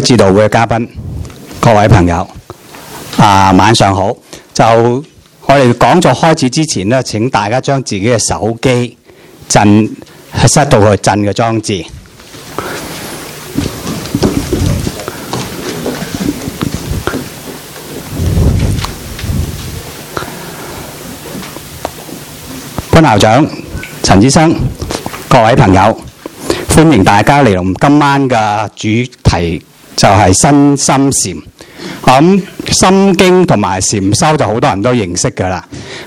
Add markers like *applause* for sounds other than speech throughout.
知道會嘅嘉賓，各位朋友，啊，晚上好。就我哋講座開始之前呢，請大家將自己嘅手機震塞到去震嘅裝置。潘校長，陳醫生，各位朋友，歡迎大家嚟到今晚嘅主題。就係身心禪，咁、嗯、心經同埋禪修就好多人都認識噶啦。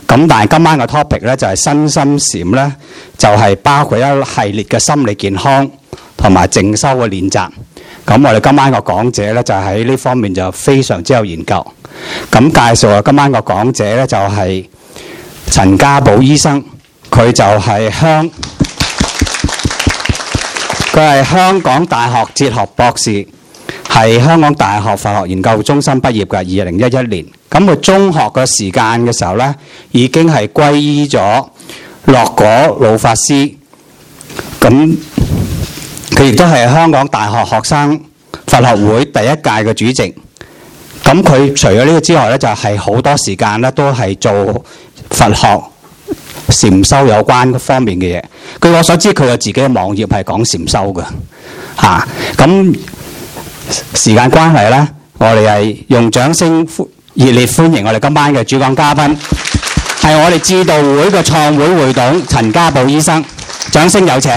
咁但係今晚個 topic 呢，就係、是、身心禪呢，就係、是、包括一系列嘅心理健康同埋靜修嘅練習。咁、嗯、我哋今晚個講者呢，就喺呢方面就非常之有研究。咁、嗯、介紹啊，今晚個講者呢，就係、是、陳家寶醫生，佢就係香，佢係香港大學哲學博士。係香港大學佛學研究中心畢業嘅，二零一一年。咁佢中學嘅時間嘅時候呢，已經係皈依咗樂果老法師。咁佢亦都係香港大學學生佛學會第一屆嘅主席。咁佢除咗呢個之外呢，就係、是、好多時間呢都係做佛學禪修有關方面嘅嘢。據我所知，佢有自己嘅網頁係講禪修嘅。啊，咁。時間關係咧，我哋係用掌聲熱烈歡迎我哋今晚嘅主講嘉賓，係我哋智道會嘅創會會董陳家寶醫生，掌聲有請。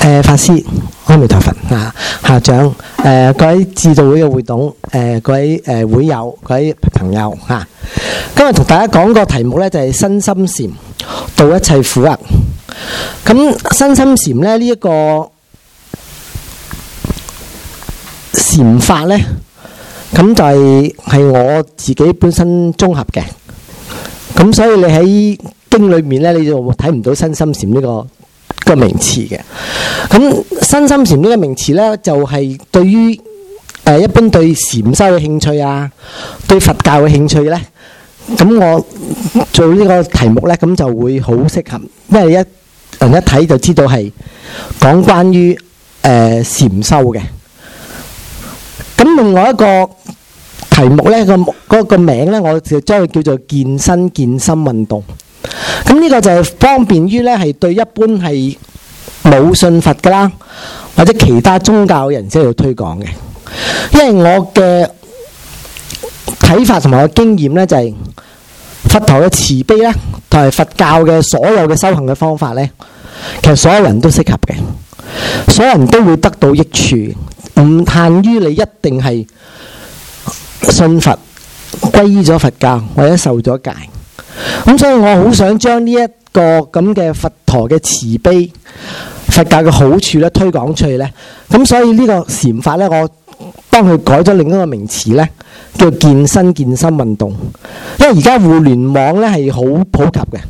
誒，法師，阿彌陀佛啊！校長，誒，各位智道會嘅會董，誒，各位誒會友，各位朋友啊，今日同大家講個題目咧就係身心禪度一切苦啊！咁身心禪呢，呢一個禪法呢，咁就係係我自己本身綜合嘅，咁所以你喺經裏面呢，你就睇唔到身心禪呢、呢個、個名詞嘅。咁身心禪呢個名詞呢，就係、係、對於誒、呃、一般對禪修嘅興趣啊，對佛教嘅興趣呢。咁我做呢個題目呢，咁就會好適合，因為一人一睇就知道係講關於、呃、禪修嘅。咁另外一個題目呢，個、個名呢，我就將佢叫做健身健身運動。咁呢個就方便於呢，係對一般係冇信佛噶啦，或者其他宗教人先去推廣嘅。因為我嘅睇法同埋我經驗呢、就係，就係。佛陀嘅慈悲咧，同埋佛教嘅所有嘅修行嘅方法咧，其實所有人都適合嘅，所有人都會得到益處，唔限於你一定係信佛、皈依咗佛教或者受咗戒。咁所以，我好想將呢一個咁嘅佛陀嘅慈悲、佛教嘅好處咧推廣出去咧。咁所以呢個禪法咧，我。幫佢改咗另一個名詞呢，叫健身健身運動。因為而家互聯網呢係好普及嘅，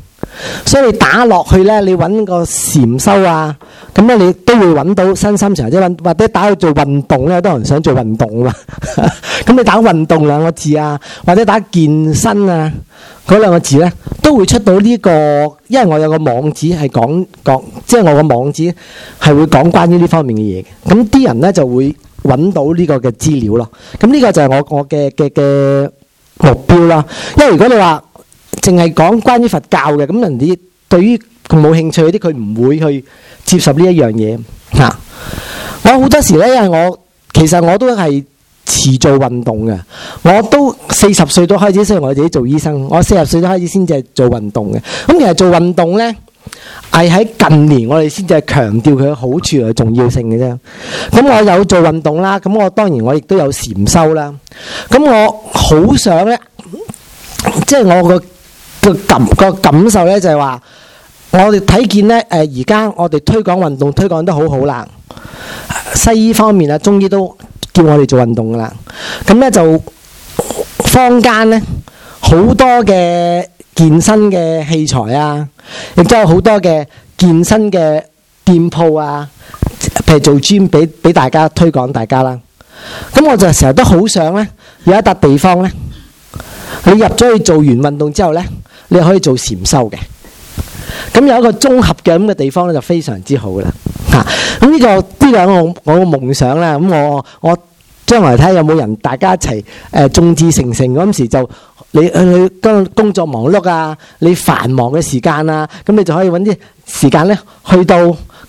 所以你打落去呢，你揾個禪修啊，咁啊你都會揾到身心上，或者或者打去做運動呢，好多人想做運動嘛。咁 *laughs* 你打運動兩個字啊，或者打健身啊嗰兩個字呢，都會出到呢個。因為我有個網址係講講，即係我個網址係會講關於呢方面嘅嘢。咁啲人呢就會。揾到呢個嘅資料咯，咁呢個就係我我嘅嘅嘅目標啦。因為如果你話淨係講關於佛教嘅，咁人哋對於佢冇興趣啲，佢唔會去接受呢一樣嘢。嗱、啊，我好多時呢，因為我其實我都係遲做運動嘅，我都四十歲都開始先，我自己做醫生。我四十歲都開始先至係做運動嘅。咁其實做運動呢。係喺近年，我哋先至係強調佢嘅好處同重要性嘅啫。咁我有做運動啦，咁我當然我亦都有禪修啦。咁我好想咧，即係我個個感個感受咧，就係話我哋睇見咧，誒，而家我哋推廣運動推廣得好好啦。西醫方面啊，中醫都叫我哋做運動噶啦。咁咧就坊間咧好多嘅。健身嘅器材啊，亦都有好多嘅健身嘅店鋪啊，譬如做 gym 俾俾大家，大家推廣大家啦。咁我就成日都好想呢，有一笪地方呢，你入咗去做完運動之後呢，你可以做禪修嘅。咁有一個綜合嘅咁嘅地方呢，就非常之好噶啦。吓，咁呢個呢兩個我個夢想呢，咁我我將來睇下有冇人大家一齊誒眾志成城嗰陣時就。你去去工工作忙碌啊，你繁忙嘅時間啊，咁、嗯、你就可以揾啲時間咧，去到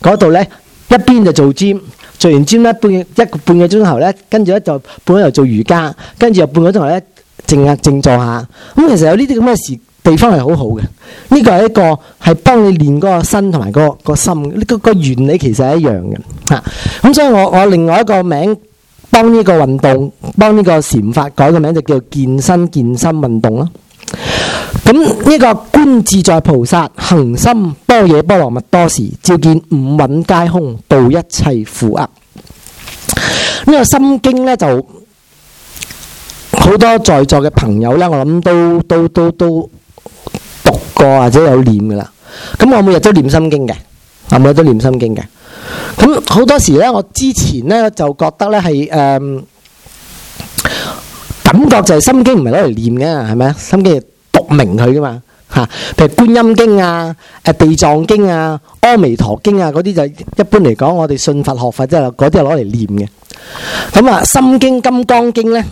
嗰度咧，一邊就做 gym，做完 gym 咧半一個半個鐘頭咧，跟住咧就半個鐘頭做瑜伽，跟住又半個鐘頭咧靜啊靜坐下。咁、嗯、其實有呢啲咁嘅時地方係好好嘅。呢個係一個係幫你練嗰個身同埋、嗰個、嗰個心，呢、嗰個嗰個原理其實係一樣嘅嚇。咁、啊嗯、所以我我另外一個名。幫呢個運動，幫呢個禪法改個名就叫健身健心運動啦。咁呢個觀自在菩薩行深般若波羅蜜多時，照見五蘊皆空，度一切苦厄。呢、呢個心經呢，就好多在座嘅朋友呢，我諗都都都都讀過或者有念噶啦。咁我每日都念心經嘅，我每日都念心經嘅。咁好多時咧，我之前咧就覺得咧係誒，感覺就係心經唔係攞嚟念嘅，係咪啊？心經係讀明佢噶嘛吓，譬如觀音經啊、誒地藏經啊、阿彌陀經啊嗰啲就一般嚟講，我哋信佛學佛即係嗰啲係攞嚟念嘅。咁、嗯、啊，心經、金剛經咧，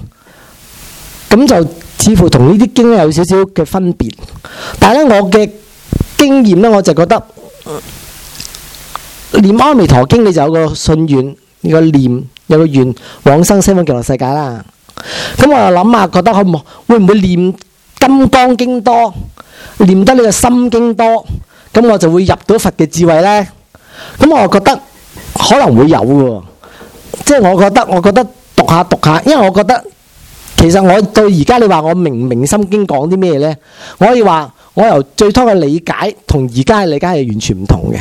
咁就似乎同呢啲經咧有少少嘅分別。但係咧，我嘅經驗咧，我就覺得。呃念阿彌陀經，你就有個信願，你個念，有個願往生西方極樂世界啦。咁我又諗下，覺得可會唔會，會，會念金剛經多，念得你嘅心經多，咁我就會入到佛嘅智慧呢。咁我又覺得可能會有嘅，即係我覺得，我覺得讀下讀下，因為我覺得其實我到而家，你話我明唔明心經講啲咩呢？我可以話。我由最初嘅理解同而家嘅理解係完全唔同嘅。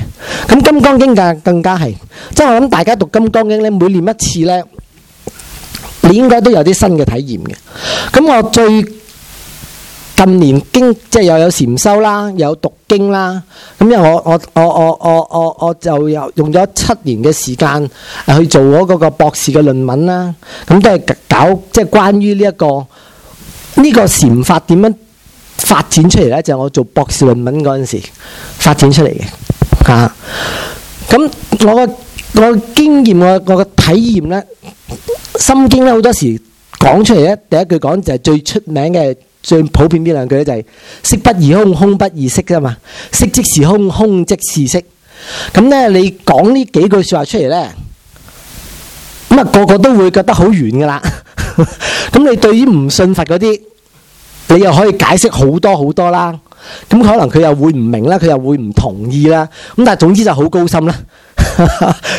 咁《金剛經》嘅更加係，即係我諗大家讀《金剛經》咧，每念一次咧，你應該都有啲新嘅體驗嘅。咁我最近年經即係又有禪修啦，又有讀經啦。咁因為我我我我我我我就有用咗七年嘅時間去做嗰個博士嘅論文啦。咁都係搞即係關於呢一個呢個禪法點樣。發展出嚟咧，就係我做博士論文嗰陣時發展出嚟嘅嚇。咁我個我經驗，我個體驗咧，《心經》咧好多時講出嚟咧，第一句講就係最出名嘅，最普遍呢兩句咧，就係識不二空，空不二識，色不異空，空不異色啫嘛。識即是空，空即是識，色即是空，空即是色。咁咧，你講呢幾句説話出嚟咧，咁啊個個都會覺得好遠噶啦。咁你對於唔信佛嗰啲，你又可以解釋好多好多啦，咁可能佢又會唔明啦，佢又會唔同意啦，咁但係總之就好高深啦，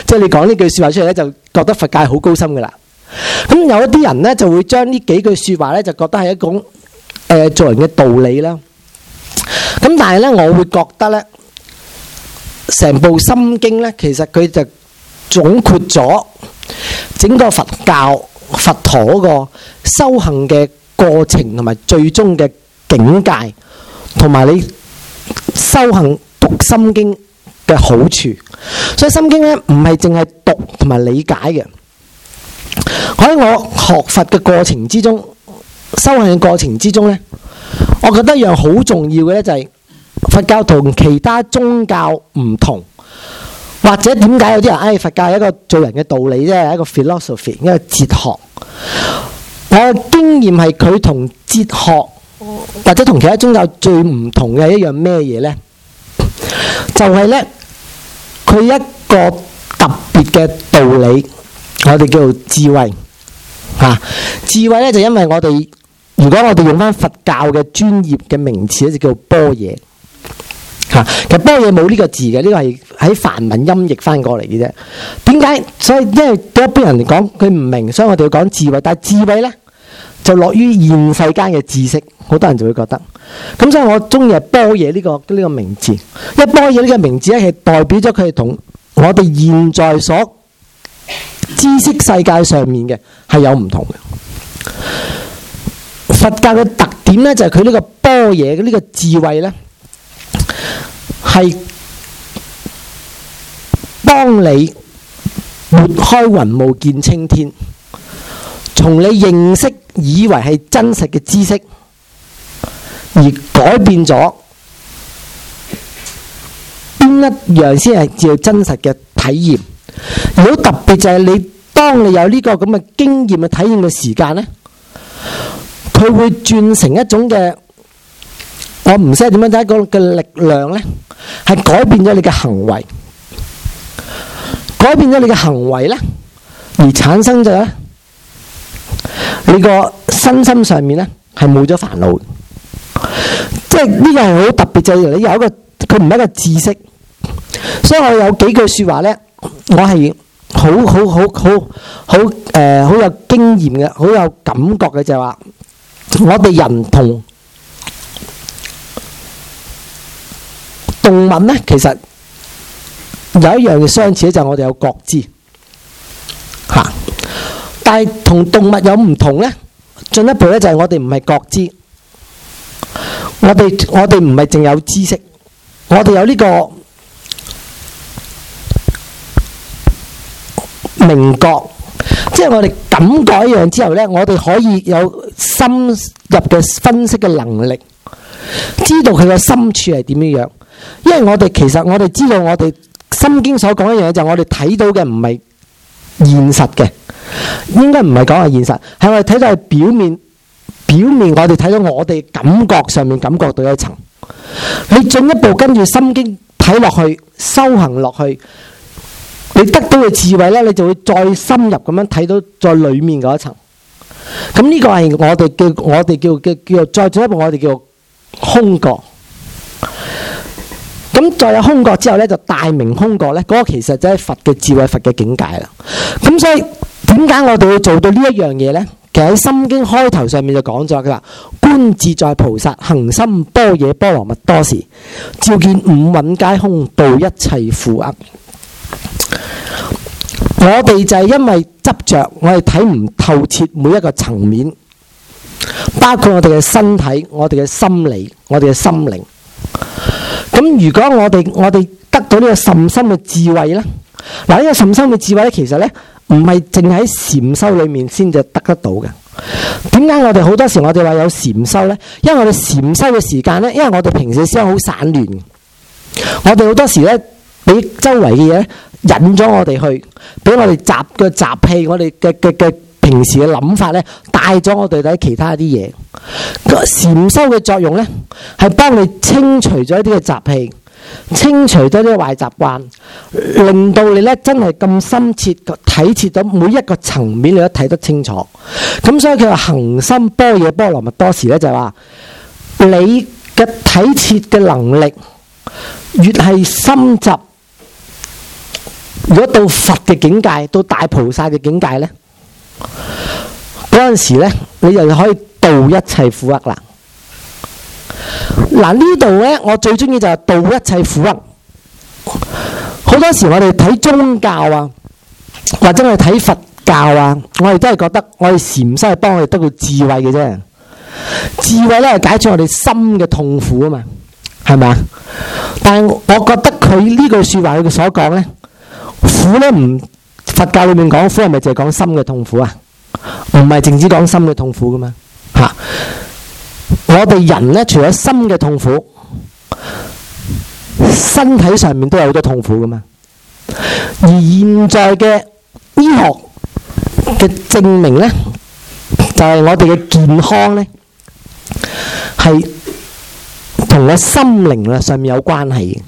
即係你講呢句説話出嚟咧，就覺得佛界好高深噶啦。咁有一啲人咧就會將呢幾句説話咧就覺得係一種誒做人嘅道理啦。咁但係咧，我會覺得咧，成部心經咧其實佢就總括咗整個佛教佛陀嗰個修行嘅。過程同埋最終嘅境界，同埋你修行讀心經嘅好處。所以心經呢，唔係淨係讀同埋理解嘅。喺我學佛嘅過程之中，修行嘅過程之中呢，我覺得一樣好重要嘅呢、就係，就係佛教同其他宗教唔同，或者點解有啲人誒、哎、佛教係一個做人嘅道理啫，係一個 philosophy，一個哲學。我、啊、經驗係佢同哲學或者同其他宗教最唔同嘅一樣咩嘢呢？就係、是、呢，佢一個特別嘅道理，我哋叫做智慧嚇、啊。智慧呢，就因為我哋，如果我哋用翻佛教嘅專業嘅名詞，就叫做般若。吓，其實般若冇呢個字嘅，呢個係喺梵文音譯翻過嚟嘅啫。點解？所以因為對一般人嚟講，佢唔明，所以我哋要講智慧。但係智慧呢，就落於現世間嘅知識，好多人就會覺得。咁所以我中意係般若呢個呢個名字。因為般若呢個名字咧，係代表咗佢係同我哋現在所知識世界上面嘅係有唔同嘅。佛教嘅特點呢，就係佢呢個般若嘅呢個智慧呢。係幫你撥開雲霧見青天，從你認識以為係真實嘅知識，而改變咗邊一樣先係至真實嘅體驗。如果特別就係你，當你有呢個咁嘅經驗嘅體驗嘅時間咧，佢會轉成一種嘅。我唔識點樣睇個嘅力量咧，係改變咗你嘅行為，改變咗你嘅行為咧，而產生咗咧，你個身心上面咧係冇咗煩惱，即係呢個係好特別，就係你有一個，佢唔係一個知識，所以我有幾句說話咧，我係好好好好好誒、呃，好有經驗嘅，好有感覺嘅就係話，我哋人同。動物呢，其實有一樣嘅相似就係我哋有覺知嚇，但係同動物有唔同呢，進一步呢，就係我哋唔係覺知，我哋我哋唔係淨有知識，我哋有呢個明覺，即係我哋感覺一樣之後呢，我哋可以有深入嘅分析嘅能力，知道佢嘅深處係點樣樣。因為我哋其實我哋知道我哋心經所講一樣嘢就係我哋睇到嘅唔係現實嘅，應該唔係講係現實，係我哋睇到係表面，表面我哋睇到我哋感覺上面感覺到一層。你進一步跟住心經睇落去，修行落去，你得到嘅智慧呢，你就會再深入咁樣睇到再裏面嗰一層。咁呢個係我哋叫我哋叫叫叫再進一步我哋叫空覺。咁再有空覺之後咧，就大明空覺咧，嗰個其實就係佛嘅智慧，佛嘅境界啦。咁所以點解我哋會做到呢一樣嘢呢？其實喺《心經》開頭上面就講咗，佢話觀自在菩薩行深般若波羅蜜多時，照見五蘊皆空，度一切苦厄。我哋就係因為執着，我哋睇唔透徹每一個層面，包括我哋嘅身體、我哋嘅心理、我哋嘅心靈。咁如果我哋我哋得到呢個甚深嘅智慧呢？嗱、這、呢個甚深嘅智慧咧，其實呢，唔係淨喺禪修裏面先至得得到嘅。點解我哋好多時我哋話有禪修呢？因為我哋禪修嘅時間呢，因為我哋平時生活好散亂，我哋好多時呢，俾周圍嘅嘢引咗我哋去，俾我哋習嘅習氣，我哋嘅嘅嘅。平時嘅諗法咧，帶咗我哋睇其他啲嘢。禪修嘅作用咧，係幫你清除咗一啲嘅雜氣，清除咗啲壞習慣，令到你咧真係咁深切睇切到每一個層面，你都睇得清楚。咁所以佢叫行深般若波羅蜜多時呢，就係、是、話你嘅睇切嘅能力越係深習，如果到佛嘅境界，到大菩薩嘅境界呢。嗰陣時咧，你又可以度一切苦厄啦。嗱，呢度呢，我最中意就係度一切苦厄。好多時我哋睇宗教啊，或者我哋睇佛教啊，我哋都係覺得我哋禪修係幫我哋得到智慧嘅啫。智慧咧係解決我哋心嘅痛苦啊嘛，係咪啊？但係我覺得佢呢句說話佢所講呢，苦咧唔。佛教裏面講苦係咪淨係講心嘅痛苦啊？唔係淨止講心嘅痛苦噶嘛吓、啊。我哋人咧，除咗心嘅痛苦，身體上面都有好多痛苦噶嘛。而現在嘅醫學嘅證明咧，就係、是、我哋嘅健康咧係同我心靈啊上面有關係嘅，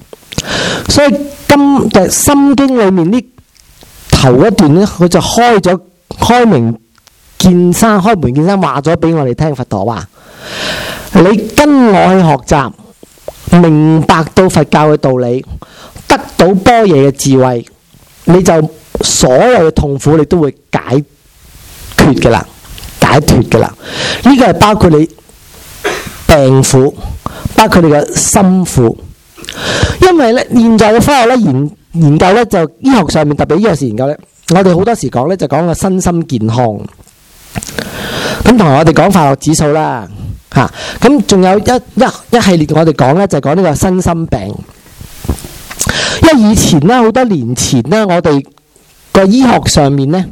所以今日、就是、心經裏面呢，頭一段咧，佢就開咗開門見山，開門見山話咗俾我哋聽，佛陀話：你跟我去學習，明白到佛教嘅道理，得到般若嘅智慧，你就所有嘅痛苦你都會解決嘅啦，解脫嘅啦。呢個係包括你病苦，包括你嘅心苦。因為呢，現在嘅科學呢。研究咧就醫學上面，特別醫學研究咧，我哋好多時講咧就講個身心健康。咁同埋我哋講化學指數啦，吓，咁仲有一一一系列我哋講咧就係講呢個身心病。因為以前咧好多年前咧，我哋個醫學上面咧，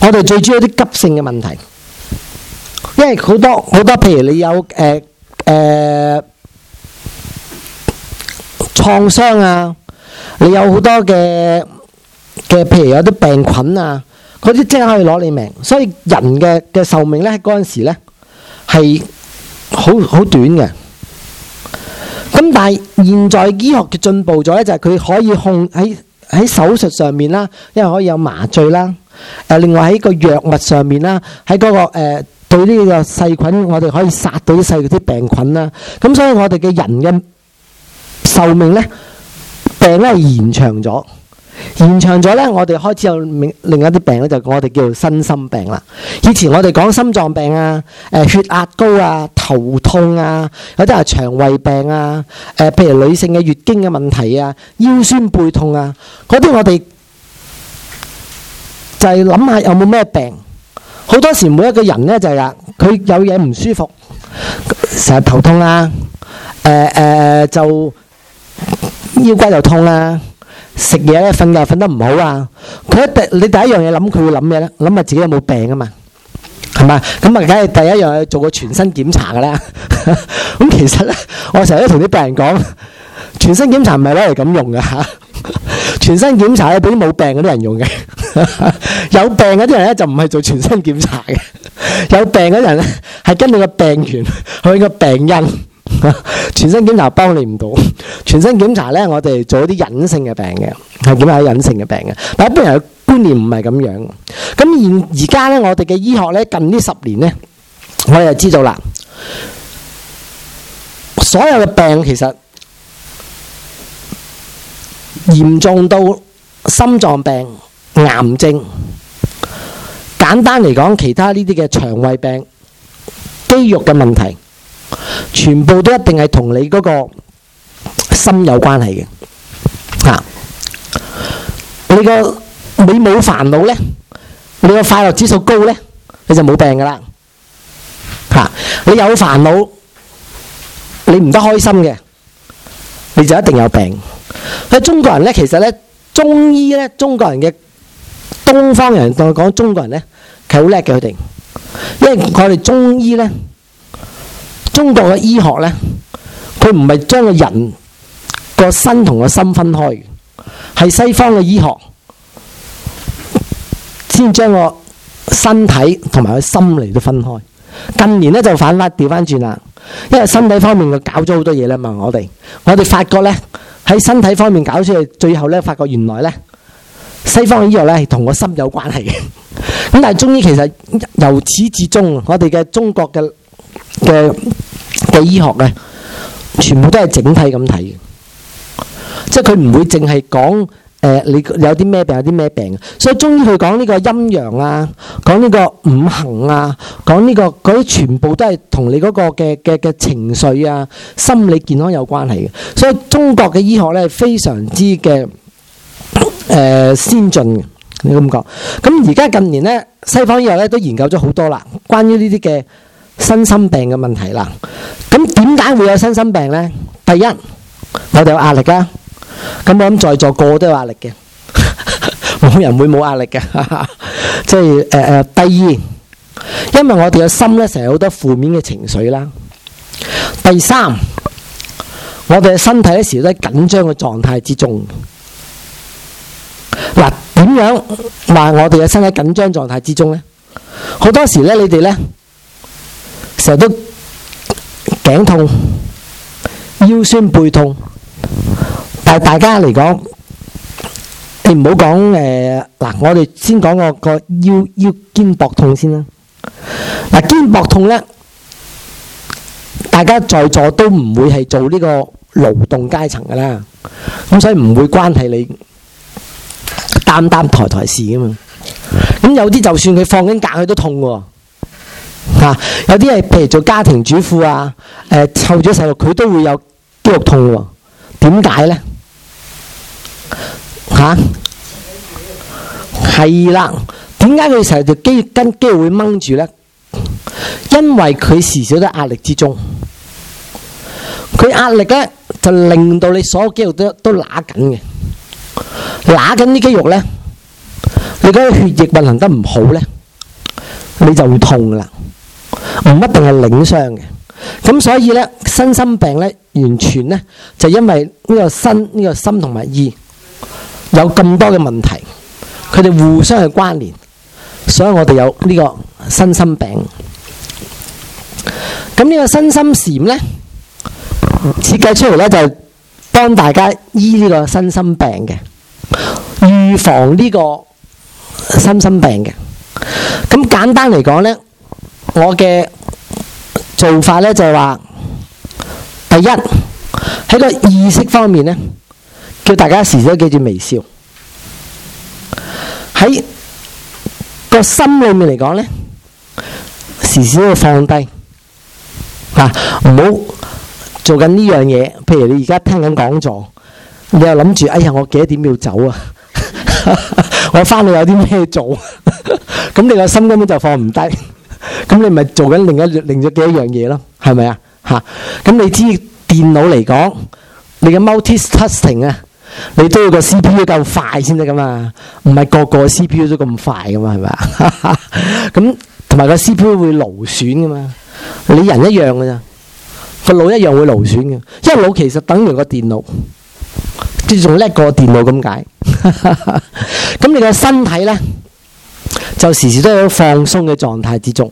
我哋最主要啲急性嘅問題，因為好多好多，譬如你有誒誒創傷啊。你有好多嘅嘅，譬如有啲病菌啊，嗰啲即刻可以攞你命，所以人嘅嘅壽命咧，喺嗰陣時咧係好好短嘅。咁但係現在醫學嘅進步咗咧，就係佢可以控喺喺手術上面啦，因為可以有麻醉啦。誒，另外喺個藥物上面啦，喺嗰個誒對呢個細菌，我哋可以殺到啲細菌、啲病菌啦。咁所以我哋嘅人嘅壽命咧。病咧係延長咗，延長咗咧，我哋開始有另一啲病咧，就是、我哋叫做身心病啦。以前我哋講心臟病啊、誒、呃、血壓高啊、頭痛啊，有啲係腸胃病啊、誒、呃、譬如女性嘅月經嘅問題啊、腰酸背痛啊，嗰啲我哋就係諗下有冇咩病。好多時每一個人咧就係、是、啊，佢有嘢唔舒服，成日頭痛啦、啊，誒、呃、誒、呃、就。腰骨又痛啦，食嘢咧，瞓又瞓得唔好啊！佢一定你第一樣嘢諗，佢會諗咩咧？諗下自己有冇病啊嘛，係嘛？咁啊，梗係第一樣做個全身檢查嘅啦。咁其實咧，我成日都同啲病人講，全身檢查唔係攞嚟咁用嘅吓，全身檢查係俾啲冇病嗰啲人用嘅，有病嗰啲人咧就唔係做全身檢查嘅，有病嗰啲人咧係跟你個病源去個病因。 *laughs* 全身檢查幫你唔到，全身檢查呢，我哋做啲隱性嘅病嘅，係檢有隱性嘅病嘅，但一般人嘅觀念唔係咁樣。咁而而家呢，我哋嘅醫學呢，近呢十年呢，我哋就知道啦，所有嘅病其實嚴重到心臟病、癌症，簡單嚟講，其他呢啲嘅腸胃病、肌肉嘅問題。全部都一定係同你嗰個心有關係嘅，嗱、啊，你個你冇煩惱呢，你個快樂指數高呢，你就冇病噶啦，吓、啊、你有煩惱，你唔得開心嘅，你就一定有病。佢、啊、中國人呢，其實呢，中醫呢，中國人嘅東方人同講中國人呢，佢好叻嘅佢哋，因為我哋中醫呢。中國嘅醫學呢，佢唔係將個人個身同個心分開嘅，係西方嘅醫學先將個身體同埋個心理都分開。近年呢，就反翻調翻轉啦，因為身體方面佢搞咗好多嘢啦嘛，我哋我哋發覺呢，喺身體方面搞出嚟，最後呢，發覺原來呢，西方嘅醫學呢係同個心有關係嘅。咁但係中醫其實由始至終，我哋嘅中國嘅。嘅嘅醫學咧，全部都係整體咁睇嘅，即係佢唔會淨係講誒，你有啲咩病，有啲咩病。所以中醫佢講呢個陰陽啊，講呢個五行啊，講呢個嗰啲，全部都係同你嗰個嘅嘅嘅情緒啊、心理健康有關係嘅。所以中國嘅醫學咧，係非常之嘅誒先進嘅，你咁講。咁而家近年咧，西方醫學咧都研究咗好多啦，關於呢啲嘅身心病嘅問題啦，咁點解會有身心病咧？第一，我哋有壓力啊。咁我諗在座個個都有壓力嘅，冇人會冇壓力嘅，即係誒誒。第二，因為我哋嘅心咧成日好多負面嘅情緒啦。第三，我哋嘅身體咧時都喺緊張嘅狀態之中。嗱，點樣話我哋嘅身體緊張狀態之中咧，好多時咧，你哋咧。成日都頸痛、腰酸背痛，但大家嚟講，你唔好講誒嗱，我哋先講個個腰腰肩膊痛先啦。嗱，肩膊痛咧，大家在座都唔會係做呢個勞動階層㗎喇，咁所以唔會關係你擔擔抬抬事噶嘛。咁有啲就算佢放緊假，佢都痛喎。吓、啊，有啲係譬如做家庭主婦啊，誒湊咗細路，佢都會有肌肉痛喎。點解咧？吓、啊，係啦。點解佢成日只肌筋肌肉會掹住咧？因為佢時少都壓力之中，佢壓力咧就令到你所有肌肉都都拉緊嘅，拉緊啲肌肉咧，你嗰個血液運行得唔好咧，你就會痛噶啦。唔一定係領傷嘅。咁所以呢，身心病呢，完全呢，就因為呢個身呢、呢個心同埋醫有咁多嘅問題，佢哋互相去關聯，所以我哋有呢個身心病。咁呢個身心禪呢，設計出嚟呢，就係幫大家醫呢個身心病嘅，預防呢個身心病嘅。咁簡單嚟講呢。我嘅做法咧就係、是、話，第一喺個意識方面咧，叫大家時時都記住微笑。喺個心裏面嚟講咧，時時都放低，吓唔好做緊呢樣嘢。譬如你而家聽緊講座，你又諗住哎呀，我幾多點要走啊？ *laughs* 我翻去有啲咩做？咁 *laughs* 你個心根本就放唔低。咁你咪做緊另一另咗幾樣嘢咯，係咪啊？吓，咁你知電腦嚟講，你嘅 multitasking 啊，你都要個 CPU 夠快先得噶嘛，唔係個個 CPU 都咁快噶嘛，係咪啊？咁同埋個 CPU 會勞損噶嘛，你人一樣噶咋，個腦一樣會勞損嘅，因為腦其實等於個電腦，即係仲叻過電腦咁解。咁 *laughs* 你個身體咧？就時時都有放鬆嘅狀態之中，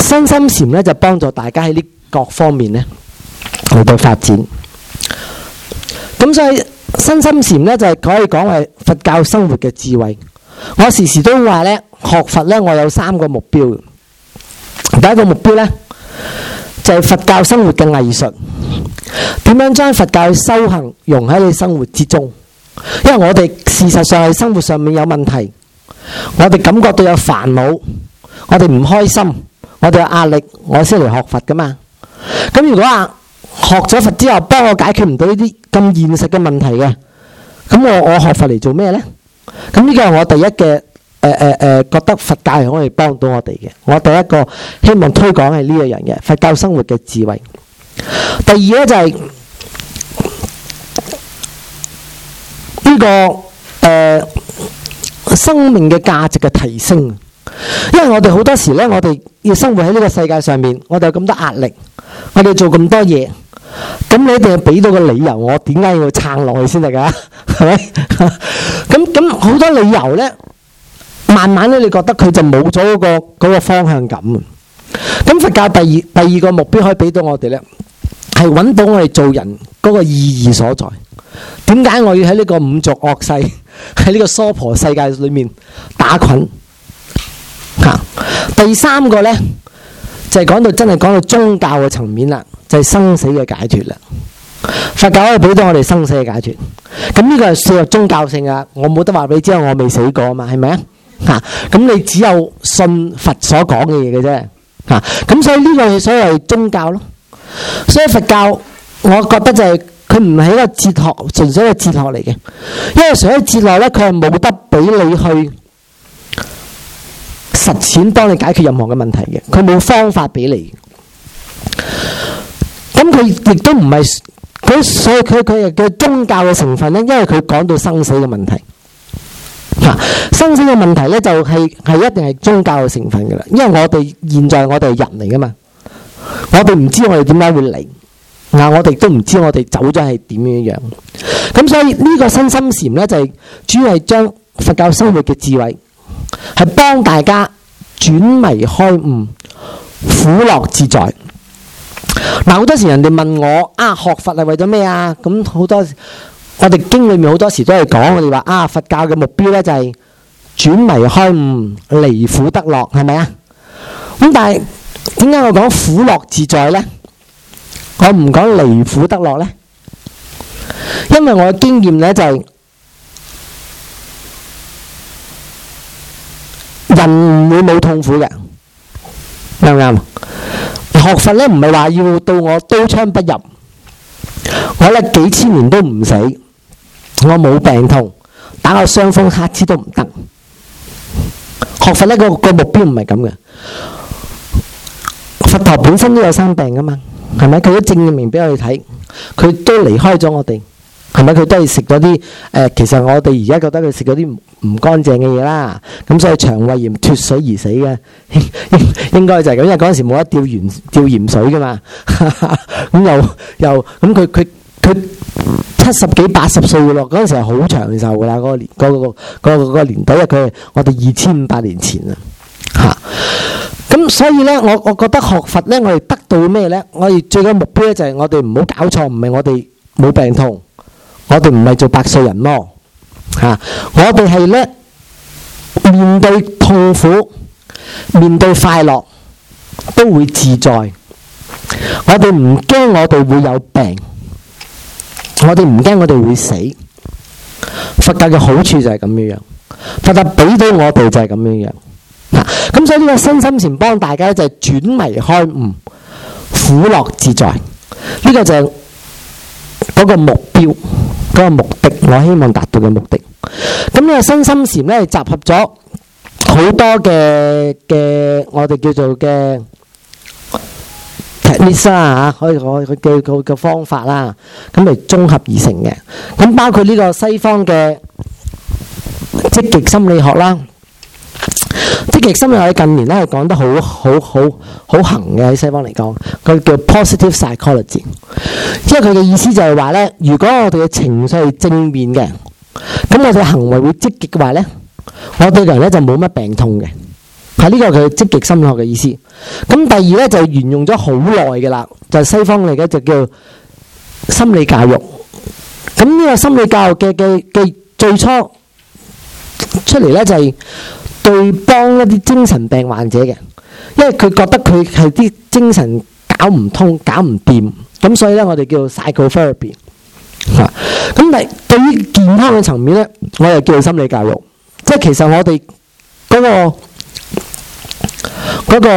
身心禪呢，就幫助大家喺呢各方面呢去到發展。咁所以身心禪呢，就係可以講係佛教生活嘅智慧。我時時都話呢，學佛呢，我有三個目標。第一個目標呢，就係佛教生活嘅藝術，點樣將佛教修行融喺你生活之中。因為我哋事實上係生活上面有問題，我哋感覺到有煩惱，我哋唔開心，我哋有壓力，我先嚟學佛㗎嘛。咁如果啊學咗佛之後幫我解決唔到呢啲咁現實嘅問題嘅，咁我我學佛嚟做咩呢？咁呢個係我第一嘅誒誒誒，覺得佛教係可以幫到我哋嘅。我第一個希望推廣係呢個人嘅佛教生活嘅智慧。第二咧就係、係。呢、這個誒、呃，生命嘅價值嘅提升，因為我哋好多時呢，我哋要生活喺呢個世界上面，我哋有咁多壓力，我哋做咁多嘢，咁你一定要俾到個理由我，我點解要撐落去先得㗎？係 *laughs* 咪？咁咁好多理由呢，慢慢咧，你覺得佢就冇咗嗰個、那個方向感。咁佛教第二第二個目標可以俾到我哋呢，係揾到我哋做人嗰個意義所在。點解我要喺呢個五濁惡世喺呢個娑婆世界裏面打滾？吓、啊，第三個呢，就係、是、講到真係講到宗教嘅層面啦，就係、是、生死嘅解脱啦。佛教可以俾到我哋生死嘅解脱，咁、嗯、呢、這個係屬於宗教性啊。我冇得話俾你知我未死過啊嘛，係咪啊？吓，咁你只有信佛所講嘅嘢嘅啫。吓、啊，咁、嗯、所以呢個係所謂宗教咯。所以佛教，我覺得就係、是。佢唔係一個哲學，純粹嘅哲學嚟嘅，因為純粹哲學咧，佢係冇得俾你去實踐，幫你解決任何嘅問題嘅，佢冇方法俾你。咁佢亦都唔係，佢所佢佢嘅宗教嘅成分咧，因為佢講到生死嘅問題。嗱、啊，生死嘅問題咧就係、是、係一定係宗教嘅成分噶啦，因為我哋現在我哋係人嚟噶嘛，我哋唔知我哋點解會嚟。嗱、啊，我哋都唔知我哋走咗係點樣樣，咁、啊、所以呢個身心禪呢，就係、是、主要係將佛教生活嘅智慧，係幫大家轉迷開悟、苦樂自在。嗱、啊，好多時人哋問我啊，學佛係為咗咩啊？咁好多我哋經裏面好多時都係講，我哋話啊，佛教嘅目標呢，就係、是、轉迷開悟、離苦得樂，係咪啊？咁但係點解我講苦樂自在呢？我唔講離苦得樂咧，因為我嘅經驗咧就係、是、人唔會冇痛苦嘅，啱唔啱？學佛咧唔係話要到我刀槍不入，我咧幾千年都唔死，我冇病痛，打我傷風乞嗤都唔得。學佛咧個、那個目標唔係咁嘅，佛陀本身都有生病㗎嘛。係咪？佢都證明俾我哋睇，佢都離開咗我哋。係咪？佢都係食咗啲誒，其實我哋而家覺得佢食咗啲唔唔乾淨嘅嘢啦。咁所以腸胃炎脫水而死嘅，應 *laughs* 應該就係咁。因為嗰陣時冇得吊鹽吊鹽水噶嘛。咁 *laughs* 又又咁佢佢佢七十幾八十歲嘅咯。嗰陣時係好長壽㗎啦。嗰、嗰個年嗰、嗰個嗰、嗰個嗰個嗰個、年代啊，佢係我哋二千五百年前啊。吓咁，啊、所以咧，我我覺得學佛咧，我哋得到咩咧？我哋最高目標咧就係，我哋唔好搞錯，唔係我哋冇病痛，我哋唔係做白素人咯。吓、啊，我哋係咧面對痛苦，面對快樂都會自在。我哋唔驚我哋會有病，我哋唔驚我哋會死。佛教嘅好處就係咁樣樣，佛教俾到我哋就係咁樣樣。嗱，咁、啊、所以呢個身心禪幫大家就係轉迷開悟、苦樂自在，呢、呢個就嗰個目標、嗰、嗰個目的，我希望達到嘅目的。咁呢個身心禪咧係集合咗好多嘅嘅，我哋叫做嘅 technique 啊，可以講佢叫佢嘅方法啦，咁嚟綜合而成嘅。咁包括呢個西方嘅積極心理學啦。積極心理學喺近年咧係講得好好好好行嘅，喺西方嚟講，佢叫 positive psychology，即係佢嘅意思就係話咧，如果我哋嘅情緒係正面嘅，咁我哋行為會積極嘅話咧，我對人咧就冇乜病痛嘅。係，呢個係佢積極心理學嘅意思。咁第二咧就係沿用咗好耐嘅啦，就係西方嚟嘅就叫心理教育。咁呢個心理教育嘅嘅嘅最初出嚟咧就係。最對幫一啲精神病患者嘅，因為佢覺得佢係啲精神搞唔通、搞唔掂，咁所以咧，我哋叫做 psychotherapy。啊，咁但係對於健康嘅層面咧，我又叫做心理教育，即係其實我哋嗰、嗰個嗰啲、嗰個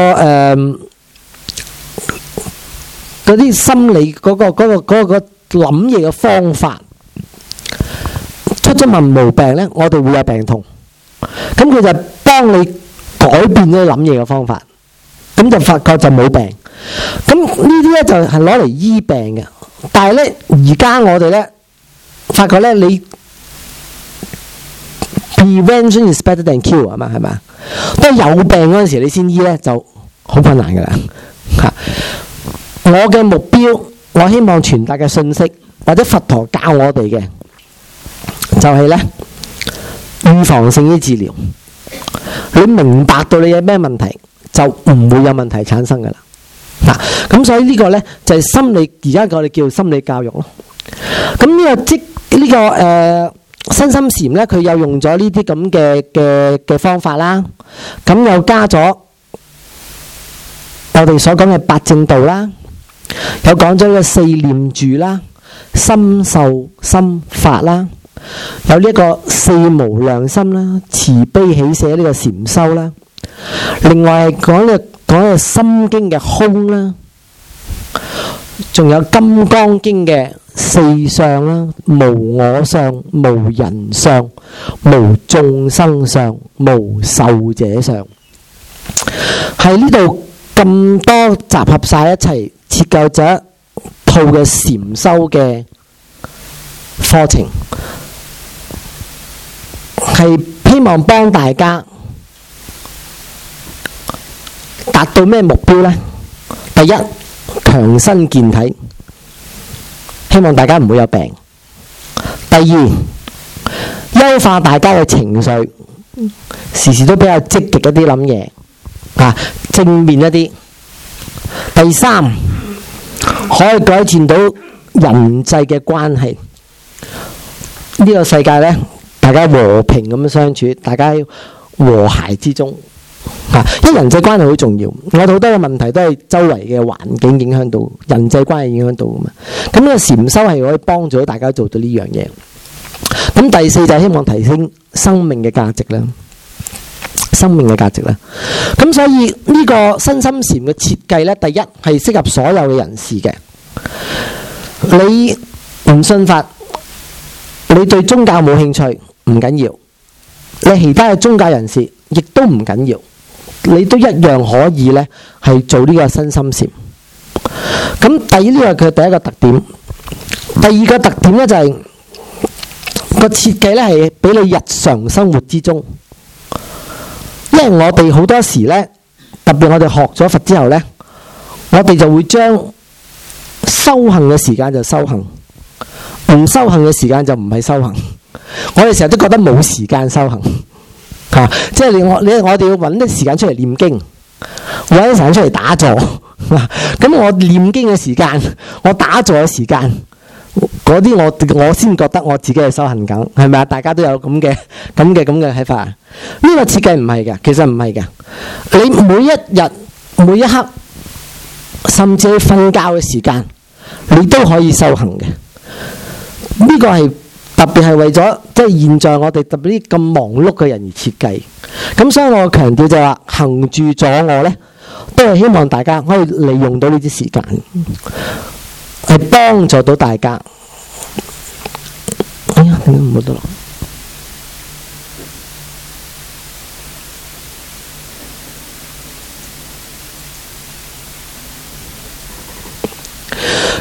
嗰個呃、心理嗰、嗰個嗰、嗰個嗰、嗰個諗嘢嘅方法出咗問毛病咧，我哋會有病痛。咁佢就幫你改變啲諗嘢嘅方法，咁就發覺就冇病。咁呢啲咧就係攞嚟醫病嘅，但係咧而家我哋咧發覺咧你 prevention is better than cure 啊嘛，係嘛？都有病嗰陣時你先醫咧就好困難噶啦。吓， *laughs* 我嘅目標，我希望傳達嘅信息或者佛陀教我哋嘅，就係咧。預防性嘅治療，你明白到你有咩問題，就唔會有問題產生噶啦。嗱，咁所以呢個呢，就係、是、心理，而家我哋叫心理教育咯。咁呢、這個即呢、這個誒、呃、身心禪呢，佢又用咗呢啲咁嘅嘅嘅方法啦，咁又加咗我哋所講嘅八正道啦，又講咗呢個四念住啦、心受心法啦。有呢個四無量心啦、慈悲喜捨呢個禪修啦，另外講呢講個心經嘅空啦，仲有金剛經嘅四相啦：無我相、無人相、無眾生相、無壽者相。喺呢度咁多集合晒一齊，設計咗一套嘅禪修嘅課程。係希望幫大家達到咩目標呢？第一，強身健體，希望大家唔會有病。第二，優化大家嘅情緒，時時都比較積極一啲諗嘢，啊，正面一啲。第三，可以改善到人際嘅關係。呢個世界呢。大家和平咁樣相處，大家和諧之中，吓，因為人際關係好重要。我哋好多嘅問題都係周圍嘅環境影響到，人際關係影響到噶嘛。咁、那、呢個禪修係可以幫助大家做到呢樣嘢。咁第四就係希望提升生命嘅價值啦，生命嘅價值啦。咁所以呢個身心禪嘅設計呢，第一係適合所有嘅人士嘅。你唔信法，你對宗教冇興趣。唔緊要，你其他嘅中介人士亦都唔緊要，你都一樣可以呢，係做呢個身心禪。咁，第一呢個係佢第一個特點，第二個特點呢、就係，就係個設計呢，係俾你日常生活之中，因為我哋好多時呢，特別我哋學咗佛之後呢，我哋就會將修行嘅時間就修行，唔修行嘅時間就唔係修行。我哋成日都覺得冇時間修行吓，啊，即係你，你我你我哋要揾啲時間出嚟念經，揾啲時間出嚟打坐。咁、啊、我念經嘅時間，我打坐嘅時間，嗰啲我我先覺得我自己係修行緊，係咪啊？大家都有咁嘅咁嘅咁嘅睇法。呢、啊呢個設計唔係嘅，其實唔係嘅。你每一日每一刻，甚至瞓覺嘅時間，你都可以修行嘅。呢、呢個係。特別係為咗即係現在我哋特別啲咁忙碌嘅人而設計，咁所以我強調就話，行住坐臥呢，都係希望大家可以利用到呢啲時間，係幫助到大家。哎呀，點都唔好得咯。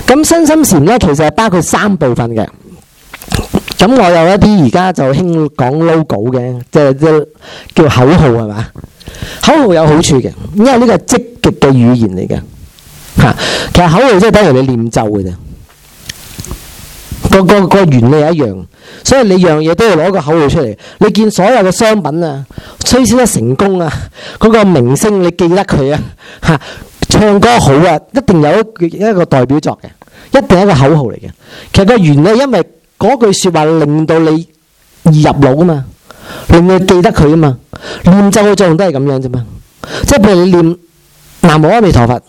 咁身心禪呢，其實係包括三部分嘅。咁我有一啲而家就興講 logo 嘅，即係叫口號，係嘛？口號有好處嘅，因為呢個係積極嘅語言嚟嘅吓。其實口號即係等於你念咒嘅啫，個個個原理一樣，所以你樣嘢都要攞個口號出嚟。你見所有嘅商品啊，推銷得成功啊，嗰個明星你記得佢啊吓，唱歌好啊，一定有一一個代表作嘅，一定係一個口號嚟嘅。其實個原理因為。嗰句說話令到你易入腦啊嘛，令你記得佢啊嘛，念咒嘅作用都係咁樣啫嘛。即係譬如你念南無阿彌陀佛，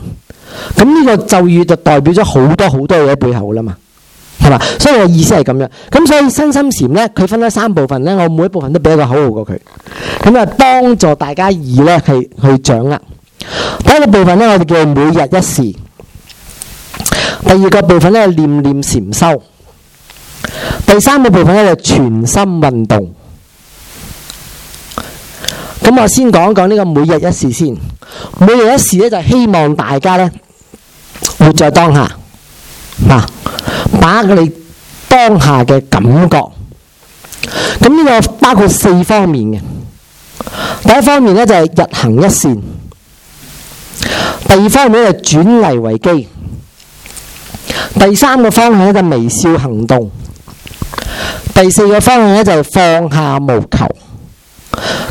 咁呢個咒語就代表咗好多好多嘢喺背後啦嘛，係嘛。所以我意思係咁樣。咁所以身心禪呢，佢分開三部分呢，我每一部分都俾一個口號過佢，咁啊幫助大家而呢係去掌握。第一個部分呢，我哋叫每日一事；第二個部分呢，念念禪修。第三個部分咧，就全心運動。咁我先講講呢個每日一事先。每日一事咧，就希望大家呢，活在當下。嗱，把握你當下嘅感覺。咁呢個包括四方面嘅。第一方面呢，就係日行一善第二方面咧，就轉危為機第三個方向咧，就微笑行動。第四個方向咧就係放下無求，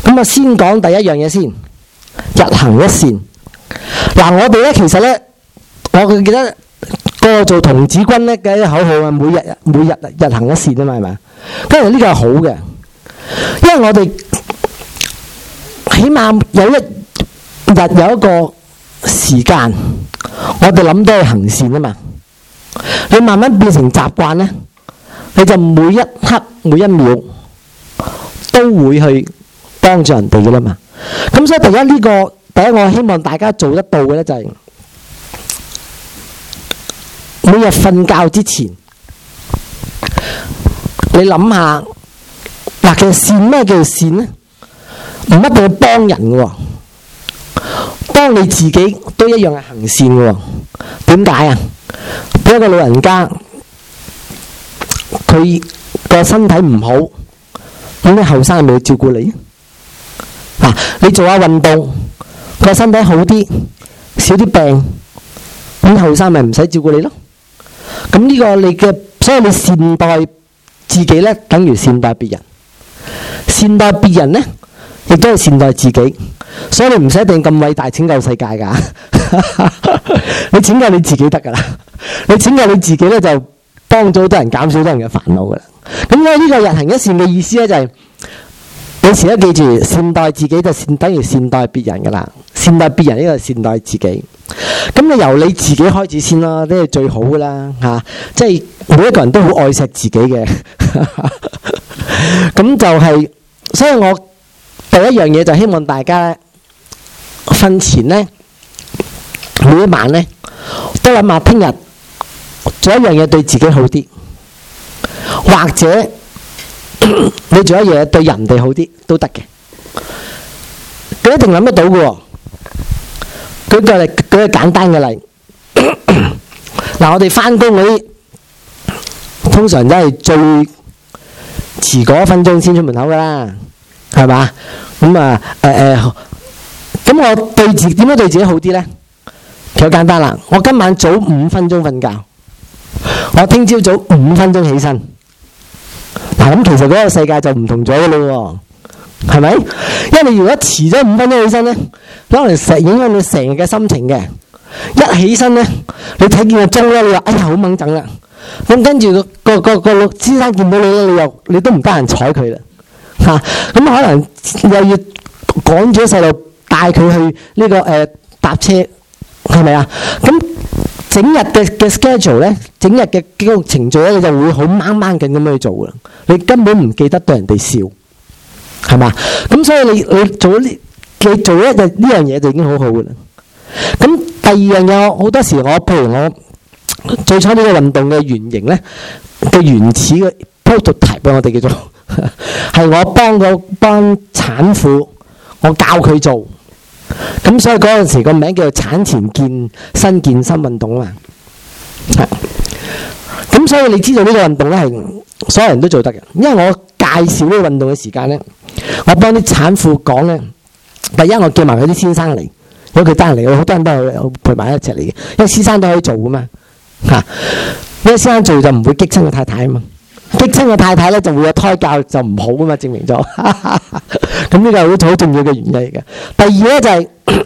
咁啊先講第一樣嘢先，日行一善。嗱，我哋咧其實咧，我記得個做童子軍咧嘅一口號啊，每日每日日行一善吖嘛，係咪？跟住呢個係好嘅，因為我哋起碼有一日有一個時間，我哋諗都係行善啊嘛。你慢慢變成習慣咧。你就每一刻每一秒都會去幫助人哋嘅啦嘛。咁所以第一呢個第一，我希望大家做得到嘅咧，就係每日瞓覺之前，你諗下，嗱，其實善咩叫做善咧？唔一定要幫人嘅喎，幫你自己都一樣係行善嘅喎。點解啊？俾一個老人家。佢個身體唔好，咁你後生係咪要照顧你啊？你做下運動，個身體好啲，少啲病，咁後生咪唔使照顧你咯。咁呢個你嘅，所以你善待自己咧，等於善待別人。善待別人咧，亦都係善待自己。所以你唔使一定咁偉大拯救世界噶， *laughs* 你拯救你自己得噶啦。你拯救你自己咧就幫助好多人減少多人嘅煩惱噶啦咁咧，呢個日行一善嘅意思咧就係、是，有時咧記住善待自己就善等於善待別人噶啦善待別人呢、這個善待自己，咁、嗯、你由你自己開始先啦，呢個最好噶啦吓，即係每一個人都好愛惜自己嘅，咁 *laughs* 就係、是，所以我第一樣嘢就希望大家咧瞓前咧，每一晚咧都諗下聽日。做一樣嘢對自己好啲，或者 *coughs* 你做一樣嘢對人哋好啲都得嘅，佢一定諗得到嘅、哦。佢舉個例，舉個簡單嘅例，嗱， *coughs* 我哋翻工嗰啲通常都係最遲一分鐘先出門口噶啦，係嘛？咁、嗯、啊，誒、呃、誒，咁、呃、我對自己點樣對自己好啲咧？其實好簡單啦，我今晚早五分鐘瞓覺。我聽朝早五分鐘起身，嗱咁其實嗰個世界就唔同咗嘅咯，係咪？因為你如果遲咗五分鐘起身咧，可能食影響你成日嘅心情嘅。一起身咧，你睇見個鐘咧，你話哎呀好掹整啦，咁、啊、跟住、嗰個、嗰個、嗰個、嗰個老生見到你咧，你又你都唔得閒睬佢啦，吓、啊、咁可能又要趕住個細路帶佢去呢、這個誒、呃、搭車，係咪啊？咁。整日嘅嘅 schedule 咧，整日嘅幾個程序咧，你就會好掹掹緊咁去做噶啦。你根本唔記得對人哋笑，係嘛？咁所以你你做呢，你做一日呢樣嘢就已經好好噶啦。咁第二樣嘢，好多時我譬如我最初呢個運動嘅原型咧，嘅原始嘅 prototype，我哋叫做係 *laughs* 我幫個幫產婦，我教佢做。咁所以嗰陣時個名叫做產前健身健身運動啊嘛，係，咁所以你知道個運呢個運動咧係所有人都做得嘅，因為我介紹呢個運動嘅時間咧，我幫啲產婦講咧，第一我叫埋佢啲先生嚟，如果佢單人嚟，我好多人都係陪埋一齊嚟嘅，因為先生都可以做噶嘛，吓，因為先生做就唔會激親個太太啊嘛。激親個太太咧，就會有胎教就唔好啊嘛，證明咗。咁 *laughs* 呢個係好重要嘅原因嚟嘅。第二咧就係、是，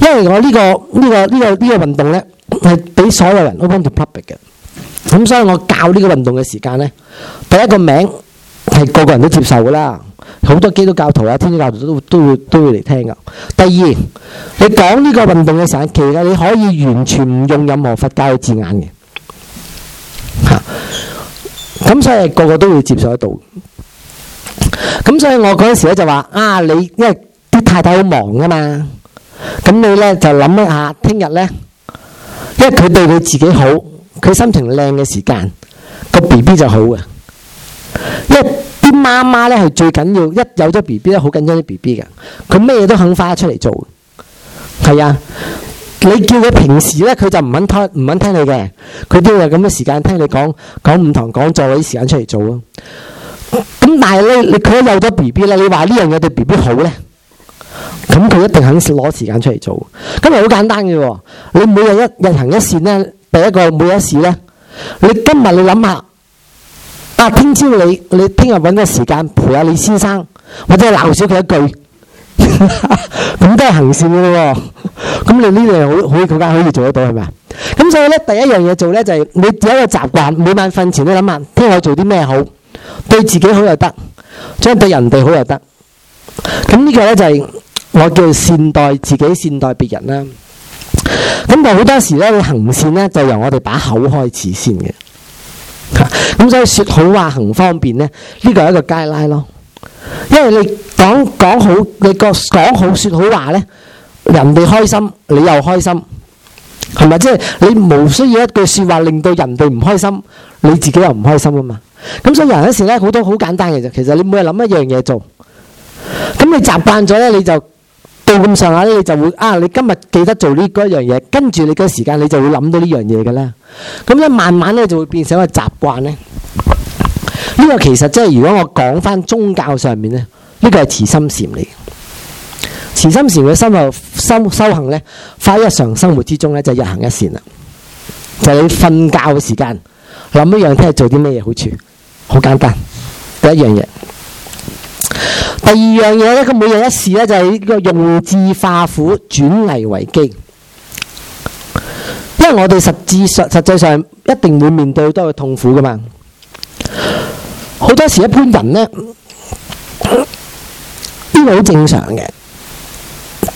因為我呢、這個呢、這個呢、這個呢、這個運動咧係俾所有人 open to public 嘅，咁、嗯、所以我教呢個運動嘅時間咧，第一個名係個個人都接受噶啦，好多基督教徒啊、天主教徒都都會都會嚟聽噶。第二，你講呢個運動嘅時候，其實，你可以完全唔用任何佛教嘅字眼嘅。啊。咁所以個個都會接受得到。咁所以我嗰時咧就話啊，你因為啲太太好忙吖嘛，咁你咧就諗一下，聽日咧，因為佢對佢自己好，佢心情靚嘅時間，個 B B 就好嘅。因為啲媽媽咧係最緊要，一有咗 B B 咧好緊張啲 B B 嘅，佢咩嘢都肯花出嚟做，係啊。你叫佢平時咧，佢就唔肯聽，唔肯聽你嘅，佢都要有咁嘅時間聽你講講五堂講座嗰啲時間出嚟做咯。咁、嗯、但係咧，你佢一有咗 B B 咧，你話呢樣嘢對 B B 好咧，咁佢一定肯少攞時間出嚟做。咁啊好簡單嘅喎、哦，你每日一日行一善咧，第一個每一時咧，你今日你諗下，啊，聽朝你你聽日揾個時間陪下你先生，或者鬧少佢一句。咁都係行善嘅喎。咁你呢樣好好嗰間可以做得到係咪？咁所以咧，第一樣嘢做咧就係、是、你有一個習慣，每晚瞓前咧諗下，聽日我做啲咩好，對自己好又得，即係對人哋好又得。咁呢個咧就係、是、我叫善待自己、善待別人啦。咁但好多時咧，你行善咧就是、由我哋把口開始先嘅。咁、啊、所以說好話行方便咧，呢個係一個街拉咯。因為你講講好，你個講好說好話呢，人哋開心，你又開心，係咪？即係你無需要一句說話令到人哋唔開心，你自己又唔開心啊嘛。咁所以人有時咧好多好簡單嘅啫，其實你每日諗一樣嘢，做，咁你習慣咗呢，你就到咁上下呢，你就會啊，你今日記得做呢嗰樣嘢，跟住你嗰時間，你就會諗到呢樣嘢嘅啦。咁一慢慢咧就會變成一個習慣咧。呢個其實即係如果我講翻宗教上面咧，呢、這個係慈心禪嚟。慈心禪嘅心啊，修修行咧，喺日常生活之中咧就是、日行一善啦。就是、你瞓覺嘅時間，諗一樣聽日做啲咩嘢好處？好簡單，第一樣嘢。第二樣嘢咧，佢每日一善呢就係、是、呢個用智化苦，轉危為機。因為我哋實質實實際上一定會面對好多嘅痛苦噶嘛。好多時一般人呢，呢個好正常嘅，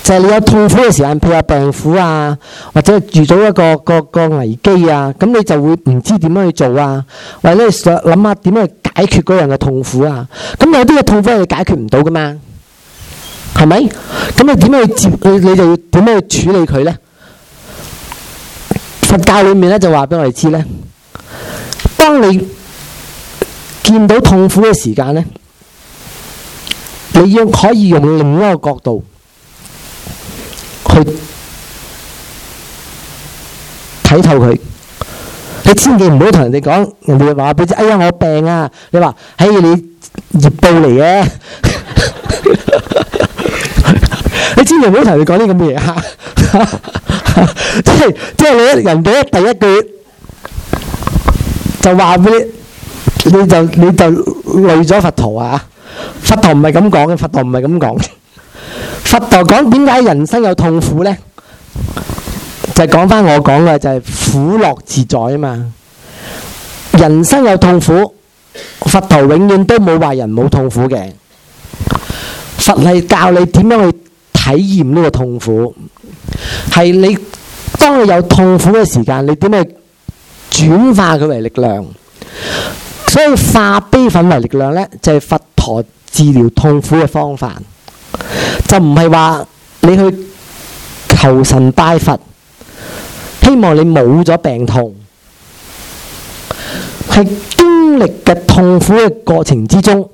就係你有痛苦嘅時間，譬如話病苦啊，或者係遇到一個一個一個危機啊，咁你就會唔知點樣去做啊，或者你想諗下點樣去解決嗰樣嘅痛苦啊。咁有啲嘅痛苦你解決唔到噶嘛，係咪？咁你點樣去接？你你就要點樣去處理佢呢？佛教裡面咧就話俾我哋知咧，當你，見到痛苦嘅時間咧，你要可以用另一個角度去睇透佢。你千祈唔好同人哋講，人哋話俾你知：「哎呀，我病啊！」你話係你業報嚟嘅。你， *laughs* 你千祈唔好同人哋講啲咁嘅嘢啊！即係即係你人哋第一句就話俾你。你就你就累咗佛陀啊！佛陀唔係咁講嘅，佛陀唔係咁講。佛陀講點解人生有痛苦呢？就係講翻我講嘅，就係苦樂自在啊嘛。人生有痛苦，佛陀永遠都冇話人冇痛苦嘅。佛係教你點樣去體驗呢個痛苦，係你當你有痛苦嘅時間，你點樣轉化佢為力量。所以化悲憤為力量咧，就係佛陀治療痛苦嘅方法，就唔係話你去求神拜佛，希望你冇咗病痛，係經歷嘅痛苦嘅過程之中，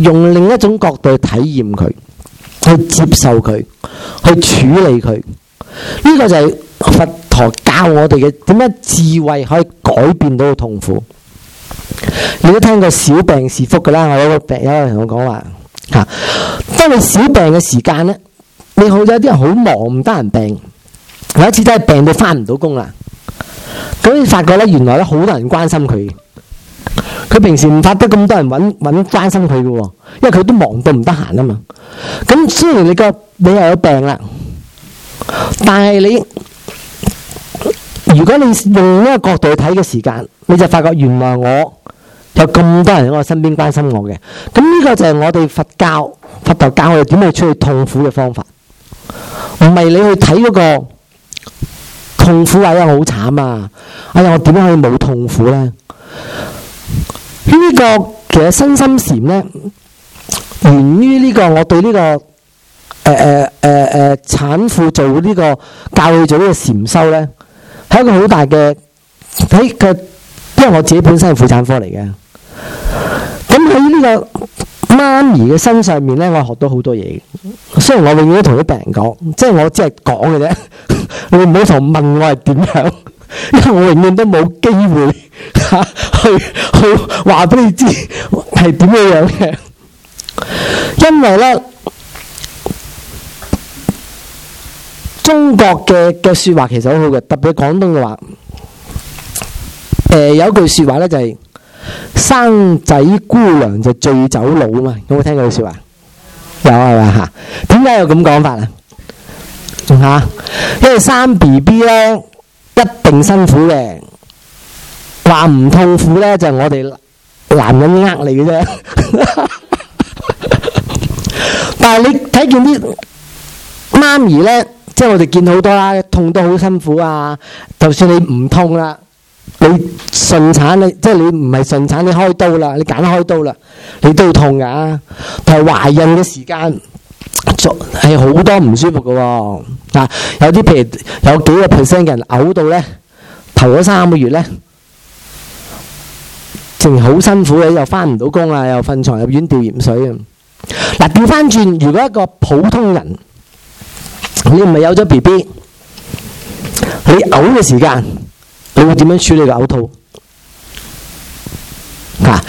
用另一種角度去體驗佢，去接受佢，去處理佢，呢個就係佛陀教我哋嘅點樣智慧可以改變到個痛苦。你都聽過小病是福噶啦，我有個病友嚟同我講話吓，當你小病嘅時間咧，你好似有啲人好忙唔得閒病，有一次真係病到翻唔到工啦，咁你，你發覺咧原來咧好多人關心佢，佢平時唔發得咁多人搵搵關心佢噶喎，因為佢都忙到唔得閒啊嘛，咁雖然你個你又有病啦，但係你。如果你用呢個角度去睇嘅時間，你就發覺原來我有咁多人喺我身邊關心我嘅。咁呢個就係我哋佛教、佛教教我哋點去處理痛苦嘅方法，唔係你去睇嗰個痛苦，哎呀我好慘啊！哎呀我點可以冇痛苦呢？呢個其實身心禪呢，源於呢個我對呢個誒誒誒誒產婦做呢個教佢做呢個禪修呢。係一個好大嘅睇個，因為我自己本身係婦產科嚟嘅，咁喺呢個媽咪嘅身上面咧，我學到好多嘢。雖然我永遠都同啲病人講，即係我只係講嘅啫， *laughs* 你唔好同問我係點樣，因為我永遠都冇機會、啊、去去話俾你知係點樣樣嘅，因為咧。中國嘅嘅說話其實好好嘅，特別廣東嘅話，誒、呃、有一句說話咧就係、是、生仔姑娘就醉酒佬啊嘛，有冇聽過呢句說話？有係嘛吓？點解有咁講法啊？吓、啊，因為生 B B 咧一定辛苦嘅，話唔痛苦咧就係、是、我哋男，男人呃你嘅啫。 *laughs* 但係你睇見啲媽咪咧。即係我哋見好多啦，痛都好辛苦啊！就算你唔痛啦，你順產，即你即係你唔係順產，你開刀啦，你揀開刀啦，你都痛噶、啊。但係懷孕嘅時間，係好多唔舒服噶、啊。嗱、啊，有啲譬如有幾個 percent 嘅人嘔到咧，頭咗三個月咧，淨好辛苦嘅，又翻唔到工啦，又瞓床入院吊鹽水啊。嗱，調翻轉，如果一個普通人。你唔係有咗 B B，你嘔、呃、嘅時間你會點樣處理個嘔、呃、吐？吓、啊、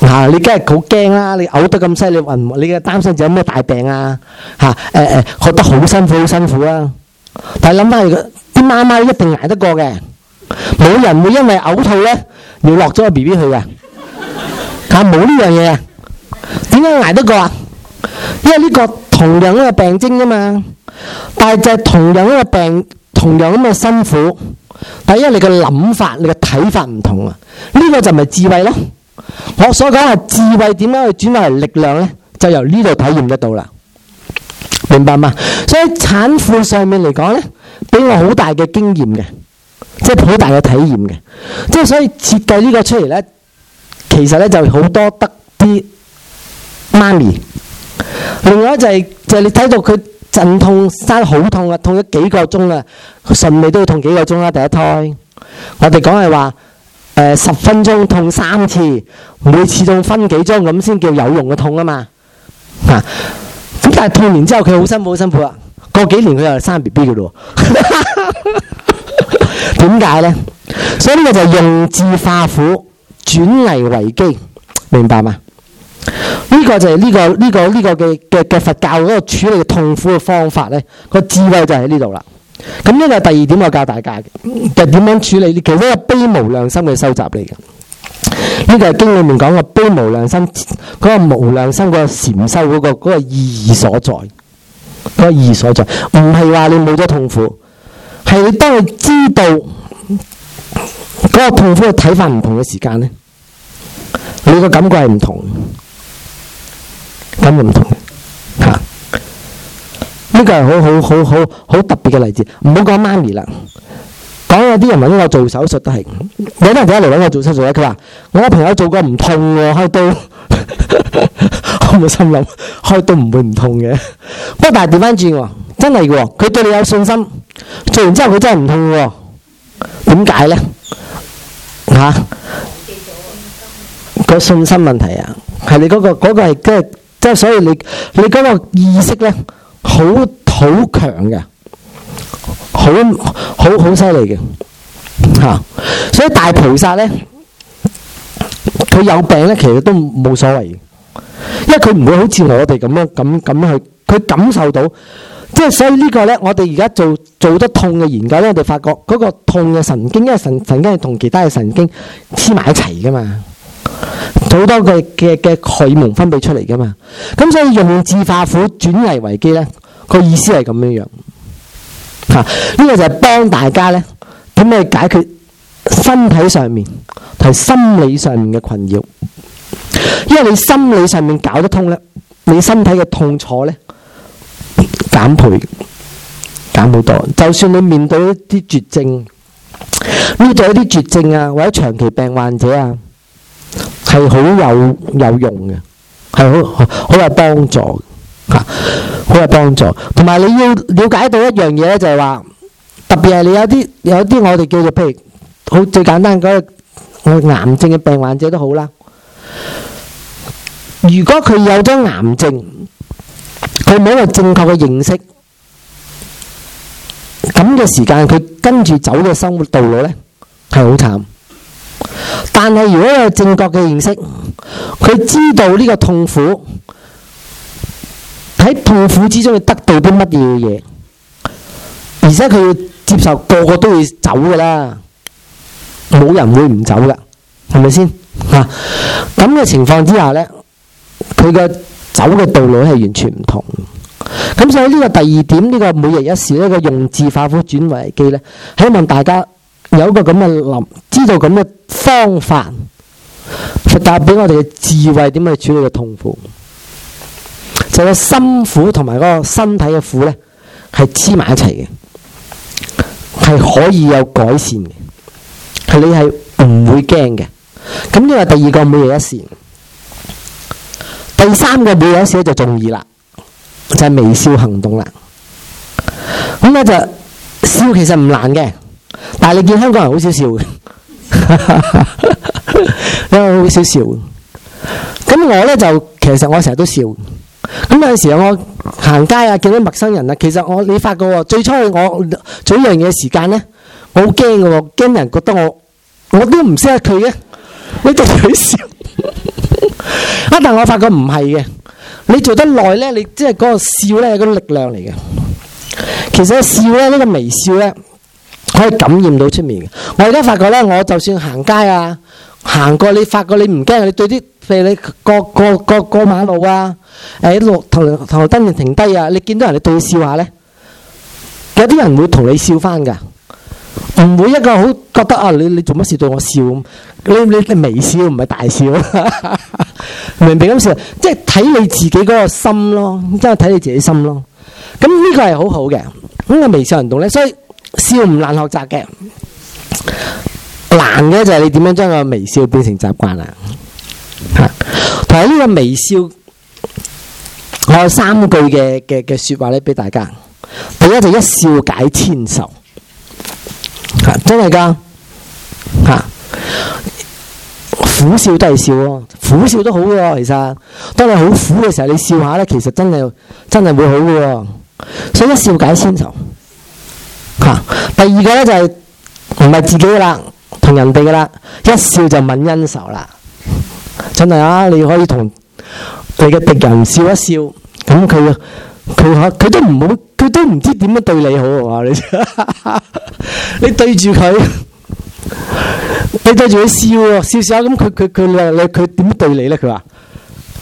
吓、啊，你梗係好驚啦！你嘔、呃、得咁犀利，你嘅擔心就有咩大病啊？吓誒誒，覺、啊啊、得好辛苦，好辛苦啊！但係諗翻，啲媽媽一定捱得過嘅，冇人會因為嘔、呃、吐咧要落咗、啊個 B B 去嘅，佢冇呢樣嘢，點解捱得過啊？因為呢個同樣嘅病徵啊嘛。但係就係同樣一個病，同樣咁嘅辛苦，但係因為你嘅諗法，你嘅睇法唔同啊，呢個就咪智慧咯。我所講係智慧點樣去轉化為力量呢？就由呢度體驗得到啦。明白嘛？所以產婦上面嚟講呢，俾我好大嘅經驗嘅，即係好大嘅體驗嘅，即係所以設計呢個出嚟呢，其實呢就好多得啲媽咪另外就係、就係、你睇到佢。陣痛生好痛啊，痛咗幾個鐘啦，順利都要痛幾個鐘啦。第一胎，我哋講係話，誒、呃，十分鐘痛三次，每次仲分幾鐘咁先叫有用嘅痛啊嘛。嗱、啊，咁但係痛完之後佢好辛苦，好辛苦啊。過幾年佢又生 B B 噶咯，點解咧？所以呢個就係用智化苦，轉危為機，明白嗎？呢個就係呢、這個呢、這個呢、這個嘅嘅嘅佛教嗰個處理痛苦嘅方法咧，這個智慧就喺呢度啦。咁、這、呢個第二點我教大家嘅，就點、是、樣處理？其實呢個悲無量心嘅收集嚟嘅，呢、這個係經裏面講個悲無量心嗰、那個無量心、那個禪修嗰、那個、那個意義所在，那個意義所在唔係話你冇咗痛苦，係你當你知道嗰、那個痛苦嘅睇法唔同嘅時間咧，你個感覺係唔同。根本唔同嚇！呢、啊這個係好好好好好特別嘅例子，唔好講媽咪啦，講有啲人揾我做手術都係，有啲人而家嚟揾我做手術咧，佢話我朋友做過唔痛喎、啊，開刀 *laughs* 我冇心諗開刀唔會唔痛嘅。不過但係調翻轉喎，真係嘅喎，佢對你有信心，做完之後佢真係唔痛喎、啊。點解咧嚇？個、啊、信心問題啊，係你嗰個嗰個係即係。那個即係所以你你嗰個意識咧，好好強嘅，好好好犀利嘅嚇。所以大菩薩咧，佢有病咧，其實都冇所謂，因為佢唔會好似我哋咁樣咁咁去，佢感受到。即係所以呢個咧，我哋而家做做得痛嘅研究咧，我哋發覺嗰個痛嘅神經，因為神神經係同其他嘅神經黐埋一齊噶嘛。好多嘅嘅嘅荷爾蒙分泌出嚟噶嘛，咁所以用字化苦轉危為機咧，個意思係咁樣樣吓，呢、啊，這個就係幫大家咧，點樣去解決身體上面同心理上面嘅困擾，因為你心理上面搞得通咧，你身體嘅痛楚咧減倍減好多，就算你面對一啲絕症，呢就一啲絕症啊或者長期病患者啊。係好有有用嘅，係好好有幫助，嚇，好有幫助。同埋你要了解到一樣嘢咧，就係話，特別係你有啲有啲我哋叫做譬如，好最簡單嗰，嗰個我、嗰個、癌症嘅病患者都好啦。如果佢有咗癌症，佢冇一個正確嘅認識，咁嘅時間佢跟住走嘅生活道路咧，係好慘。但係，如果有正確嘅認識，佢知道呢個痛苦喺痛苦之中要得到啲乜嘢嘢，而且佢要接受個個都要走噶啦，冇人會唔走噶，係咪先啊？咁嘅情況之下呢，佢嘅走嘅道路係完全唔同。咁所以呢個第二點，呢、呢個每日一時呢個用智化苦轉為機呢，希望大家。有一個咁嘅諗，知道咁嘅方法，就帶俾我哋嘅智慧點去處理嘅痛苦，就個、是、心苦同埋嗰個身體嘅苦咧，係黐埋一齊嘅，係可以有改善嘅。你係唔會驚嘅。咁你話第二個每日一善，第三個每日一善就重二啦，就係、是、微笑行動啦。咁我就笑其實唔難嘅。但係你見香港人好少笑，， *laughs* 好少笑，真係好少笑。咁我咧就其實我成日都笑。咁有陣時啊，我行街啊，見到陌生人啊，其實我你發覺最初我做呢樣嘢時間咧，我好驚嘅，驚人覺得我我都唔識得佢嘅，你仲可以笑。啊， *laughs* 但我發覺唔係嘅，你做得耐咧，你即係嗰個笑咧，有個力量嚟嘅。其實笑咧，呢個微笑咧。可以感染到出面嘅，我而家發覺咧，我就算行街啊，行過你發覺你唔驚，你對啲譬如你過過過過馬路啊，誒落頭頭燈要停低啊，你見到人你對佢笑下咧，有啲人會同你笑翻噶，唔會一個好覺得啊，你你做乜事對我笑，你你，你微笑唔係大笑， *laughs* 明唔明咁笑，即係睇你自己嗰個心咯，真係睇你自己心咯，咁呢個係好好嘅，咁嘅微笑運動咧，所以。笑唔難學習嘅，難嘅就係你點樣將個微笑變成習慣啦。同埋呢個微笑，我有三句嘅嘅嘅說話咧，俾大家。第一就一笑解千愁，真係噶。吓，苦笑都係笑，苦笑都好喎。其實，當你好苦嘅時候，你笑下咧，其實真係真係會好喎。所以一笑解千愁。吓，第二個咧就係唔係自己噶啦，同人哋噶啦，一笑就泯恩仇啦。真係啊，你可以同你嘅敵人笑一笑，咁佢佢吓佢都唔好，佢都唔知點樣對你好啊你 *laughs* 你對住佢，你對住佢笑喎，笑笑下咁，佢佢佢話你佢點對你咧？佢話。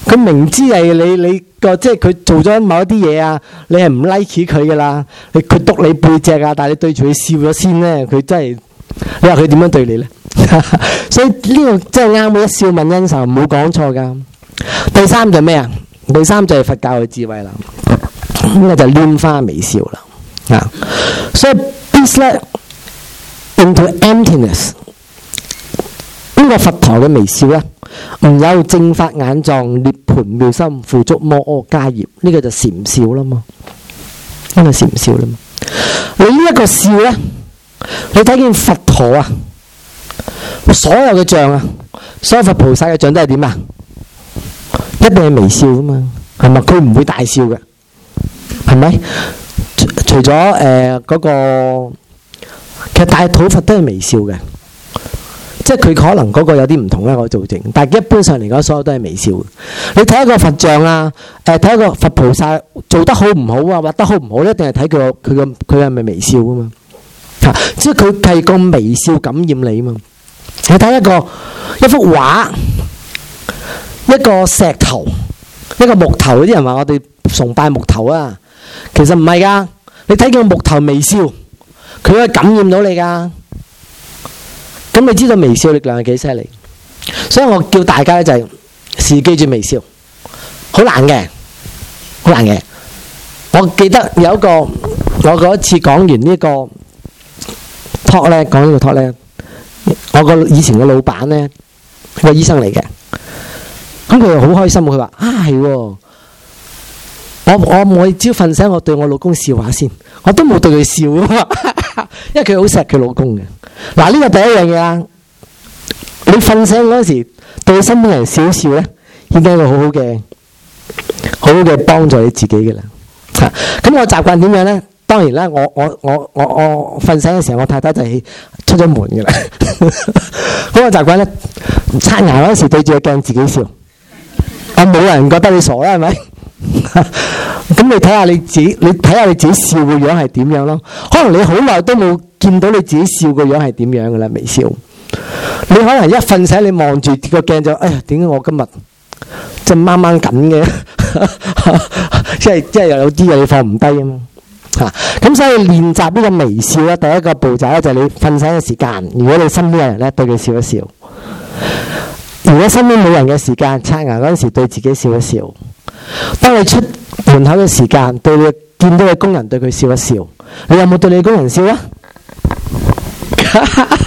佢明知係你你個即係佢做咗某一啲嘢啊，你係唔 like 佢噶啦，你佢、like、督你背脊啊，但係你對住佢笑咗先咧，佢真係你話佢點樣對你咧？ *laughs* 所以呢、這個真係啱嘅，一笑泯恩仇，唔好講錯噶。第三就咩啊？第三就係佛教嘅智慧啦，咁啊 *laughs* *laughs* 就拈花微笑啦啊！所以 blessed into emptiness，呢個佛陀嘅微笑咧，唔有正法眼藏。盤妙心，付足摩訶迦葉，呢個就禪笑啦嘛，因為禪笑啦嘛。你呢一個笑咧，你睇見佛陀啊，所有嘅像啊，所有佛菩薩嘅像都係點啊？一定係微笑啊嘛，係咪？佢唔會大笑嘅，係咪？除除咗誒嗰個，其實大肚佛都係微笑嘅。即係佢可能嗰個有啲唔同咧，我造型。但係一般上嚟講，所有都係微笑。你睇一個佛像啊，誒、呃，睇一個佛菩薩做得好唔好啊，畫得好唔好，一定係睇佢個佢個佢係咪微笑噶嘛、啊？即係佢係個微笑感染你嘛？你睇一個一幅畫，一個石頭，一個木頭，啲人話我哋崇拜木頭啊，其實唔係噶。你睇佢個木頭微笑，佢係感染到你噶。咁、嗯、你知道微笑力量係幾犀利，所以我叫大家咧就係、是、時記住微笑，好難嘅，好難嘅。我記得有一個，我嗰一次講完呢個 talk 咧，講呢個 talk 咧，我個以前嘅老闆咧，佢個醫生嚟嘅，咁佢又好開心，佢話：啊係喎，我我每朝瞓醒，我對我老公笑下先，我都冇對佢笑啊。 *laughs* 因為佢好錫佢老公嘅，嗱呢個第一樣嘢啊，你瞓醒嗰時對你身邊人笑笑咧，已經係個好好嘅、好好嘅幫助你自己嘅啦。吓，咁我習慣點樣咧？當然啦，我我我我我瞓醒嘅時候，我太太就出咗門嘅啦。咁 *laughs* 我習慣咧刷牙嗰時對住個鏡自己笑，我冇人覺得你傻啦，係咪？咁 *laughs* 你睇下你自己，你睇下你自己笑個樣係點樣咯？可能你好耐都冇見到你自己笑個樣係點樣噶啦。微笑，你可能一瞓醒，你望住個鏡就哎呀，點解我今日真掹掹緊嘅？即係即係又有啲嘢你放唔低啊嘛吓。咁所以練習呢個微笑咧，第一個步驟咧就係你瞓醒嘅時間，如果你身邊有人咧，對佢笑一笑；如果身邊冇人嘅時間，刷牙嗰陣時對自己笑一笑。當你出門口嘅時間，對你見到嘅工人對佢笑一笑，你有冇對你工人笑啊？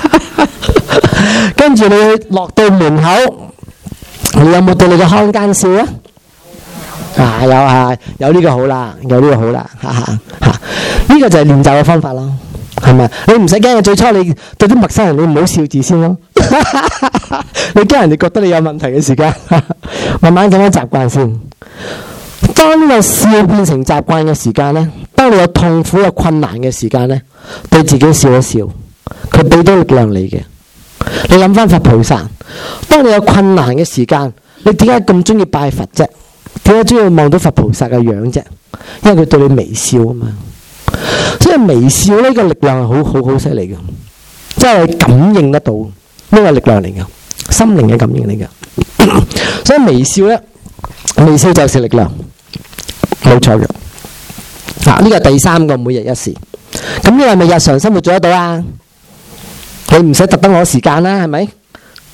*laughs* 跟住你去落到門口，你有冇對你嘅看間笑啊？啊，有啊，有呢個好啦，有呢個好啦，吓吓吓，呢個就係練習嘅方法咯，係咪？你唔使驚，最初你對啲陌生人你唔好笑住先咯，你驚 *laughs* 人哋覺得你有問題嘅時間， *laughs* 慢慢慢慢習慣先。當你笑變成習慣嘅時間呢，當你有痛苦有困難嘅時間呢，對自己笑一笑，佢俾到力量你嘅。你諗翻，佛菩薩，當你有困難嘅時間，你點解咁中意拜佛啫？點解中意望到佛菩薩嘅樣啫？因為佢對你微笑啊嘛。所以微笑呢個力量係好好好犀利嘅，即係感應得到，呢個力量嚟嘅，心靈嘅感應嚟嘅。 *coughs* 所以微笑呢。微笑就是力量，冇錯嘅。嗱，呢個第三個每日一試，咁你係咪日常生活做得到啊？你唔使特登攞時間啦，係咪？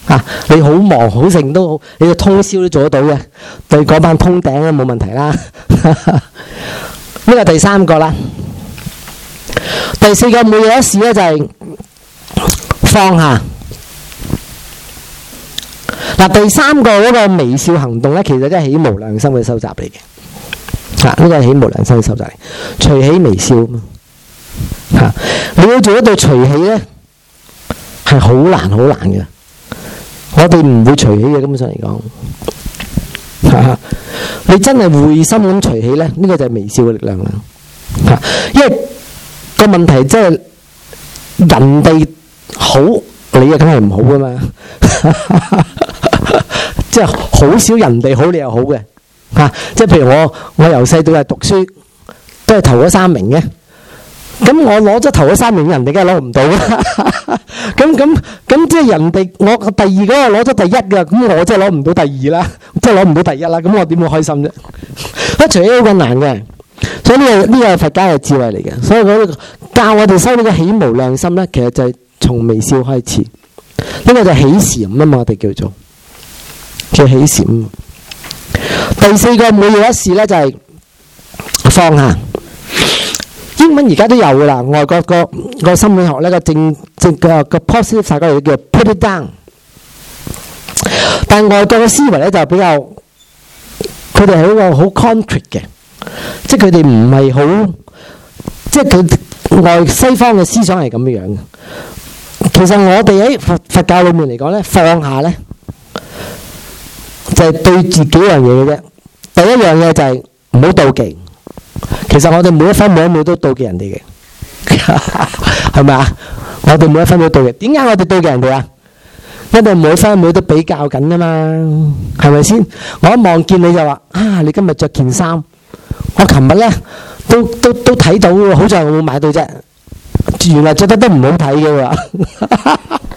啊，你好忙好剩都好，你個通宵都做得到嘅，對嗰班通頂都冇問題啦。呢個第三個啦，第四個每日一試咧就係放下。嗱，第三個個微笑行動咧，其實即係起無量心嘅收集嚟嘅，吓、這、呢個起無量心嘅收集嚟，除起微笑啊，吓你要做一道除起咧，係好難好難嘅，我哋唔會除起嘅根本上嚟講，吓、啊、你真係會心咁除起咧，呢、這個就係微笑嘅力量啦，吓、啊、因為個問題即、就、係、是、人哋好，你啊梗係唔好噶嘛。 *laughs* 即係好少人哋好，你好，你又好嘅嚇。即係譬如我，我由細到係讀書都係頭嗰三名嘅。咁我攞咗頭嗰三名，人哋梗係攞唔到啦。咁咁咁，即係人哋我第二嗰個攞咗第一嘅，咁我即係攞唔到第二啦，都攞唔到第一啦。咁我點會開心啫？所、啊、除咗呢個難嘅，所以呢、這個呢、這個係佛家嘅智慧嚟嘅，所以講教我哋修呢個喜無量心咧，其實就係從微笑開始。呢個就喜禪啊嘛，我哋叫做。叫起示。第四個，每夜一事呢，就係放下。英文而家都有噶啦，外國個個心理學呢個正正個個 professor 去講叫 put it down。但係外國嘅思維呢，就比較，佢哋係一個好 concrete 嘅，即係佢哋唔係好，即係佢外西方嘅思想係咁樣樣嘅。其實我哋喺佛佛教裏面嚟講呢，放下呢。 *music* 就係對自己樣嘢嘅啫。第一樣嘢就係唔好妒忌。其實我哋每一分每一秒都妒忌人哋嘅，係咪啊？我哋每一分每一每都妒忌。點解我哋妒忌人哋啊？因為每一分每一每都比較緊啊嘛，係咪先？我一望見你就話啊，你今日着件衫，我琴日咧都都都睇到喎，好似我冇買到啫。原來着得都唔好睇嘅喎。 *laughs*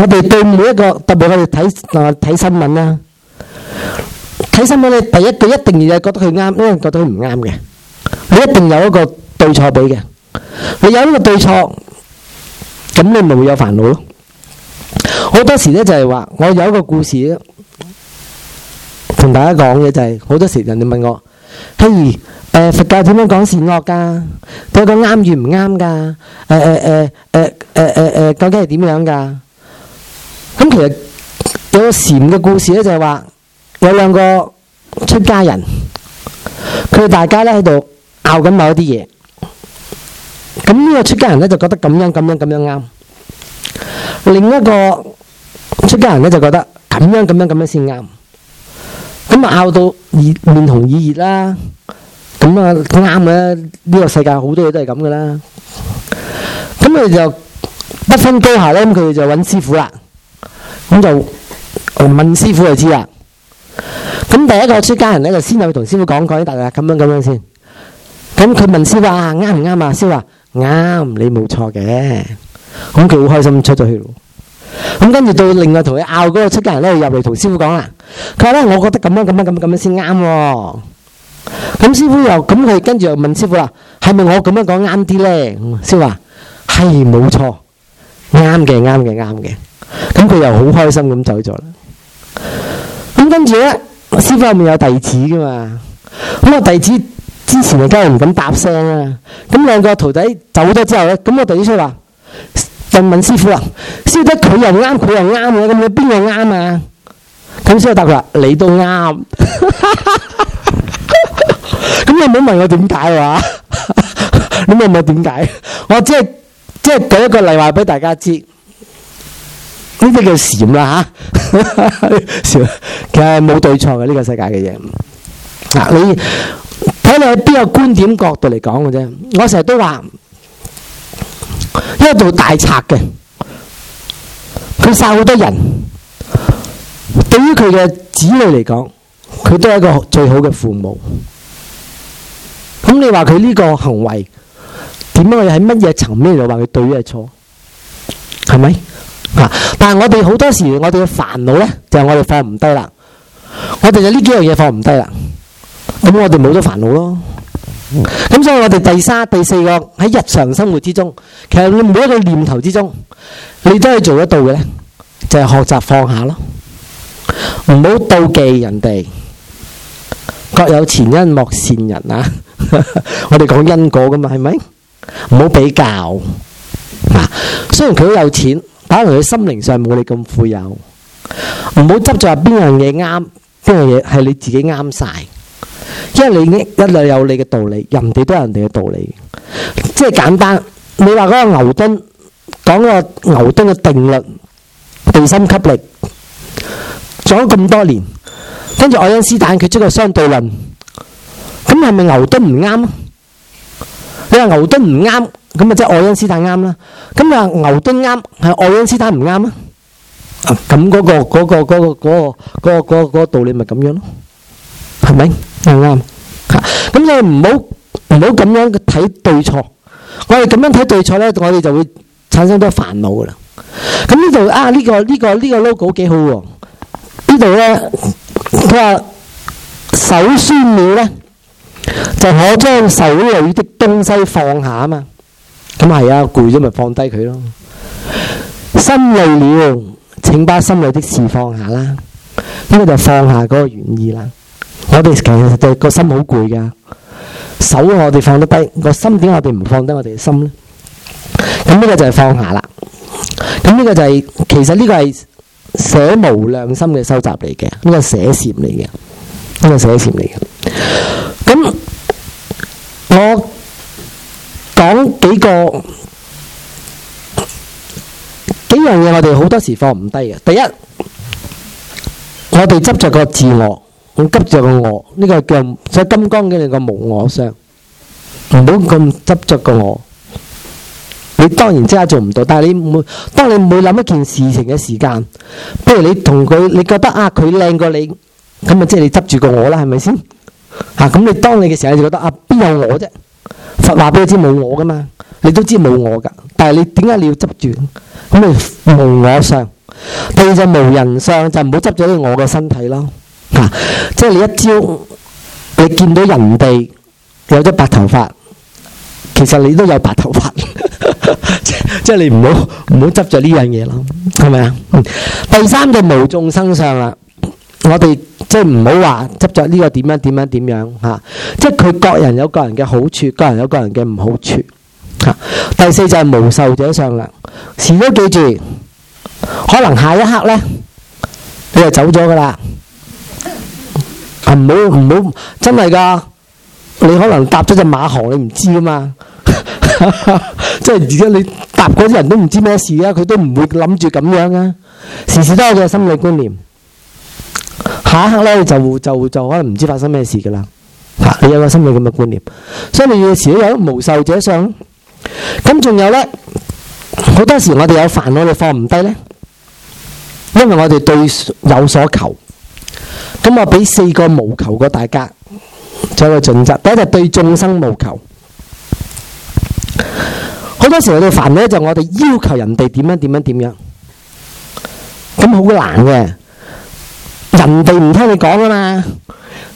我哋對每一個，特別我哋睇啊睇新聞啦，睇新聞咧，第一句一定要覺得佢啱，因為覺得佢唔啱嘅，你一定有一個對錯畀嘅，你有呢個對錯，咁你咪會有煩惱咯。好多時咧就係話，我有一個故事同大家講嘅就係，好多時人哋問我，譬如誒佛教點樣講善惡噶？佢講啱與唔啱噶？誒誒誒誒誒誒誒，究竟係點樣噶？咁其實有個禪嘅故事咧，就係話有兩個出家人，佢哋大家咧喺度拗緊某啲嘢。咁呢個出家人咧就覺得咁樣咁樣咁樣啱，另一個出家人咧就覺得咁樣咁樣咁樣先啱。咁啊拗到面面紅耳熱啦，咁啊啱嘅呢個世界好多嘢都係咁嘅啦。咁佢就不分高下咧，咁佢就揾師傅啦。咁就問師傅就知啦。咁第一個出家人咧就先有同師傅講過，啲大家咁樣咁樣先。咁佢問師傅話啱唔啱啊？師傅話啱，你冇錯嘅。咁佢好開心出咗去。咁跟住到另外同佢拗嗰個出家人咧入嚟同師傅講啦。佢話咧，我覺得咁樣咁樣咁樣咁樣先啱喎。咁師傅又咁，佢跟住又問師傅啦，係咪我咁樣講啱啲咧？師傅話係冇錯，啱嘅，啱嘅，啱嘅。咁佢又好開心咁走咗啦。咁跟住咧，師父後面有弟子噶嘛？咁我弟子之前就梗係唔敢答聲啊。咁兩個徒弟走咗之後咧，咁我弟子出嚟話，問問師傅啊，師傅佢又啱，佢又啱嘅，咁邊個啱啊？咁師父答佢話，你都啱。咁 *laughs* 你唔好問我點解話， *laughs* 你問我點解啊？ *laughs* 我即係即係舉一個例話俾大家知。呢啲叫禪啦，吓禪，佢係冇對錯嘅呢個世界嘅嘢。嗱、啊，你睇你喺邊個觀點角度嚟講嘅啫。我成日都話，因為做大賊嘅，佢殺好多人，對於佢嘅子女嚟講，佢都係一個最好嘅父母。咁你話佢呢個行為，點樣喺乜嘢層面度話佢對與錯？係咪？啊！但係我哋好多時，我哋嘅煩惱咧，就係我哋放唔低啦。我哋有呢幾樣嘢，放唔低啦，咁我哋冇咗煩惱咯。咁所以我哋第三、第四個喺日常生活之中，其實你每一個念頭之中，你都係做得到嘅，就係學習放下咯。唔好妒忌人哋，各有前因莫羨人啊。我哋講因果㗎嘛，係咪？唔好比較啊。雖然佢好有錢。可能你心靈上冇你咁富有，唔好執着話邊樣嘢啱，邊樣嘢係你自己啱晒，因為你一律有你嘅道理，人哋都有人哋嘅道理，即係簡單。你話嗰個牛頓講個牛頓嘅定律，地心吸力，做咗咁多年，跟住愛因斯坦佢出個相對論，咁係咪牛頓唔啱？你話牛頓唔啱，咁咪即係愛因斯坦啱啦。咁你話牛頓啱，係愛因斯坦唔啱啊？咁嗰個嗰個嗰個嗰個嗰個嗰個道理咪咁樣咯？係咪？係啱。咁你唔好唔好咁樣嘅睇對錯。我哋咁樣睇對錯咧，我哋就會產生多煩惱噶啦。咁呢度啊，呢個呢個呢個 logo 幾好喎。呢度咧佢話九秒咧。就可將手裏的東西放下啊嘛，咁、嗯、係啊，攰咗咪放低佢咯。心累了，請把心裏的事放下啦。呢、這個就放下嗰個原意啦。我哋其實就個、是、心好攰噶，手我哋放得低，個心點我哋唔放低我哋嘅心呢？咁、嗯、呢、這個就係放下啦。咁、嗯、呢、這個就係、是、其實呢個係捨無量心嘅修習嚟嘅，呢、這個捨禪嚟嘅，呢、這個捨禪嚟嘅。這個咁我講幾個幾樣嘢，我哋好多時放唔低嘅。第一，我哋執着個自我，我執着個我，呢個叫在金剛嘅你個無我相，唔好咁執着個我。你當然即刻做唔到，但係你每當你每諗一件事情嘅時間，譬如你同佢，你覺得啊佢靚過你，咁咪即係你執住個我啦，係咪先？吓咁、啊、你當你嘅時候，你就覺得啊邊有我啫？佛話俾你知冇我噶嘛，你都知冇我噶，但係你點解你要執住咁，你無我相。第二就無人相，就唔好執咗我嘅身體咯。嗱、啊、即係你一朝你見到人哋有咗白頭髮，其實你都有白頭髮， *laughs* 即係你唔好唔好執住呢樣嘢咯，係咪啊？第三就無眾生相啦。我哋即係唔好話執着呢個點樣點樣點樣吓、啊，即係佢個人有個人嘅好處，個人有個人嘅唔好處吓、啊。第四就係無受者上啦，時都記住，可能下一刻咧，你就走咗噶啦，唔好唔好，真係噶你可能搭咗隻馬航，你唔知噶嘛， *laughs* 即係如果你搭嗰啲人都唔知咩事啊，佢都唔會諗住咁樣啊，時時都有嘅心理觀念。下一刻咧就就就可能唔知發生咩事噶啦，吓、啊、你有個心理咁嘅觀念，所以你有時喺無受者相，咁仲有咧，好多時我哋有煩惱，我放唔低咧，因為我哋對有所求，咁我俾四個無求個大格，做一個準則。第一就對眾生無求，好多時我哋煩咧，就我哋要求人哋點樣點樣點樣，咁好難嘅。人哋唔聽你講啊嘛，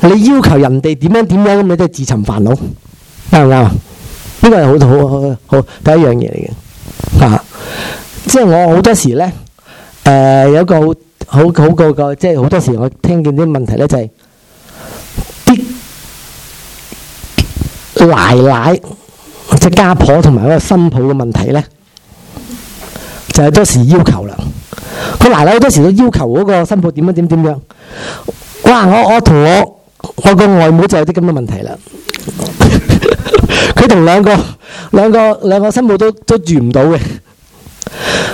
你要求人哋點樣點樣咁，你都係自尋煩惱，啱唔啱啊？呢個係好好好好第一樣嘢嚟嘅，吓，即係我好多時咧，誒，有一個好好好個個，即係好多時我聽見啲問題咧就係啲奶奶即係家婆同埋嗰個新抱嘅問題咧，就係多時要求啦。佢奶奶好多時都要求嗰個新抱點樣點點樣哇！我我同我我個外母就有啲咁嘅問題啦。佢同兩個兩個兩個新抱都都住唔到嘅。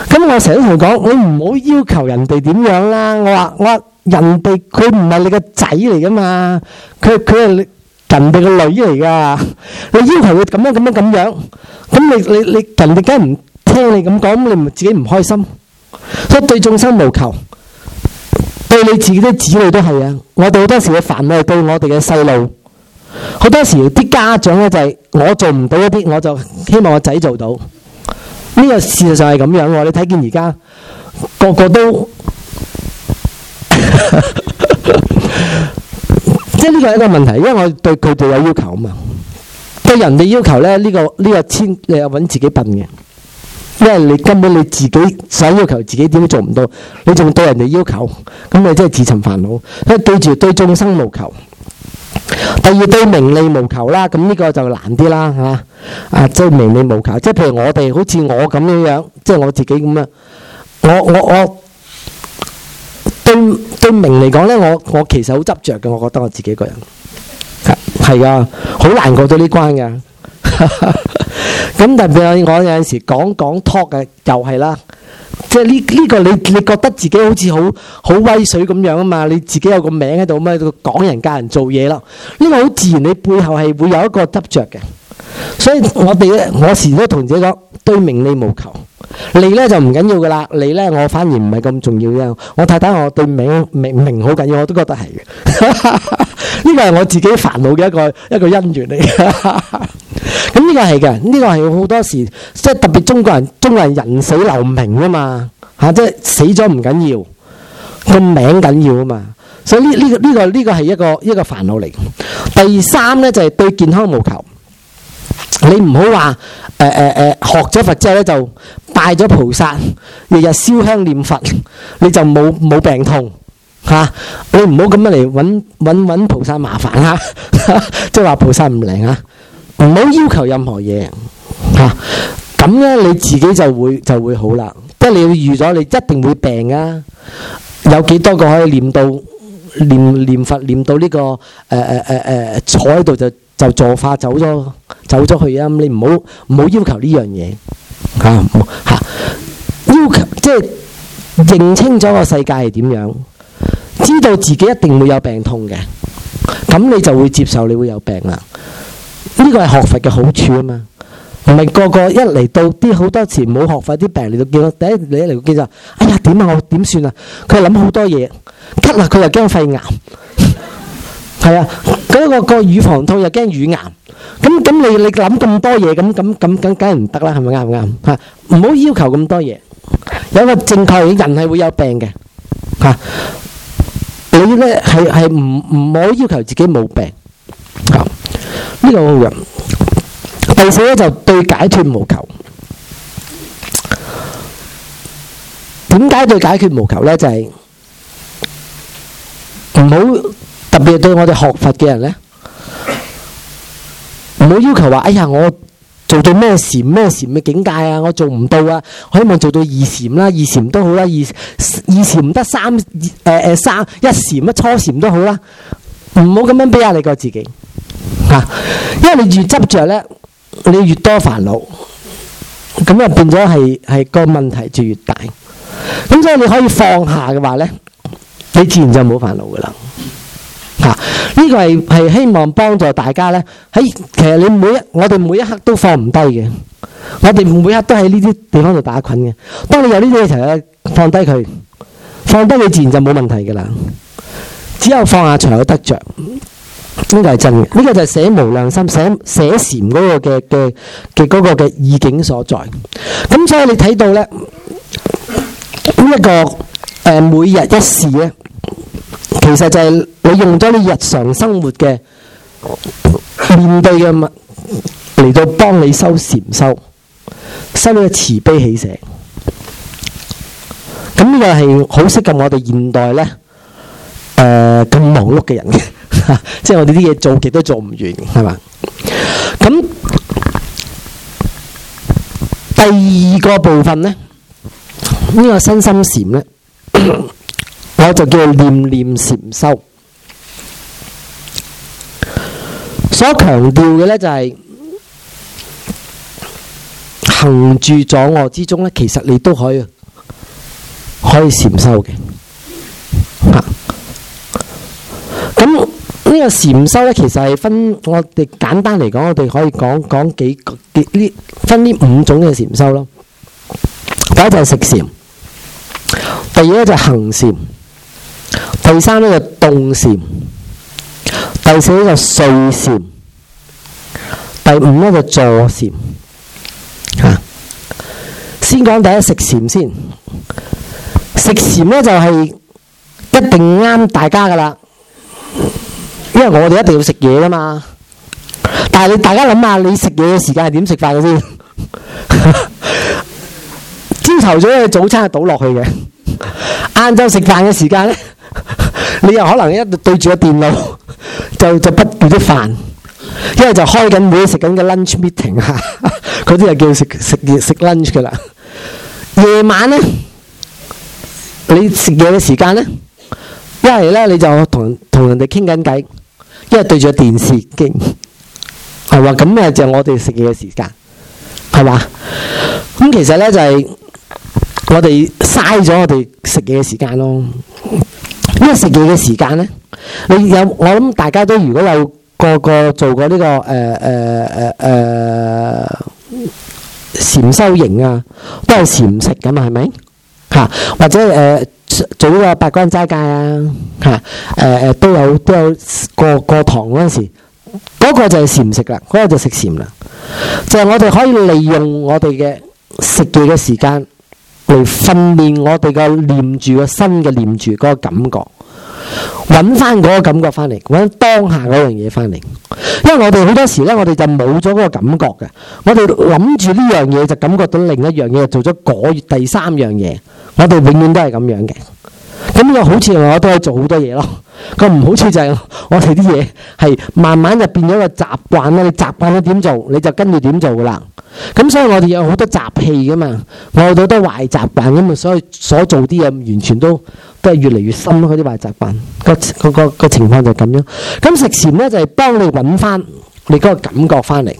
咁 *laughs* 我成日同佢講，你唔好要，要求人哋點樣啦。我話我話人哋佢唔係你個仔嚟噶嘛，佢佢係人哋個女嚟噶。 *laughs* 你要求佢咁樣咁樣咁樣，咁你你你，你人哋梗係唔聽你咁講，你唔自己唔開心。所以對眾生無求，對你自己的子女都係啊。我哋好多時嘅煩惱係對我哋嘅細路，好多時啲家長咧就係、是、我做唔到一啲，我就希望我仔做到。呢、這個事實上係咁樣，你睇見而家個個都， *laughs* 即係呢個係一個問題，因為我對佢哋有要求啊嘛。對人哋要求咧，呢、這個呢、這個千你係搵自己笨嘅。因為你根本你自己想要求自己點都做唔到，你仲對人哋要求，咁你真係自尋煩惱。因為對住對眾生無求，第二對名利無求啦，咁呢個就難啲啦，係啊，即係名利無求，即係譬如我哋好似我咁樣樣，即係我自己咁樣，我我我對對名嚟講呢，我我其實好執着嘅，我覺得我自己個人係係，好難過到呢關嘅。 *laughs* 咁特別我有陣時講講 talk 嘅又係啦，即係呢呢個你你覺得自己好似好好威水咁樣啊嘛，你自己有個名喺度咩？啊，講人教人做嘢咯，呢、這個好自然，你背後係會有一個執着嘅。所以我哋咧，我時都同自己講，對名利無求，你咧就唔緊要噶啦，你咧我反而唔係咁重要嘅。我太太我對名名名好緊要，我都覺得係呢個係我自己煩惱嘅一個一個因緣嚟。 *laughs* 呢個係嘅，呢、這個係好多時，即係特別中國人，中國人人死留名啊嘛，吓、啊、即係死咗唔緊要，個名緊要啊嘛，所以呢、這、呢個呢、這個呢、這個係一個一個煩惱嚟。第三呢，就係、是、對健康無求，你唔好話誒誒誒學咗佛之後呢，就拜咗菩薩，日日燒香念佛，你就冇冇病痛吓、啊，你唔好咁樣嚟搵菩薩麻煩啦、啊，即係話菩薩唔靈啊。唔好要求任何嘢吓，咁咧你自己就會就會好啦。即係你要預咗，你一定會病啊。有幾多個可以念到念念佛念到呢個誒誒誒誒坐喺度就就坐化走咗走咗去啊！你唔好唔好要求呢樣嘢吓吓，要求即係認清咗個世界係點樣，知道自己一定會有病痛嘅，咁你就會接受，你會有病啦。呢個係學佛嘅好處啊嘛，唔係個個一嚟到啲好多錢冇學費啲病你到見到。第一你一嚟到見到，哎呀點啊，我點算啊？佢諗好多嘢，咳啊佢又驚肺癌，係 *laughs* 啊，嗰、那個個乳房痛又驚乳癌，咁咁你你諗咁多嘢咁咁咁咁梗係唔得啦，係咪啱唔啱？吓，唔好、啊、要，要求咁多嘢，有個正確人係會有病嘅，吓、啊，你咧係係唔唔好要求自己冇病。呢個好人，第四咧就對解脱無求。點解對解決無求咧？就係唔好特別對我哋學佛嘅人咧，唔好要，要求話哎呀，我做到咩禪咩禪嘅境界啊，我做唔到啊。我希望做到二禪啦，二禪都好啦，二二禪唔得三誒誒、呃、三一禪乜初禪都好啦，唔好咁樣俾壓力你個自己。吓、啊，因為你越執着咧，你越多煩惱，咁就變咗係係個問題就越大。咁所以你可以放下嘅話咧，你自然就冇煩惱噶啦。吓、啊，呢、這個係係希望幫助大家咧。喺其實你每一我哋每一刻都放唔低嘅，我哋每一刻都喺呢啲地方度打滾嘅。當你有呢啲嘢時，放低佢，放低你自然就冇問題噶啦。只有放下，才有得着。呢個係真嘅，呢個就係寫無量心、寫寫禪嗰個嘅嘅嘅嗰個嘅意境所在。咁所以你睇到咧呢一個誒每日一事咧，其實就係你用咗你日常生活嘅面對嘅物嚟，到幫你修禪修，修呢個慈悲喜捨。咁呢個係好適合我哋現代咧誒咁忙碌嘅人嘅。啊！即係我哋啲嘢做極都做唔完，係嘛？咁第二個部分呢，呢個身心禪呢，我就叫念念禪修。所強調嘅呢就係行住坐臥之中呢，其實你都可以可以禪修嘅。啊！咁。呢個禪修咧，其實係分我哋簡單嚟講，我哋可以講講幾呢，分呢五種嘅禪修咯。第一就係食禪，第二咧就係行禪，第三咧就動禪，第四咧就睡禪，第五咧就坐禪。吓，先講第一食禪先，食禪咧就係一定啱大家噶啦。因為我哋一定要食嘢噶嘛，但係你大家諗下，你食嘢嘅時間係點食飯嘅先？朝頭早嘅早餐係倒落去嘅，晏晝食飯嘅時間咧， *laughs* 你又可能一對住個電腦就就不食啲飯，因為就開緊會食緊嘅 lunch meeting 嚇，嗰啲就叫食食食 lunch 噶啦。夜晚咧，你食嘢嘅時間咧？一係咧你就同同人哋傾緊偈，一係對住電視機，係嘛？咁咪就我哋食嘢嘅時間，係嘛？咁其實咧就係、是、我哋嘥咗我哋食嘢嘅時間咯。因為食嘢嘅時間咧，你有我諗大家都如果有個個做過呢、這個誒誒誒誒禪修營啊，都係禪食噶嘛，係咪？嚇，或者誒。呃做呢個八關齋戒啊，吓、啊，誒誒都有都有過過堂嗰陣時，嗰、那個就係禪食啦，嗰、那個就食禪啦，就係、是、我哋可以利用我哋嘅食嘢嘅時間嚟訓練我哋嘅念住個身嘅念住個感覺，搵翻嗰個感覺翻嚟，搵當下嗰樣嘢翻嚟。因為我哋好多時咧，我哋就冇咗嗰個感覺嘅。我哋諗住呢樣嘢，就感覺到另一樣嘢，做咗嗰第三樣嘢。我哋永遠都係咁樣嘅。咁又好似我都可以做好多嘢咯。個唔好處就係我哋啲嘢係慢慢就變咗個習慣啦。你習慣咗點做，你就跟住點做噶啦。咁所以我哋有好多習氣噶嘛，我有好多壞習慣咁嘛。所以所做啲嘢完全都。都係越嚟越深咯，嗰啲壞習慣，個個個個情況就係咁樣。咁食禪咧就係幫你揾翻你嗰個感覺翻嚟。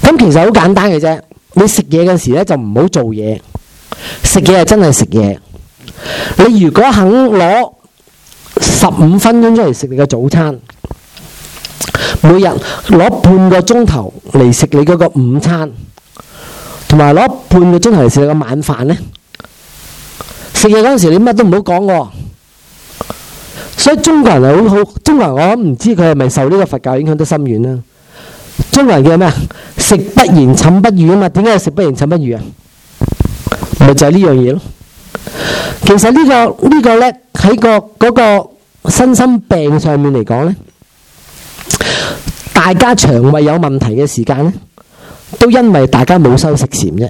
咁其實好簡單嘅啫，你食嘢嘅時咧就唔好做嘢，食嘢係真係食嘢。你如果肯攞十五分鐘出嚟食你嘅早餐，每日攞半個鐘頭嚟食你嗰個午餐，同埋攞半個鐘頭嚟食你個晚飯咧。嘅嗰陣時，你乜都唔好講喎。所以中國人係好好，中國人我唔知佢係咪受呢個佛教影響得深遠啦。中國人叫咩啊？食不言，寢不語啊嘛。點解要食不言，寢不語啊？咪就係呢樣嘢咯。其實呢個呢個咧，喺個嗰個身心病上面嚟講咧，大家腸胃有問題嘅時間咧，都因為大家冇收食禪啫。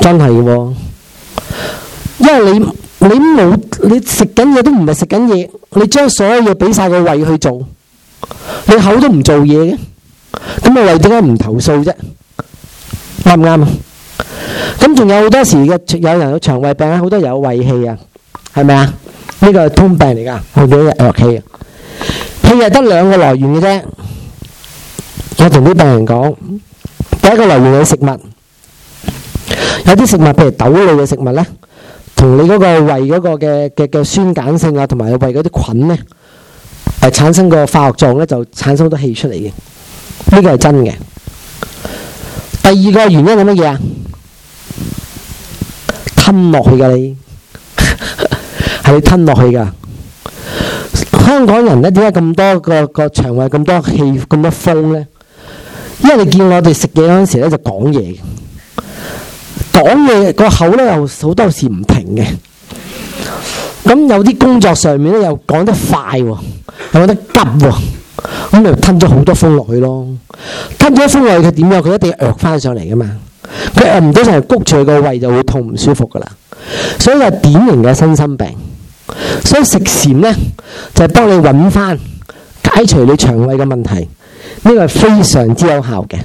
真係嘅喎。因為你你冇你食緊嘢都唔係食緊嘢，你將所有嘢俾晒個胃去做，你口都唔做嘢嘅，咁個胃點解唔投訴啫？啱唔啱啊？咁仲有好多時嘅有人有腸胃病啊，好多人有胃氣啊，係咪啊？呢個係通病嚟噶，好多日落氣啊，佢又得兩個來源嘅啫。我同啲病人講，第一個來源係食物，有啲食物譬如豆類嘅食物咧。同你嗰個胃嗰個嘅嘅嘅酸鹼性啊，同埋你胃嗰啲菌咧，係、啊、產生個化學狀咧，就產生好多氣出嚟嘅。呢個係真嘅。第二個原因係乜嘢啊？吞落去噶，你係 *laughs* 你吞落去噶。香港人咧，點解咁多個個腸胃咁多氣咁多風咧？因為你見我哋食嘢嗰陣時咧，就講嘢。講嘢個口咧，又好多時唔停嘅，咁有啲工作上面咧，又講得快，又覺得急喎，咁咪吞咗好多風落去咯。吞咗一風落去，佢點樣？佢一定要躍翻上嚟噶嘛。佢躍唔到就係谷住個胃就會痛唔舒服噶啦。所以係典型嘅身心病。所以食蟬咧就係幫你搵翻解除你腸胃嘅問題，呢個係非常之有效嘅。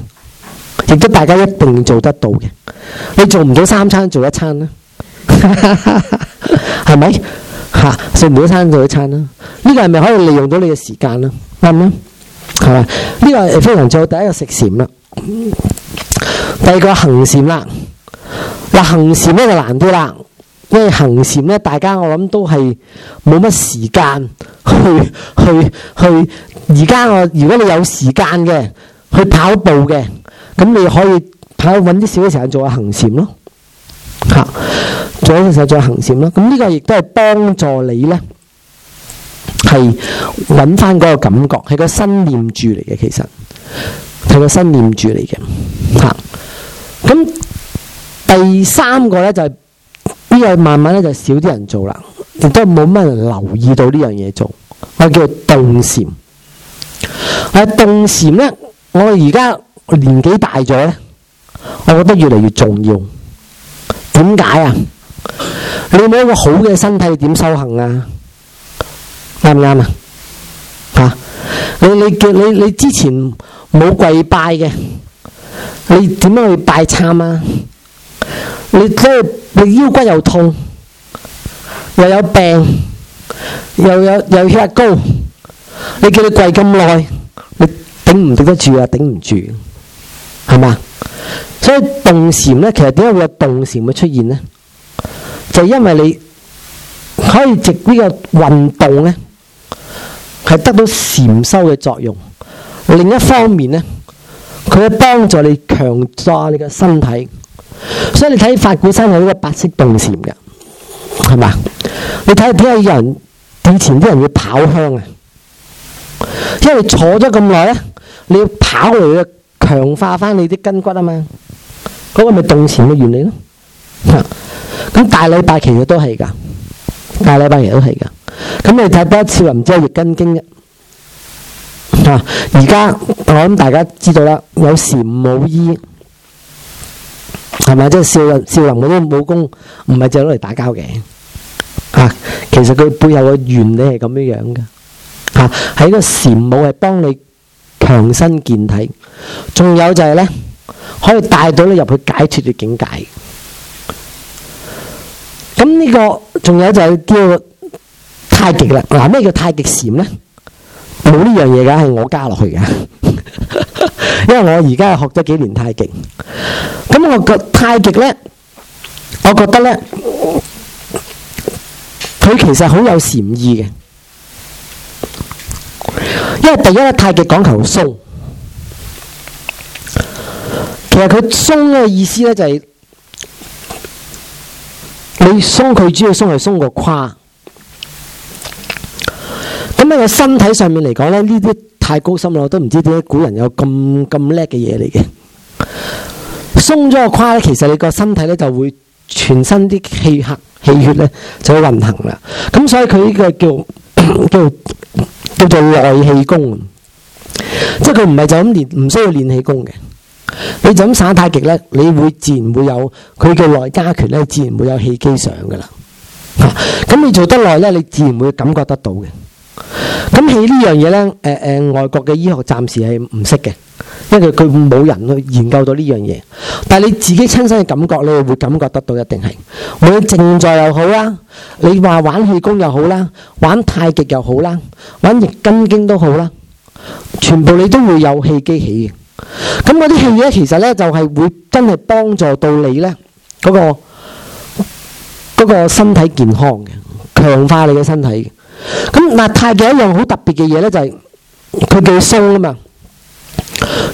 亦都大家一定做得到嘅。你做唔到三餐做一餐啦，係咪 *laughs* 吧？吓、啊，食唔到餐做一餐啦。呢、這個係咪可以利用到你嘅時間啦？啱啦， *laughs* 係嘛？呢個係非常最好第一個食禪啦，第二個行禪啦。嗱，行禪呢就難啲啦，因為行禪呢，大家我諗都係冇乜時間去去去。而家我如果你有時間嘅，去跑步嘅。咁你可以睇下，揾啲少嘅時間做下行禪咯，嚇，做一個時候做下行禪咯。咁呢個亦都係幫助你咧，係揾翻嗰個感覺，係個心念住嚟嘅，其實係個心念住嚟嘅，嚇、啊。咁第三個咧就係、是、呢、這個慢慢咧就少啲人做啦，亦都冇乜人留意到呢樣嘢做。我叫動禪，我動禪咧，我而家。年紀大咗咧，我覺得越嚟越重要。點解啊？你冇一個好嘅身體，點修行啊？啱唔啱啊？吓，你你叫你你之前冇跪拜嘅，你點樣去拜懺啊？你即係你腰骨又痛，又有病，又有又血壓高，你叫你跪咁耐，你頂唔頂得住啊？頂唔住。係嘛？所以動禪咧，其實點解會有動禪嘅出現咧？就係因為你可以藉呢個運動咧，係得到禪修嘅作用。另一方面咧，佢去幫助你強壯你嘅身體。所以你睇法鼓山有呢個白色動禪嘅，係嘛？你睇點解有人以前啲人要跑香啊？因為你坐咗咁耐咧，你要跑嚟嘅。強化翻你啲筋骨啊嘛，嗰、嗰個咪動前嘅原理咯。咁大禮拜其實都係噶，大禮拜其實都係噶。咁你睇得少林即係易筋經嘅。啊，而家、啊、我諗大家知道啦，有禪武醫係咪？即係少林少林嗰啲武功唔係淨係攞嚟打交嘅。啊，其實佢背後嘅原理係咁樣樣嘅。啊，喺個禪武係幫你。強身健體，仲有就係咧，可以帶到你入去解脫嘅境界。咁呢個仲有就係叫太極啦。嗱，咩叫太極禪咧？冇呢樣嘢噶，係我加落去噶。 *laughs* 因為我而家學咗幾年太極，咁我覺太極咧，我覺得咧，佢其實好有禪意嘅。因為第一，太極講求鬆，其實佢鬆嘅意思咧就係、是、你鬆佢，主要鬆係鬆，鬆個胯。咁喺個身體上面嚟講咧，呢啲太高深啦，我都唔知點解古人有咁咁叻嘅嘢嚟嘅。鬆咗個胯咧，其實你個身體咧就會全身啲氣核氣血咧就會運行啦。咁所以佢呢個叫叫。咳咳叫叫做內氣功，即係佢唔係就咁練，唔需要練氣功嘅，你就咁耍太極呢，你會自然會有佢嘅內家拳咧，自然會有氣機上噶啦。咁、啊、你做得耐呢，你自然會感覺得到嘅。咁氣呢樣嘢呢，誒、呃、誒、呃，外國嘅醫學暫時係唔識嘅。因為佢冇人去研究到呢樣嘢，但係你自己親身嘅感覺，你又會感覺得到一定係。無論靜坐又好啦，你話玩氣功又好啦，玩太極又好啦，玩易筋經都好啦，全部你都會有氣機起嘅。咁嗰啲氣咧，其實咧就係會真係幫助到你咧嗰個嗰個身體健康嘅，強化你嘅身體嘅。咁嗱，太極一樣好特別嘅嘢咧，就係佢幾鬆啊嘛。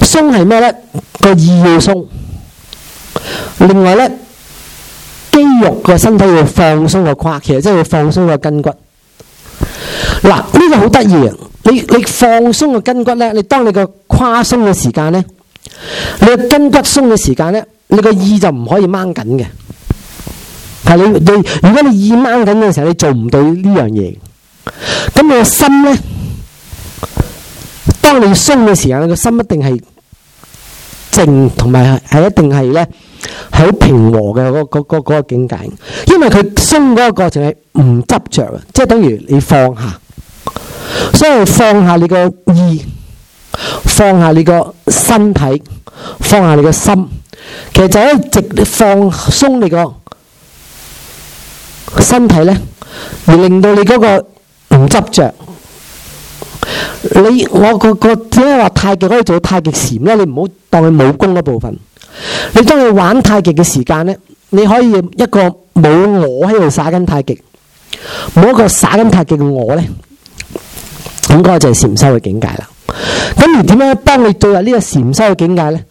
鬆係咩咧？個意要鬆，另外咧，肌肉個身體要放鬆個胯，其實即係要放鬆個筋骨。嗱，呢個好得意啊！你你放鬆個筋骨咧，你當你個胯鬆嘅時間咧，你個筋骨鬆嘅時間咧，你個意就唔可以掹緊嘅。係你你，如果你意掹緊嘅時候，你做唔到呢樣嘢。咁你個心咧？當你鬆嘅時候，你個心一定係靜，同埋係一定係咧係好平和嘅嗰嗰個境界。因為佢鬆嗰個過程係唔執着，即係等於你放下，所以放下你個意，放下你個身體，放下你個心，其實就一直放鬆你個身體咧，而令到你嗰個唔執着。你我個個即係話太極可以做到太極禪咧，你唔好當佢武功嗰部分。你當你玩太極嘅時間咧，你可以一個冇我喺度耍緊太極，冇一個耍緊太極嘅我咧，咁、那、嗰個就係禪修嘅境界啦。咁而點樣幫你進入呢個禪修嘅境界咧？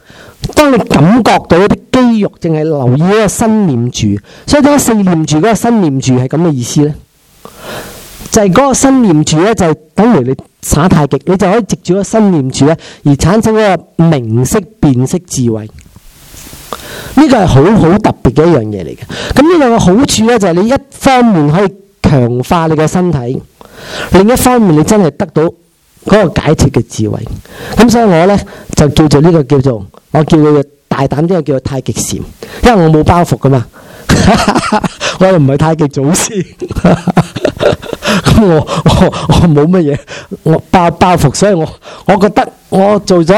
當你感覺到啲肌肉淨係留意一個心念住，所以點解四念住嗰個心念住係咁嘅意思咧。就係嗰個心念處咧，就係等於你耍太極，你就可以藉住嗰個心念處咧，而產生嗰個名色辨識智慧。呢個係好好特別嘅一樣嘢嚟嘅。咁呢個嘅好處咧，就係你一方面可以強化你嘅身體，另一方面你真係得到嗰個解脫嘅智慧。咁所以我咧就叫做呢個叫做我叫佢大膽啲，我叫做「太極禪」，因為我冇包袱㗎嘛。 *laughs* 我唔係太極祖先， *laughs* 咁我我冇乜嘢，我包包袱，所以我我覺得我做咗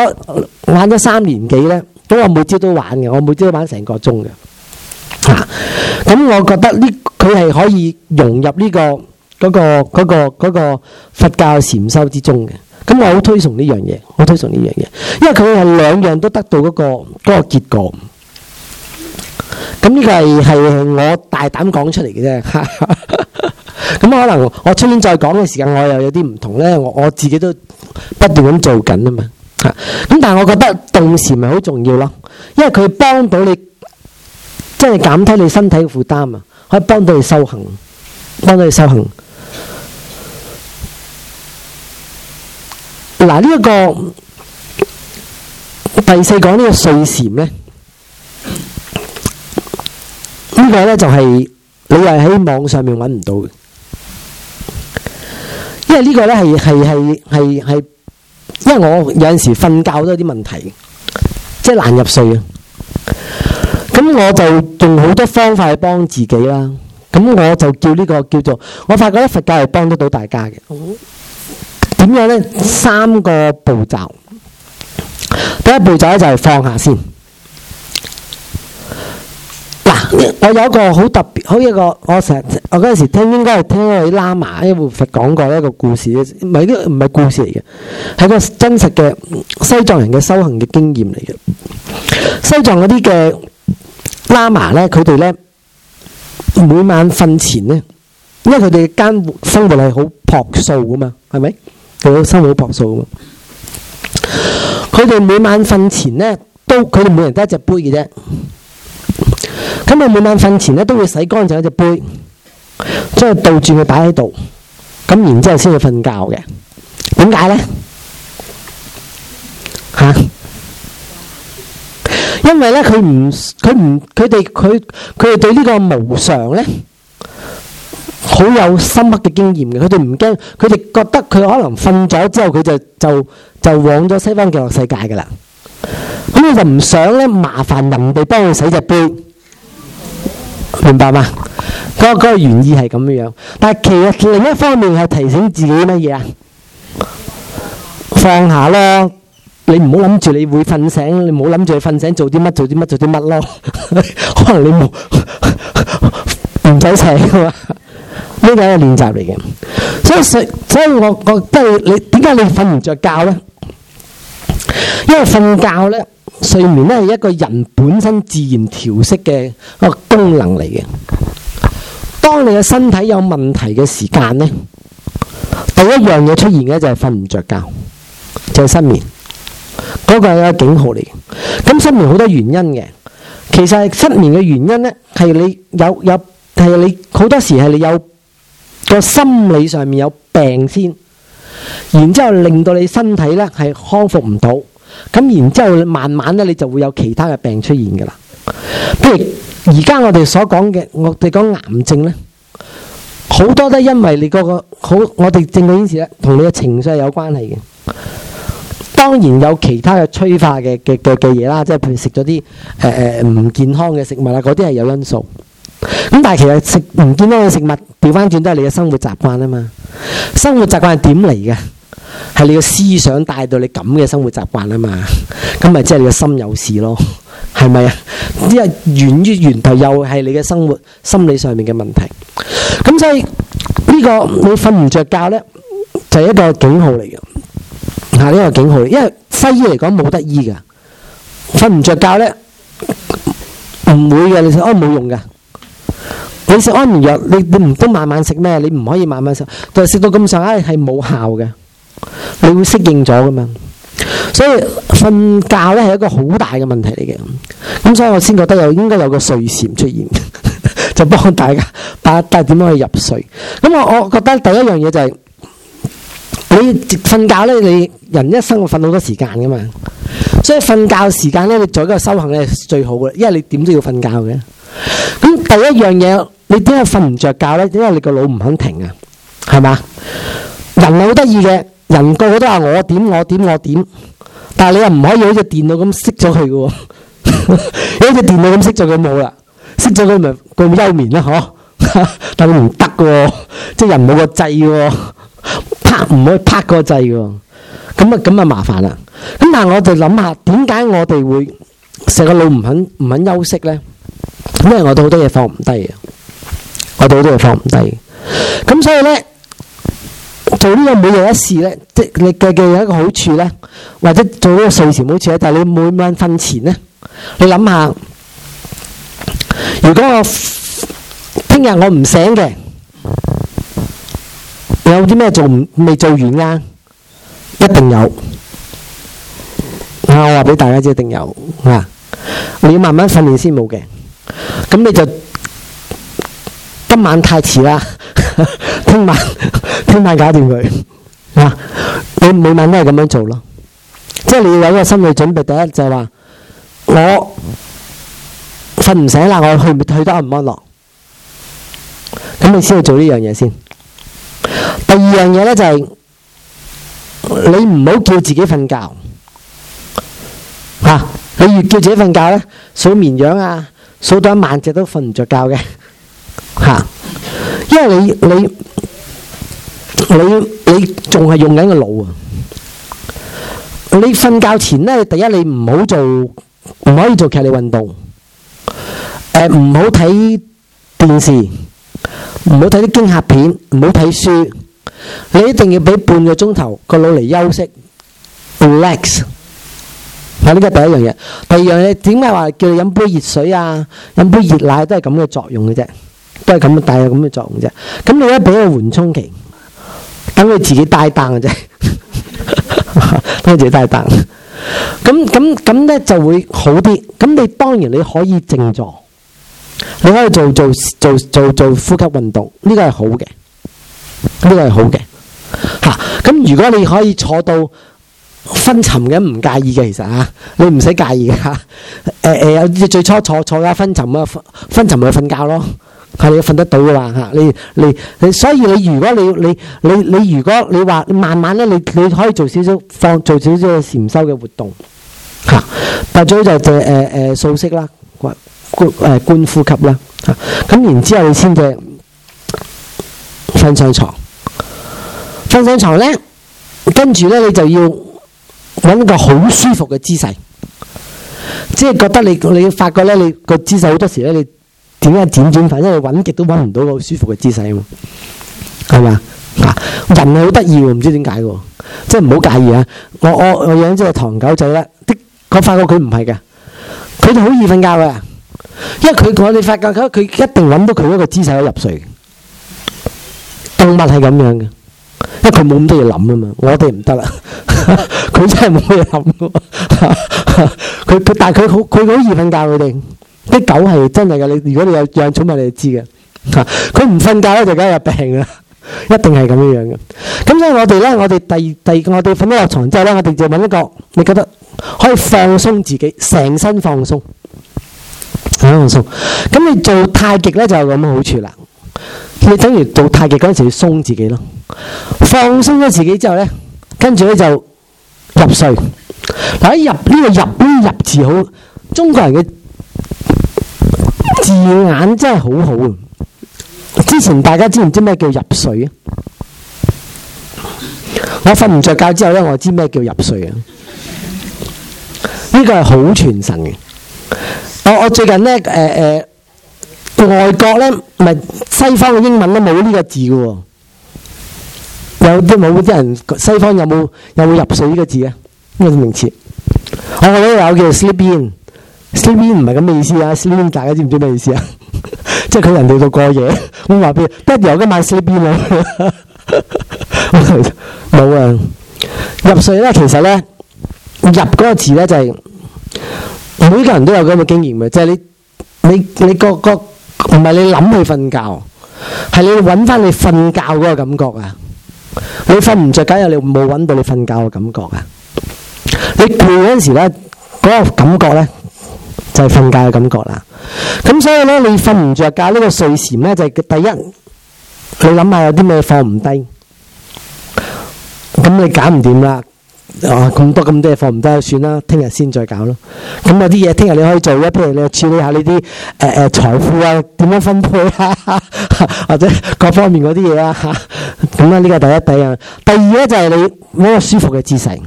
玩咗三年幾呢。都我每朝都玩嘅，我每朝都玩成個鐘嘅。啊，咁我覺得呢，佢係可以融入呢個嗰個嗰個嗰個佛教禪修之中嘅。咁我好推崇呢樣嘢，我推崇呢樣嘢，因為佢係兩樣都得到嗰個嗰個結果。咁呢個係係我大膽講出嚟嘅啫，咁可能我出面再講嘅時間我又有啲唔同咧，我我自己都不斷咁做緊啊嘛，咁、嗯、但係我覺得動禪咪好重要咯，因為佢幫到你即係減低你身體嘅負擔啊，可以幫到你修行，幫到你修行。嗱，呢、這個第四講個碎呢個睡禪咧。呢個呢，就係你係喺網上面揾唔到嘅，因為呢個呢，係係係係係，因為我有陣時瞓覺都有啲問題，即係難入睡啊。咁我就用好多方法去幫自己啦。咁我就叫呢個叫做，我發覺咧佛教係幫得到大家嘅。點樣呢？三個步驟，第一步驟呢就係放下先。嗱，我有一個好特別，好一個，我成日我嗰陣時聽，應該係聽嗰啲喇嘛喺度講過一個故事，唔係，唔係故事嚟嘅，係個真實嘅西藏人嘅修行嘅經驗嚟嘅。西藏嗰啲嘅喇嘛咧，佢哋咧每晚瞓前咧，因為佢哋嘅間生活係好樸素噶嘛，係咪？佢生活好樸素噶嘛。佢哋每晚瞓前咧，都佢哋每人都有一隻杯嘅啫。咁我每晚瞓前咧，都會洗乾淨嗰隻杯，將佢倒轉，佢擺喺度，咁然之後先去瞓覺嘅。點解咧嚇？因為咧，佢唔佢唔佢哋佢佢哋對呢個無常咧好有深刻嘅經驗嘅。佢哋唔驚，佢哋覺得佢可能瞓咗之後，佢就就就往咗西方極樂世界噶啦。咁我就唔想咧麻煩人哋幫我洗隻杯。明白嘛？嗰嗰個原意係咁樣樣，但係其實另一方面係提醒自己乜嘢啊？放下咯，你唔好諗住你會瞓醒，你唔好諗住你瞓醒做啲乜做啲乜做啲乜咯。可能你冇唔使醒啊嘛？呢個係一個練習嚟嘅，所以所以，我我覺得你點解你瞓唔着覺咧？因為瞓覺咧。睡眠咧，係一個人本身自然調息嘅一個功能嚟嘅。當你嘅身體有問題嘅時間咧，第一樣嘢出現嘅就係瞓唔着覺，就係失眠。嗰個係一個警號嚟嘅。咁失眠好多原因嘅，其實失眠嘅原因咧，係你有有係你好多時係你有個心理上面有病先，然之後令到你身體咧係康復唔到。咁然之後慢慢咧，你就會有其他嘅病出現噶啦。譬如而家我哋所講嘅，我哋講癌症咧，好多都因為你嗰個，個好，我哋正到以前咧，同你嘅情緒係有關係嘅。當然有其他嘅催化嘅嘅嘅嘢啦，即係譬如食咗啲誒誒唔健康嘅食物啦，嗰啲係有因素。咁但係其實食唔健康嘅食物，調翻轉都係你嘅生活習慣啊嘛。生活習慣係點嚟嘅？係你嘅思想帶到你咁嘅生活習慣啊嘛，咁咪即係你嘅心有事咯，係咪啊？呢個源於源頭又係你嘅生活心理上面嘅問題，咁所以、這個、呢個你瞓唔着覺咧，就係、是、一個警號嚟嘅。吓、啊、呢個警號，因為西醫嚟講冇得醫噶，瞓唔着覺咧唔會嘅，你食安冇用嘅，你食安眠藥，你你唔通慢慢食咩？你唔可以慢慢食，但係食到咁上下，誒係冇效嘅。你會適應咗噶嘛？所以瞓覺咧係一個好大嘅問題嚟嘅。咁所以我先覺得有應該有個睡禪出現， *laughs* 就幫大家大帶點樣去入睡。咁我我覺得第一樣嘢就係、是、你瞓覺咧，你人一生活瞓好多時間噶嘛，所以瞓覺時間咧，你做一個修行咧最好嘅，因為你點都要瞓覺嘅。咁第一樣嘢，你點解瞓唔着覺咧？因為你個腦唔肯停啊，係嘛？人好得意嘅。人個個都話我點我點我點，但係你又唔可以好似電腦咁熄咗佢嘅喎，好 *laughs* 似電腦咁熄咗佢冇啦，熄咗佢咪咁休眠啦嗬、啊？ *laughs* 但係佢唔得嘅，即係人冇個掣喎，拍唔可以拍過個掣嘅，咁啊咁啊麻煩啦。咁但係我哋諗下，點解我哋會成個腦唔肯唔肯休息咧？因為我哋好多嘢放唔低嘅，我哋好多嘢放唔低嘅，咁所以咧。做呢個每日一事咧，即係你嘅嘅有一個好處咧，或者做呢個睡前好處咧，就係你每晚瞓前咧，你諗下，如果我聽日我唔醒嘅，有啲咩做唔未做完啊，一定有。我話俾大家知一定有啊，你要慢慢訓練先冇嘅，咁你就今晚太遲啦。聽 *laughs* 晚聽晚搞掂佢，啊！ *laughs* 你每晚都係咁樣做咯，即係你要有一個心理準備。第一就係話我瞓唔醒啦，我去唔去得安唔安樂？咁你先去做呢樣嘢先。第二樣嘢咧就係你唔好叫自己瞓覺，吓、啊！你越叫自己瞓覺咧，數綿羊啊，數到一萬隻都瞓唔着覺嘅，吓、啊！因為你你你你仲係用緊個腦啊！你瞓覺前咧，第一你唔好做，唔可以做劇烈運動。誒，唔好睇電視，唔好睇啲驚嚇片，唔好睇書。你一定要俾半個鐘頭個腦嚟休息，relax。啊，呢個第一樣嘢。第二樣嘢，點解話叫你飲杯熱水啊？飲杯熱奶都係咁嘅作用嘅啫。都係咁大嘅咁嘅作用啫。咁你咧俾個緩衝期，等佢自己帶彈嘅啫，等佢自己帶彈。咁咁咁咧就會好啲。咁你當然你可以靜坐，你可以做做做做做，做呼吸運動，呢、這個係好嘅，呢、這個係好嘅嚇。咁、啊、如果你可以坐到昏沉嘅，唔介意嘅，其實啊，你唔使介意嚇。誒、呃、誒，有、呃、最初坐坐架昏沉啊，昏沉咪瞓覺咯。係、啊、你瞓得到嘅話嚇，你你你，所以如你，你，你，你如果你你你你如果你話慢慢咧，你你可以做少少放做少少嘅禪修嘅活動嚇。第、啊、一就借誒誒數息啦，誒、呃呃、觀呼吸啦嚇。咁、啊、然之後你先至瞓上牀，瞓上床咧，跟住咧你就要揾個好舒服嘅姿勢，即係覺得你你發覺咧，你個姿勢好多時咧你。點解輾轉反側揾極都揾唔到個舒服嘅姿勢啊？係嘛？啊！人係好得意，唔知點解嘅，即係唔好介意啊！我我我養隻唐狗仔咧，的我發覺佢唔係嘅，佢哋好易瞓覺嘅，因為佢我哋發覺佢一定揾到佢一個姿勢去入睡。動物係咁樣嘅，因為佢冇咁多嘢諗啊嘛，我哋唔得啦，佢 *laughs* *laughs* 真係冇嘢諗，佢但係佢好佢好易瞓覺佢哋。啲狗係真係嘅。你如果你有養寵物，你就知嘅。嚇、啊，佢唔瞓覺咧，就梗係有病啦，一定係咁樣樣嘅。咁所以我哋咧，我哋第第二，第二我哋瞓咗入床之後咧，我哋就揾一個你覺得可以放鬆自己，成身放鬆，放鬆。咁你做太極咧就有咁嘅好處啦。你等於做太極嗰陣時要鬆自己咯，放鬆咗自己之後咧，跟住咧就入睡。嗱，喺入呢個入呢個字好，中國人嘅。字眼真係好好啊！之前大家知唔知咩叫入睡啊？我瞓唔着覺之後咧，我知咩叫入睡啊？呢、這個係好傳神嘅。我、哦、我最近咧，誒、呃、誒、呃，外國咧，唔係西方嘅英文都冇呢個字嘅喎、哦。有啲冇啲人，西方有冇有冇入睡呢個字啊？咩、這個、名詞？我哋有叫 sleep in。sleep 唔係咁嘅意思啊！sleep 大家知唔知咩意思啊？Sleeping，知知思啊 *laughs* 即係佢人哋度過夜，我話俾你，得 *laughs* 有嘅買 sleep 啊，冇啊。入睡咧，其實咧入嗰個詞咧就係、是、每個人都有咁嘅經驗嘅，即、就、係、是、你你你個個唔係你諗去瞓覺，係你揾翻你瞓覺嗰、那個感覺啊。你瞓唔着，梗係你冇揾到你瞓覺嘅感覺啊。你攰嗰陣時咧，嗰個感覺咧。就係瞓覺嘅感覺啦，咁所以咧你瞓唔着覺呢個睡前咧就係、是、第一，你諗下有啲咩放唔低，咁你搞唔掂啦，啊咁多咁多嘢放唔低，就算啦，聽日先再搞咯。咁有啲嘢聽日你可以做啦，譬如你處理下呢啲誒誒財富啊點樣分配啦、啊，或者各方面嗰啲嘢啊咁啊呢個第一第一，第二咧就係、是、你攞、那個舒服嘅姿勢。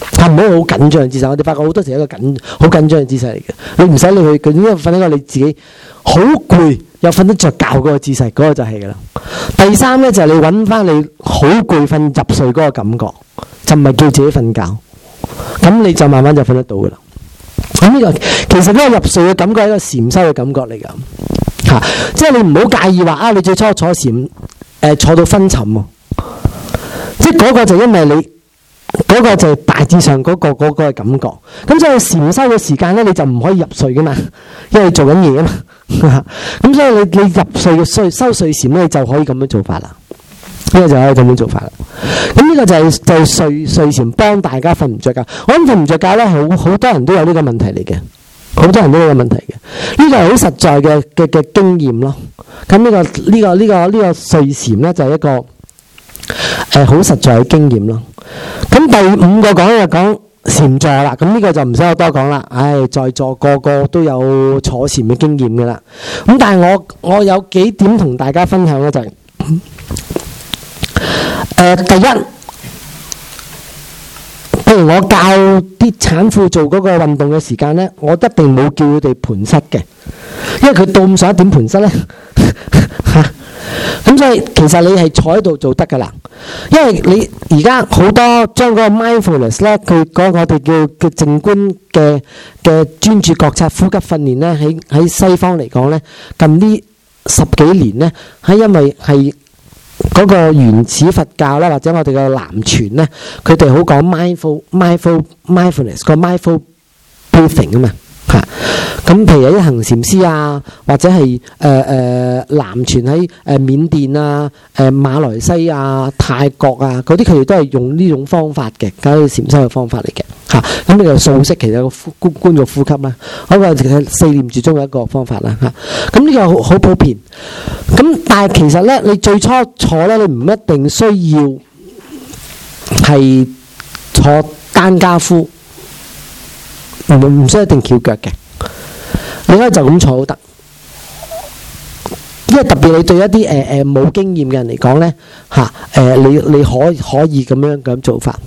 唔好好緊張嘅姿勢，我哋發覺好多時係一個緊好緊張嘅姿勢嚟嘅，你唔使理佢，佢點樣瞓喺度，你自己好攰又瞓得着覺嗰個姿勢，嗰個就係噶啦。第三咧就係你搵翻你好攰瞓入睡嗰個感覺，就唔係叫自己瞓覺，咁你就慢慢就瞓得到噶啦。咁呢個其實呢個入睡嘅感覺係一個禪修嘅感覺嚟噶，吓，即係你唔好介意話啊，你最初坐禪誒坐到昏沉喎，即係嗰個就因為你。嗰個就係大致上嗰個那個，那個感覺，咁所以禪修嘅時間咧，你就唔可以入睡噶嘛，因為做緊嘢啊嘛，咁 *laughs* 所以你，你入睡嘅時收睡前咧就可以咁樣做法啦，呢、這個就可以咁樣做法啦。咁呢個就係、是、就是、睡睡前幫大家瞓唔着覺，我諗瞓唔着覺咧，好好多人都有呢個問題嚟嘅，好多人都有呢個問題嘅，呢個係好、這個、實在嘅嘅嘅經驗咯。咁呢、這個呢、這個呢、這個呢、這個這個睡前咧就係、是、一個。誒，好、呃、實在嘅經驗咯。咁第五個講就講禪坐啦。咁呢個就唔使我多講啦。唉，在座個個都有坐禪嘅經驗噶啦。咁、嗯、但係我我有幾點同大家分享嘅就係、是，誒、嗯呃，第一，譬如我教啲產婦做嗰個運動嘅時間呢，我一定冇叫佢哋盤膝嘅，因為佢到唔上一點盤膝呢。 *laughs* 咁、嗯、所以其實你係坐喺度就得噶啦，因為你而家好多將嗰個 mindfulness 咧，佢講我哋叫嘅靜觀嘅嘅專注覺察呼吸訓練咧，喺喺西方嚟講咧，近呢十幾年咧，係因為係嗰個原始佛教啦，或者我哋嘅南傳咧，佢哋好講 mindful，mindful，mindfulness 個 mindful breathing 啊嘛。吓，咁譬如有一行禪師啊，或者係誒誒南傳喺誒緬甸啊、誒、呃呃、馬來西亞泰國啊嗰啲，佢哋都係用呢種方法嘅，咁嘅禪修嘅方法嚟嘅。吓、啊，咁你又數息，其實個觀觀嘅呼吸啦，好個其實係四念住中嘅一個方法啦。吓、啊，咁呢個好普遍。咁、嗯、但係其實咧，你最初坐咧，你唔一定需要係坐單家夫。唔，唔需要一定翹腳嘅，你可以就咁坐都得。因為特別你對一啲誒誒冇經驗嘅人嚟講咧，嚇、啊、誒、呃，你你可以可以咁樣咁做法。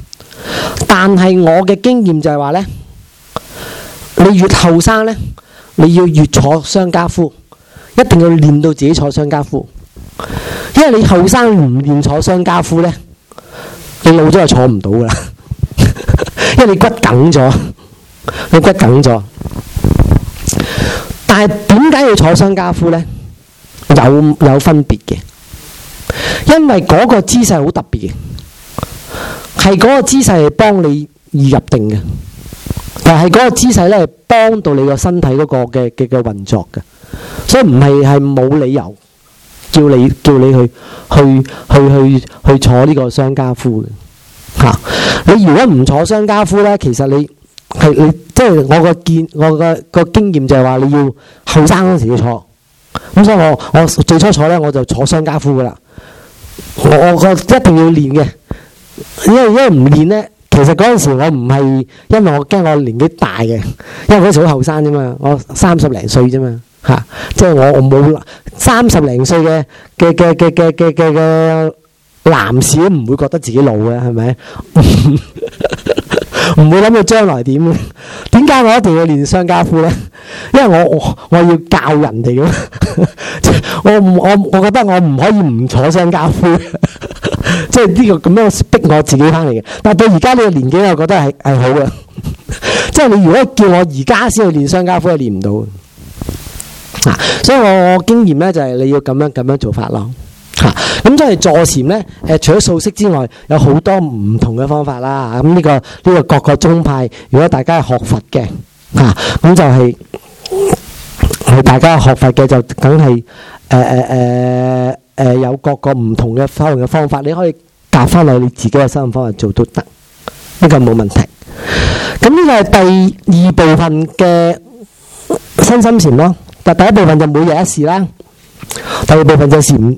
但係我嘅經驗就係話咧，你越後生咧，你要越坐雙跏趺，一定要練到自己坐雙跏趺。因為你後生唔練坐雙跏趺咧，你老咗又坐唔到㗎喇， *laughs* 因為你骨梗咗。你骨梗咗，但係點解要坐雙家夫呢？有有分別嘅，因為嗰個姿勢好特別嘅，係嗰個姿勢係幫你易入定嘅，但係嗰個姿勢咧係幫到你個身體嗰個嘅嘅嘅運作嘅，所以唔係係冇理由叫你叫你去去去去去坐呢個雙家夫嘅吓、啊。你如果唔坐雙家夫呢，其實你。係你即係我個見，我個個經驗就係話你要後生嗰陣時要坐，咁所以我我最初坐咧我就坐商家夫噶啦，我我，我一定要練嘅，因為因為唔練咧，其實嗰陣時我唔係，因為我驚我年紀大嘅，因為嗰時好後生啫嘛，我三十零歲啫嘛，吓、啊，即係我我冇三十零歲嘅嘅嘅嘅嘅嘅嘅男士都唔會覺得自己老嘅，係咪？ *laughs* 唔會諗到將來點？點解我一定要練商家夫呢？因為我我，我要教人哋嘅， *laughs* 我唔我我覺得我唔可以唔坐商家夫，即係呢個咁樣逼我自己翻嚟嘅。但到而家呢個年紀我，我覺得係係好嘅，即 *laughs* 係你如果叫我而家先去練商家夫，係練唔到嘅。嗱，所以我經驗呢，就係、是、你要咁樣咁樣做法咯。咁即係助禪咧。誒，除咗素食之外，有好多唔同嘅方法啦。咁呢個呢個各個宗派，如果大家係學佛嘅，吓咁就係係大家學佛嘅，就梗係誒誒誒誒有各個唔同嘅花樣嘅方法。你可以夾翻落你自己嘅生活方法做都得，呢個冇問題。咁呢個係第二部分嘅身心禪咯。但第一部分就每日一試啦。第二部分就禪。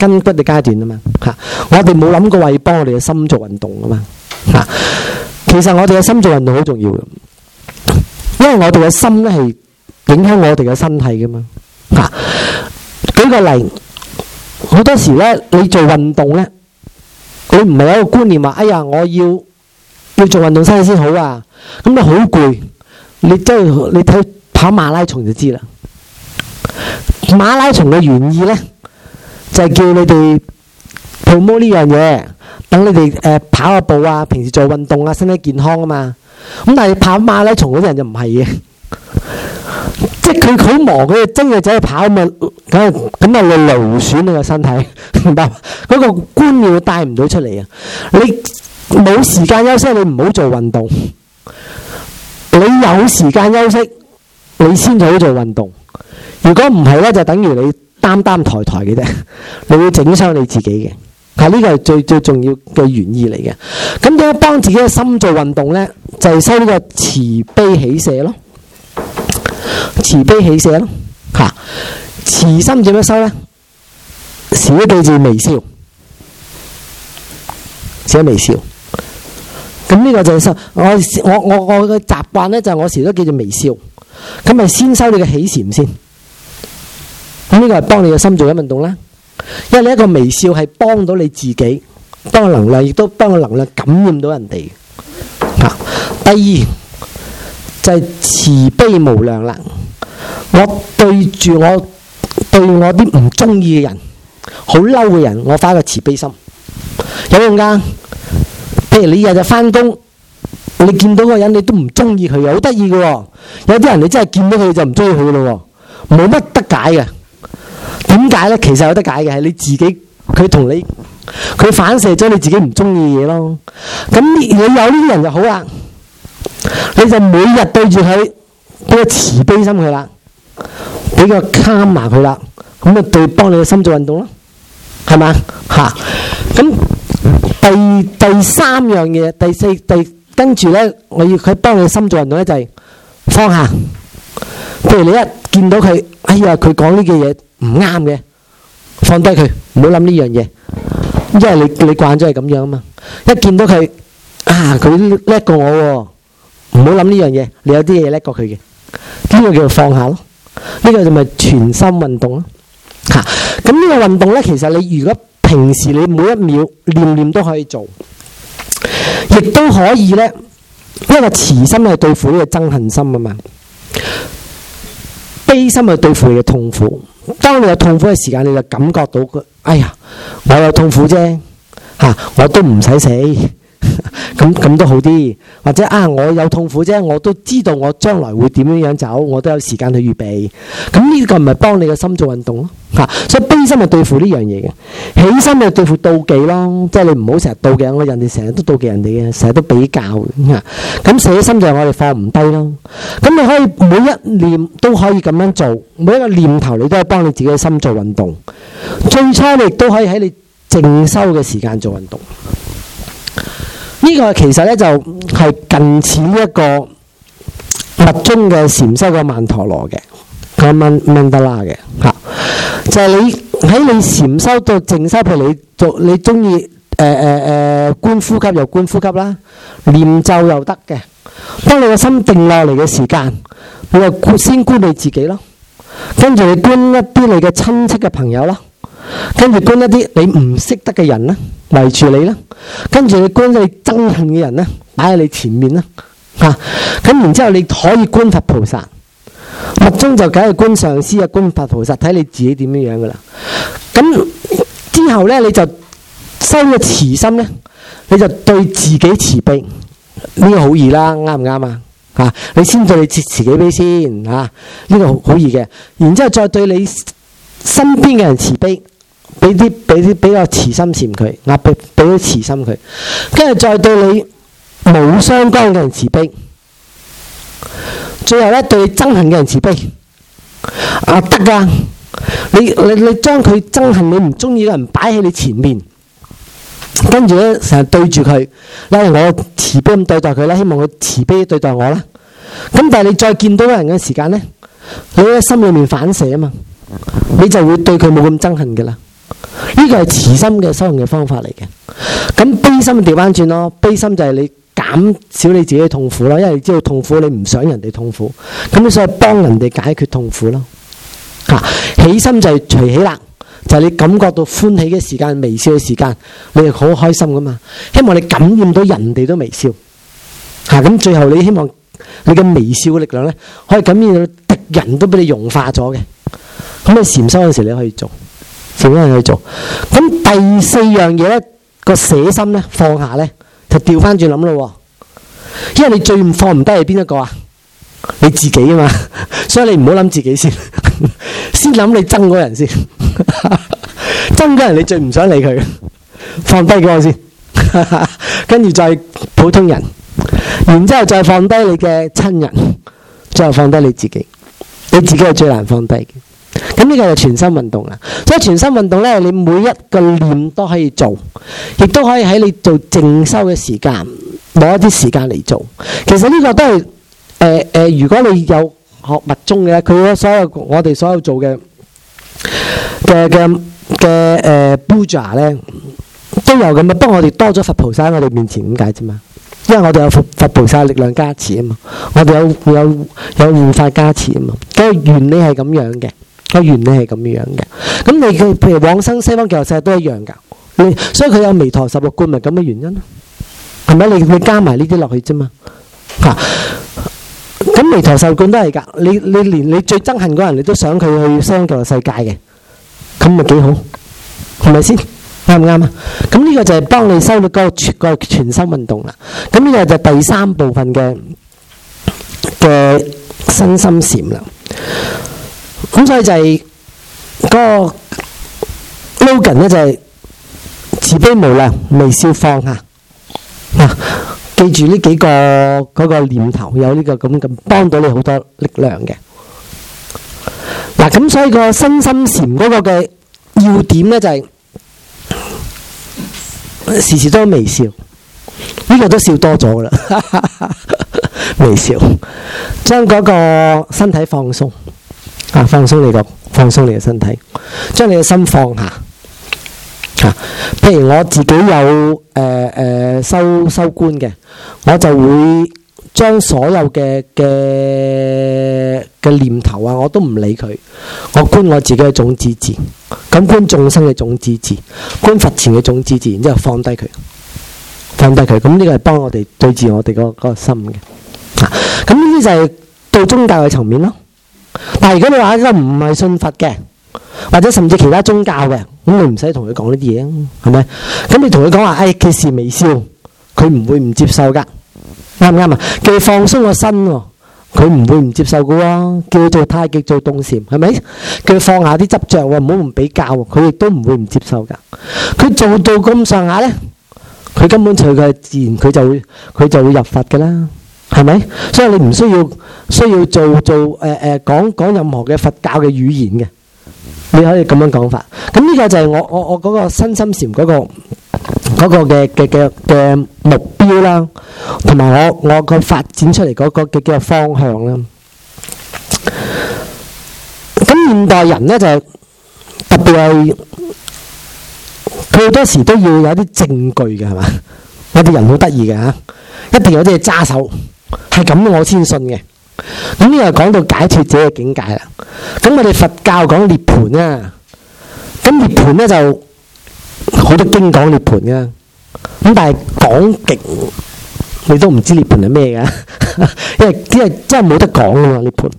筋骨嘅階段啊嘛，嚇！我哋冇諗過話要幫我哋嘅心做運動啊嘛，嚇！其實我哋嘅心做運動好重要嘅，因為我哋嘅心咧係影響我哋嘅身體嘅嘛，嚇！舉個例，好多時咧你做運動咧，佢唔係一個觀念話，哎呀我要要做運動身體先好啊，咁你好攰，你即係你睇跑馬拉松就知啦。馬拉松嘅原意咧。就係叫你哋 promote 呢樣嘢，等你哋誒跑下步啊，平時做運動啊，身體健康啊嘛。咁但係跑馬拉松嗰啲人就唔係嘅， *laughs* 即係佢佢忙佢精佢仔去跑嘛，咁咁咪勞損你個身體，明白？嗰個觀念帶唔到出嚟啊！你冇時間休息，你唔好做運動。你有時間休息，你先至可以做運動。如果唔係咧，就等於你。擔擔抬抬嘅啫，你會整傷你自己嘅。吓，呢個係最最重要嘅原意嚟嘅。咁點樣幫自己嘅心做運動咧？就係收呢個慈悲喜捨咯，慈悲喜捨咯。吓，慈心點樣收咧？少記住微笑，少微笑。咁呢個就係收我我我我嘅習慣咧，就係我時都叫做微笑。咁咪先收你嘅喜禪先。呢個係幫你嘅心做緊運動啦，因為你一個微笑係幫到你自己，幫個能量，亦都幫個能量感染到人哋。第二就係慈悲無量啦。我對住我對我啲唔中意嘅人，好嬲嘅人，我發個慈悲心有用噶。譬如你日日返工，你見到嗰人你都唔中意佢嘅，好得意嘅。有啲人你真係見到佢就唔中意佢咯，冇乜得解嘅。點解咧？其實有得解嘅，係你自己，佢同你佢反射咗你自己唔中意嘅嘢咯。咁你有呢啲人就好啦，你就每日對住佢俾個慈悲心佢啦，俾個卡埋佢啦，咁咪對幫你嘅心做運動咯，係嘛吓？咁、啊、第第三樣嘢，第四第跟住咧，我要佢幫你心做運動咧，就係放下。譬如你一見到佢，哎呀，佢講呢句嘢。唔啱嘅，放低佢，唔好諗呢樣嘢，因為你你慣咗係咁樣啊嘛。一見到佢啊，佢叻過我喎，唔好諗呢樣嘢，你有啲嘢叻過佢嘅，呢個叫做放下咯。呢個就咪全心運動咯。吓，咁呢個運動咧，其實你如果平時你每一秒念念都可以做，亦都可以咧，因為慈心係對付呢個憎恨心啊嘛，悲心係對付你嘅痛苦。當你有痛苦嘅時間，你就感覺到哎呀，我有痛苦啫，吓、啊，我都唔使死。咁咁都好啲，或者啊，我有痛苦啫，我都知道我將來會點樣樣走，我都有時間去預備。咁、這、呢個唔係幫你嘅心做運動咯吓，所以悲心係對付呢樣嘢嘅，喜心係對付妒忌咯，即係你唔好成日妒忌人哋，成日都妒忌人哋嘅，成日都比較嘅。咁、嗯、捨、嗯、心就係我哋放唔低咯。咁、嗯、你可以每一念都可以咁樣做，每一個念頭你都係幫你自己嘅心做運動。最初你都可以喺你靜修嘅時間做運動。呢個其實咧就係，是，近似一個密宗嘅禪修嘅曼陀羅嘅阿曼曼德拉嘅嚇、啊，就係，是，你喺你禪修到靜修譬如，你做你中意誒誒誒觀呼吸又觀呼吸啦，念咒又得嘅。當你嘅心定落嚟嘅時間，你就先觀你自己咯，跟住你觀一啲你嘅親戚嘅朋友啦。跟住觀一啲你唔識得嘅人啦，圍住你啦，跟住你觀你憎恨嘅人啦，擺喺你前面啦，吓、啊，咁然之後你可以觀佛菩薩，佛宗就梗係觀上師啊，觀佛菩薩睇你自己點樣樣噶啦，咁、啊、之後咧你就修個慈心咧，你就對自己慈悲，呢、這個好易啦，啱唔啱啊？吓，你先對你自己慈悲先，吓、啊，呢、這個好易嘅，然之後再對你身邊嘅人慈悲。俾啲俾啲比較慈心善佢，啊俾俾啲慈心佢，跟住再對你冇相關嘅人慈悲，最後咧對你憎恨嘅人慈悲啊得噶，你你你將佢憎恨你唔中意嘅人擺喺你前面，跟住咧成日對住佢，例如我慈悲咁對待佢啦，希望佢慈悲對待我啦。咁但係你再見到個人嘅時間咧，你喺心裏面反射啊嘛，你就會對佢冇咁憎恨嘅啦。呢個係慈心嘅修行嘅方法嚟嘅。咁悲心調翻轉咯，悲心就係你減少你自己嘅痛苦囉，因為你知道痛苦，你唔想人哋痛苦，咁你所以幫人哋解決痛苦咯。吓、啊，喜心就係除起啦，就係、是、你感覺到歡喜嘅時間、微笑嘅時間，你就好開心噶嘛。希望你感染到人哋都微笑吓，咁、啊、最後你希望你嘅微笑嘅力量咧，可以感染到敵人都俾你融化咗嘅。咁你禪修嘅時你可以做。少人去做，咁第四樣嘢咧，個捨心咧放下咧，就調翻轉諗咯。因為你最唔放唔低係邊一個啊？你自己啊嘛，所以你唔好諗自己先，先諗你憎嗰人先。 *laughs* 憎嗰人你最唔想理佢，放低佢先，跟 *laughs* 住再普通人，然之後再放低你嘅親人，最後放低你自己。你自己係最難放低嘅。咁呢個係全身運動啦，所以全身運動咧，你每一個念都可以做，亦都可以喺你做靜修嘅時間攞一啲時間嚟做。其實呢個都係誒誒，如果你有學密宗嘅，佢所有我哋所有做嘅嘅嘅嘅誒，bujia 咧都有咁啊。不過我哋多咗佛菩薩喺我哋面前，點解啫嘛？因為我哋有佛菩薩力量加持啊嘛，我哋有有有護法加持啊嘛，咁嘅原理係咁樣嘅。個原理係咁樣嘅，咁你嘅譬如往生西方極樂世界都一樣㗎。你所以佢有彌陀十六觀，咪咁嘅原因咯，係咪？你去加埋呢啲落去啫嘛。嚇，咁彌陀十六觀都係㗎。你你連你最憎恨嗰人，你都想佢去西方極樂世界嘅，咁咪幾好？係咪先啱唔啱啊？咁呢個就係幫你修咗嗰個嗰個全身運動啦。咁呢個就係第三部分嘅嘅身心善啦。咁所以就係嗰個 logan 呢就係慈悲無量，微笑放下啊。記住呢幾個嗰、那個念頭有、這個，有呢個咁嘅幫到你好多力量嘅嗱。咁、啊、所以個身心禪嗰個嘅要點呢、就是，就係時時都微笑。呢、這個都笑多咗啦，微笑將嗰個身體放鬆。啊！放鬆你個，放鬆你嘅身體，將你嘅心放下。啊，譬如我自己有誒誒修修觀嘅，我就會將所有嘅嘅嘅念頭啊，我都唔理佢。我觀我自己嘅種子字，咁觀眾生嘅種子字，觀佛前嘅種子字，然之後放低佢，放低佢。咁、嗯、呢、這個係幫我哋對治我哋嗰嗰個心嘅。啊，咁呢啲就係到宗教嘅層面咯。但係如果你話一個唔係信佛嘅，或者甚至其他宗教嘅，咁你唔使同佢講呢啲嘢啊，係咪？咁你同佢講話，唉、哎，其時微笑，佢唔會唔接受噶，啱唔啱啊？叫佢放鬆個身，佢唔會唔接受噶，叫做太極做動禪，係咪？叫佢放下啲執着啊，唔好唔比較，佢亦都唔會唔接受噶。佢做到咁上下咧，佢根本隨佢自然，佢就會佢就會入佛噶啦。係咪？所以你唔需要需要做做誒誒，呃呃，講講任何嘅佛教嘅語言嘅，你可以咁樣講法。咁呢個就係我我我嗰個身心禪嗰個嗰個嘅嘅嘅嘅目標啦，同埋我我個發展出嚟嗰個嘅嘅方向啦。咁現代人咧就特別係佢好多時都要有啲證據嘅，係嘛？有啲人好得意嘅嚇，一定有啲嘢揸手。係咁，我先信嘅。咁呢又講到解脫者嘅境界啦。咁我哋佛教講涅槃啊。咁涅槃咧就好多經講涅槃噶咁但係講極，你都唔知涅槃係咩噶因為，因為真係冇得講噶嘛涅槃，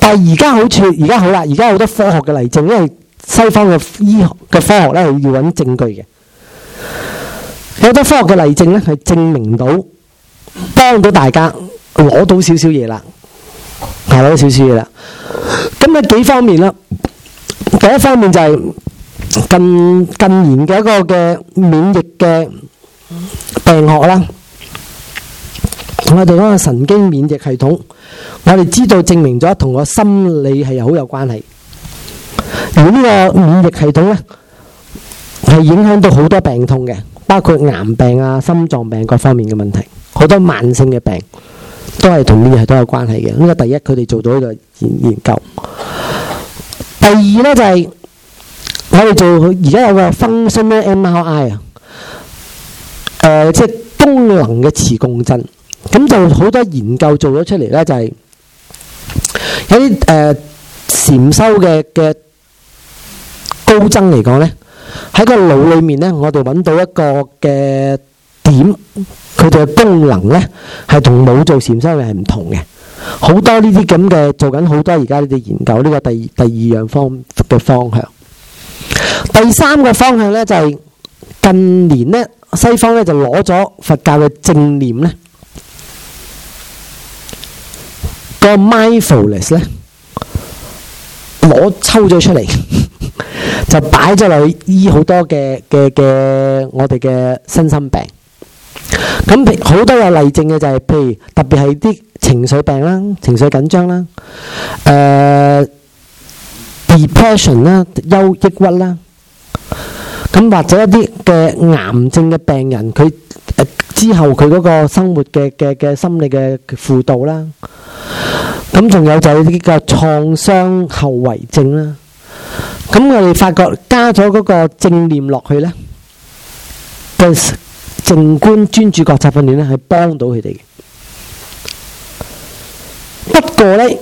但係而家好似而家好啦，而家好多科學嘅例證，因為西方嘅醫學嘅科學咧要揾證據嘅。好多科學嘅例證咧係證明到。幫到大家攞到少少嘢啦，係攞少少嘢啦。咁有幾方面啦？第一方面就係近近年嘅一個嘅免疫嘅病學啦。我哋嗰個神經免疫系統，我哋知道證明咗同個心理係好有關係。而呢個免疫系統咧，係影響到好多病痛嘅，包括癌病啊、心臟病各方面嘅問題。好多慢性嘅病都係同呢啲係都有關係嘅。呢個第一，佢哋做咗呢個研研究；第二咧就係我哋做，而家有個 function 咧 MRI 啊，誒，即係功能嘅磁共振。咁就好多研究做咗出嚟咧，就係有啲誒禪修嘅嘅高僧嚟講咧，喺個腦裏面咧，我哋揾到一個嘅。點佢哋嘅功能呢，係同冇做禪修嘅係唔同嘅。好多呢啲咁嘅做緊好多而家呢啲研究呢個第第二樣方嘅方向。第三個方向呢就係近年呢西方呢就攞咗佛教嘅正念呢個 mindfulness 呢攞抽咗出嚟，就擺咗落去醫好多嘅嘅嘅我哋嘅身心病。咁好多有例證嘅就係，譬如特別係啲情緒病啦、情緒緊張啦、誒 Depression 啦、憂抑鬱啦，咁或者一啲嘅癌症嘅病人佢誒之後佢嗰個生活嘅嘅嘅心理嘅輔導啦，咁仲有就係呢個創傷後遺症啦，咁我哋發覺加咗嗰個正念落去呢，嘅。靜觀專注覺察訓練咧，係幫到佢哋。不過咧，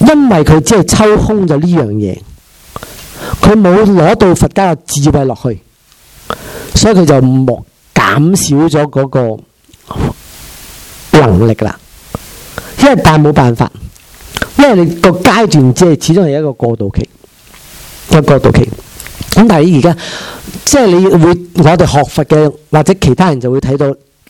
因為佢只係抽空咗呢樣嘢，佢冇攞到佛家嘅智慧落去，所以佢就唔莫減少咗嗰個能力啦。因為但係冇辦法，因為你個階段即係始終係一個過渡期，一個過渡期。咁但係而家即係你會我哋學佛嘅或者其他人就會睇到，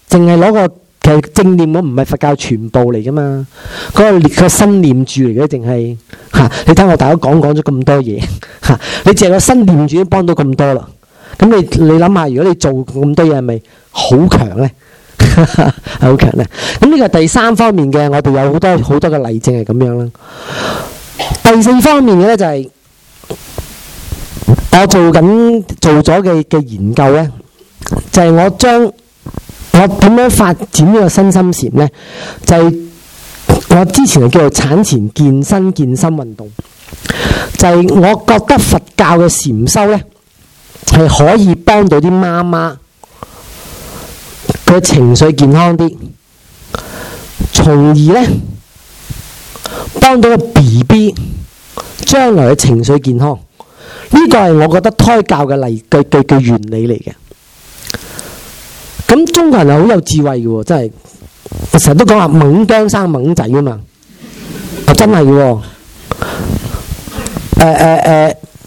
淨係攞個其實正念我唔係佛教全部嚟噶嘛，嗰個念個心念住嚟嘅，淨係吓你睇我大佬講講咗咁多嘢吓，你淨係個新念住都幫到咁多啦。咁你你諗下，如果你做咁多嘢，係咪好強咧？係好強咧？咁呢個係第三方面嘅，我哋有好多好多嘅例證係咁樣啦。第四方面嘅咧就係、是。我做緊做咗嘅嘅研究呢，就係我將我點樣發展呢個身心禪呢？就係我之前就叫做產前健身健身運動，就係我覺得佛教嘅禪修呢，係可以幫到啲媽媽嘅情緒健康啲，從而呢幫到個 BB 將來嘅情緒健康。呢個係我覺得胎教嘅例句嘅嘅原理嚟嘅。咁中國人係好有智慧嘅喎，真係。成日都講話猛姜生猛仔啊嘛，我真係嘅喎。誒誒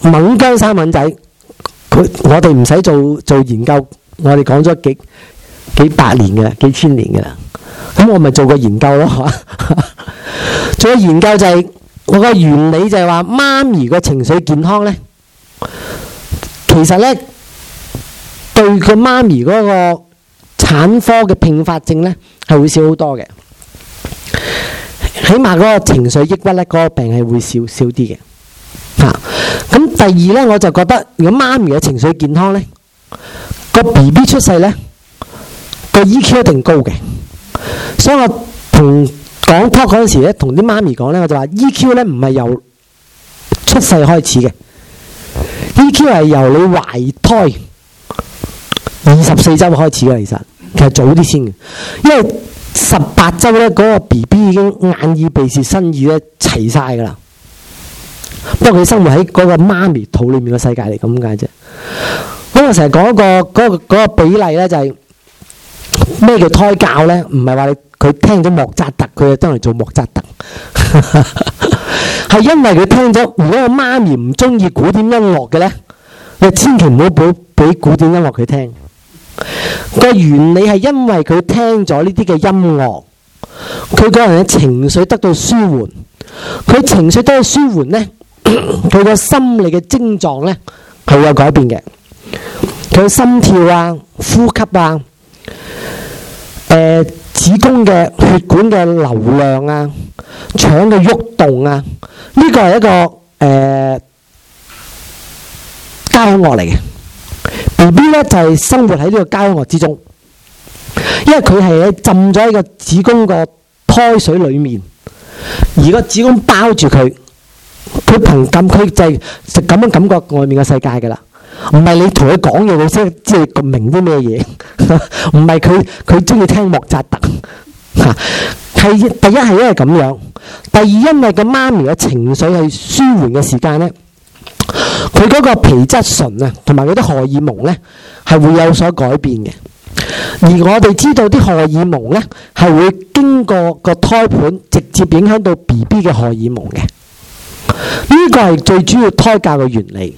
誒，猛姜生猛仔，佢我哋唔使做做研究，我哋講咗幾幾百年嘅，幾千年嘅啦。咁我咪做個研究咯，做 *laughs* 個研究就係、係、我個原理就係話媽咪嘅情緒健康咧。其實咧，對個媽咪嗰個產科嘅併發症咧係會少好多嘅，起碼嗰個情緒抑鬱咧，嗰、那個病係會少少啲嘅。吓、啊，咁第二咧，我就覺得如果媽咪嘅情緒健康咧，個 B B 出世咧，個 E Q 一定高嘅。所以我同講 talk 嗰陣時咧，同啲媽咪講咧，我就話 E Q 咧唔係由出世開始嘅。E.Q. 係由你懷胎二十四周開始嘅，其實其實早啲先嘅，因為十八周咧，嗰、嗰個 B.B. 已經眼耳鼻舌身意咧齊晒噶啦。不過佢生活喺嗰個媽咪肚裏面嘅世界嚟咁解啫。咁我成日講一個、嗰個、嗰個比例咧、就係，就係咩叫胎教咧？唔係話你。佢聽咗莫扎特，佢就真係做莫扎特，係因為佢聽咗。如果我媽咪唔中意古典音樂嘅呢，你千祈唔好俾古典音樂佢聽。個原理係因為佢聽咗呢啲嘅音樂，佢個人嘅情緒得到舒緩，佢情緒得到舒緩呢，佢個心理嘅症狀呢，佢有改變嘅，佢心跳啊、呼吸啊，誒。子宮嘅血管嘅流量啊，腸嘅喐動啊，呢個係一個誒，交響樂嚟嘅。B B 咧就係生活喺呢個交響樂之中，因為佢係喺浸咗喺個子宮個胎水裏面，而個子宮包住佢，佢憑禁佢就係就咁樣感覺外面嘅世界噶啦。唔係你同佢講嘢，你先知你明啲咩嘢？唔係佢佢中意聽莫扎特，係 *laughs* 第一係因為咁樣，第二因為個媽咪嘅情緒係舒緩嘅時間呢，佢嗰個皮質醇啊，同埋嗰啲荷爾蒙呢係會有所改變嘅。而我哋知道啲荷爾蒙呢係會經過個胎盤，直接影響到 B B 嘅荷爾蒙嘅。呢、呢個係最主要胎教嘅原理。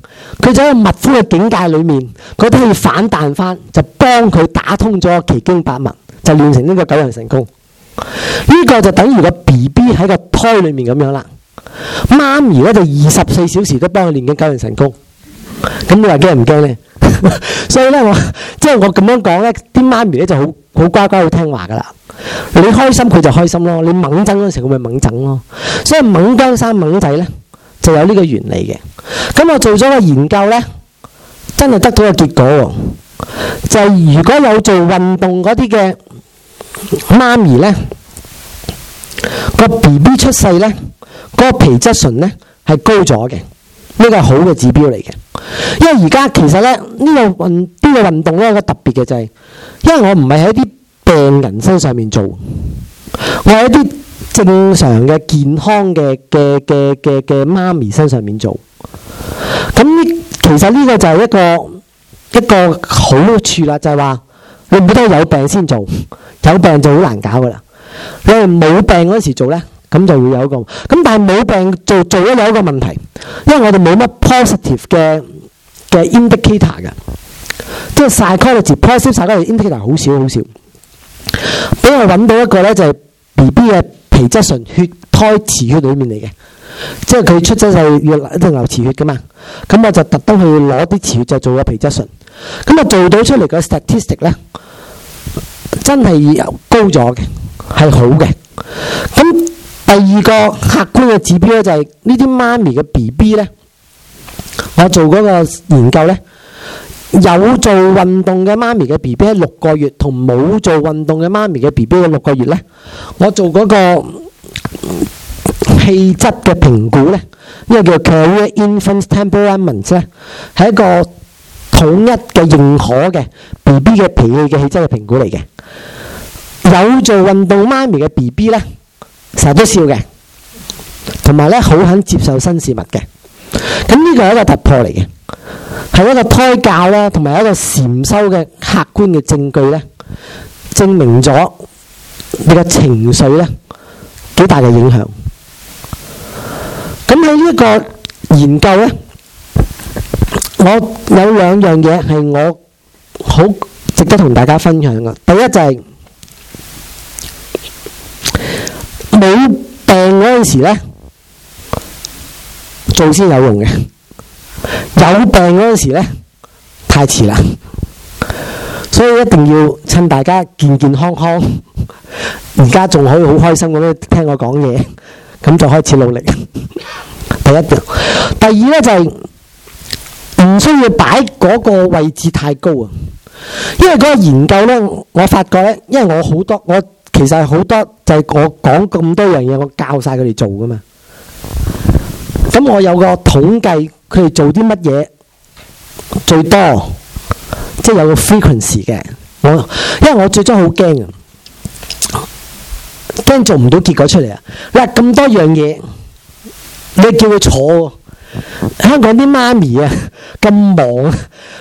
佢就喺個密封嘅境界裏面，佢都可以反彈翻，就幫佢打通咗奇經八脈，就練成呢個九陽神功。呢、這個就等於個 B B 喺個胎裏面咁樣啦。媽咪咧就二十四小時都幫佢練緊九陽神功。咁你話驚唔驚呢？ *laughs* 所以咧我即係、就是、我咁樣講咧，啲媽咪咧就好好乖乖、好聽話噶啦。你開心佢就開心咯，你猛憎嗰陣時佢咪猛憎咯。所以猛姜生猛仔咧。就有呢個原理嘅，咁我做咗個研究呢，真係得到個結果喎。就係、如果有做運動嗰啲嘅媽咪呢，個 B B 出世呢，個皮質醇呢，係高咗嘅，呢個係好嘅指標嚟嘅。因為而家其實呢呢、呢個運、呢個、呢個運動呢，個特別嘅就係、是，因為我唔係喺啲病人身上面做，我喺啲。正常嘅健康嘅嘅嘅嘅嘅媽咪身上面做咁，呢其實呢個就係一個一個好處啦，就係話你唔好得有病先做，有病就好難搞噶啦。你係冇病嗰時做咧，咁就會有一個咁，但係冇病做做咗有一個問題，因為我哋冇乜 positive 嘅嘅 indicator 嘅，即係 psychology positive psychology indicator 好少好少。俾我揾到一個咧，就係 B B 嘅。皮質醇，血胎池血裏面嚟嘅，即係佢出咗世要一定流池血㗎嘛，咁我就特登去攞啲池血就做咗皮質醇，咁啊做到出嚟個 statistic 咧，真係高咗嘅，係好嘅。咁第二個客觀嘅指標咧就係、是、呢啲媽咪嘅 B B 咧，我做嗰個研究咧。有做運動嘅媽咪嘅 B B 喺六個月，同冇做運動嘅媽咪嘅 B B 嘅六個月呢。我做嗰個氣質嘅評估呢，呢個叫 Carey Infant Temperament 咧，係一個統一嘅認可嘅 B B 嘅脾氣嘅氣質嘅評估嚟嘅。有做運動媽咪嘅 B B 呢，成日都笑嘅，同埋呢好肯接受新事物嘅，咁呢個係一個突破嚟嘅。係一個胎教咧，同埋一個禪修嘅客觀嘅證據咧，證明咗你嘅情緒咧幾大嘅影響。咁喺呢一個研究咧，我有兩樣嘢係我好值得同大家分享嘅。第一就係、是、冇病嗰陣時咧做先有用嘅。有病嗰陣時咧，太遲啦，所以一定要趁大家健健康康，而家仲可以好開心咁樣聽我講嘢，咁就開始努力。第一條，第二咧就係、是、唔需要擺嗰個位置太高啊，因為嗰個研究咧，我發覺咧，因為我好多，我其實係好多，就係我講咁多樣嘢，我教晒佢哋做噶嘛。咁我有個統計。佢哋做啲乜嘢最多，即係有個 frequency 嘅。我、啊、因為我最初好驚啊，驚做唔到結果出嚟啊！嗱，咁多樣嘢，你叫佢坐，香港啲媽咪啊咁忙，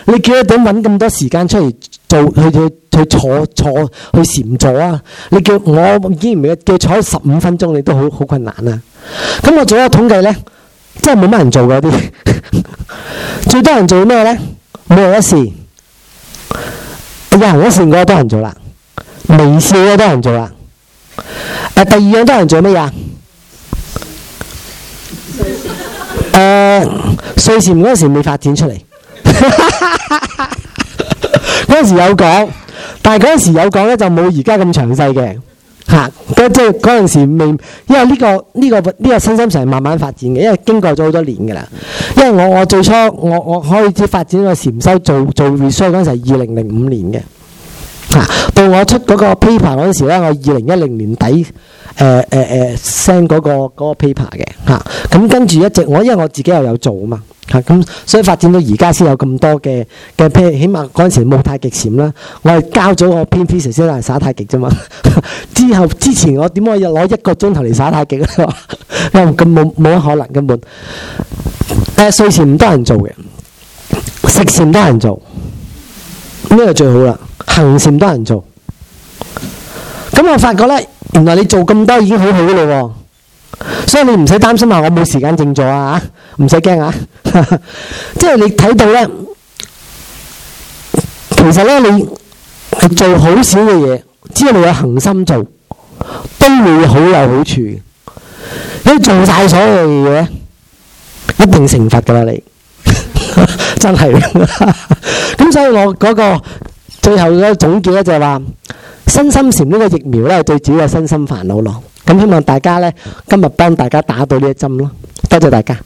你叫佢點揾咁多時間出嚟做，去去去坐坐去禪坐啊！你叫我依唔依日叫坐十五分鐘，你都好好困難啊。咁我做一個統計咧。真係冇乜人做嗰啲，最多人做咩咧、呃？微笑一時，微笑一時嗰個多人做啦，微笑嗰個多人做啦。誒，第二樣多人做咩啊？誒、呃，歲善嗰時未發展出嚟，嗰 *laughs* 時有講，但係嗰時有講咧就冇而家咁詳細嘅。嚇、啊！即係嗰陣時未，因為呢、呢個呢、呢個呢、呢個身心成係慢慢發展嘅，因為經過咗好多年嘅啦。因為我我最初我我開始發展呢個禪修做做 research 嗰陣時係二零零五年嘅，嚇、啊！到我出嗰個 paper 嗰陣時咧，我二零一零年底誒誒誒 send 嗰個嗰個 paper 嘅嚇。咁、啊嗯、跟住一直我因為我自己又有做啊嘛。咁、嗯，所以發展到而家先有咁多嘅嘅譬如，起碼嗰陣時冇太極閃啦。我係交咗我偏飛先仙嚟耍太極啫嘛。 *laughs* 之後之前我點可以攞一個鐘頭嚟耍太極咧？咁冇冇乜可能根本？誒、呃，數錢唔多人做嘅，食錢多人做，咩、這個、最好啦？行善多人做。咁我發覺咧，原來你做咁多已經好好啦喎。所以你唔使擔心話我冇時間靜坐啊，唔使驚啊，即 *laughs* 係你睇到呢，其實呢，你係做好少嘅嘢，只要你有恆心做，都會好有好處。你做晒所有嘢，一定成佛噶啦，你 *laughs* 真係咁。所以我嗰個最後嘅總結呢就係話，身心禪呢個疫苗呢，最主要嘅身心煩惱咯。咁、嗯、希望大家咧，今日幫大家打到呢一針咯，多謝大家。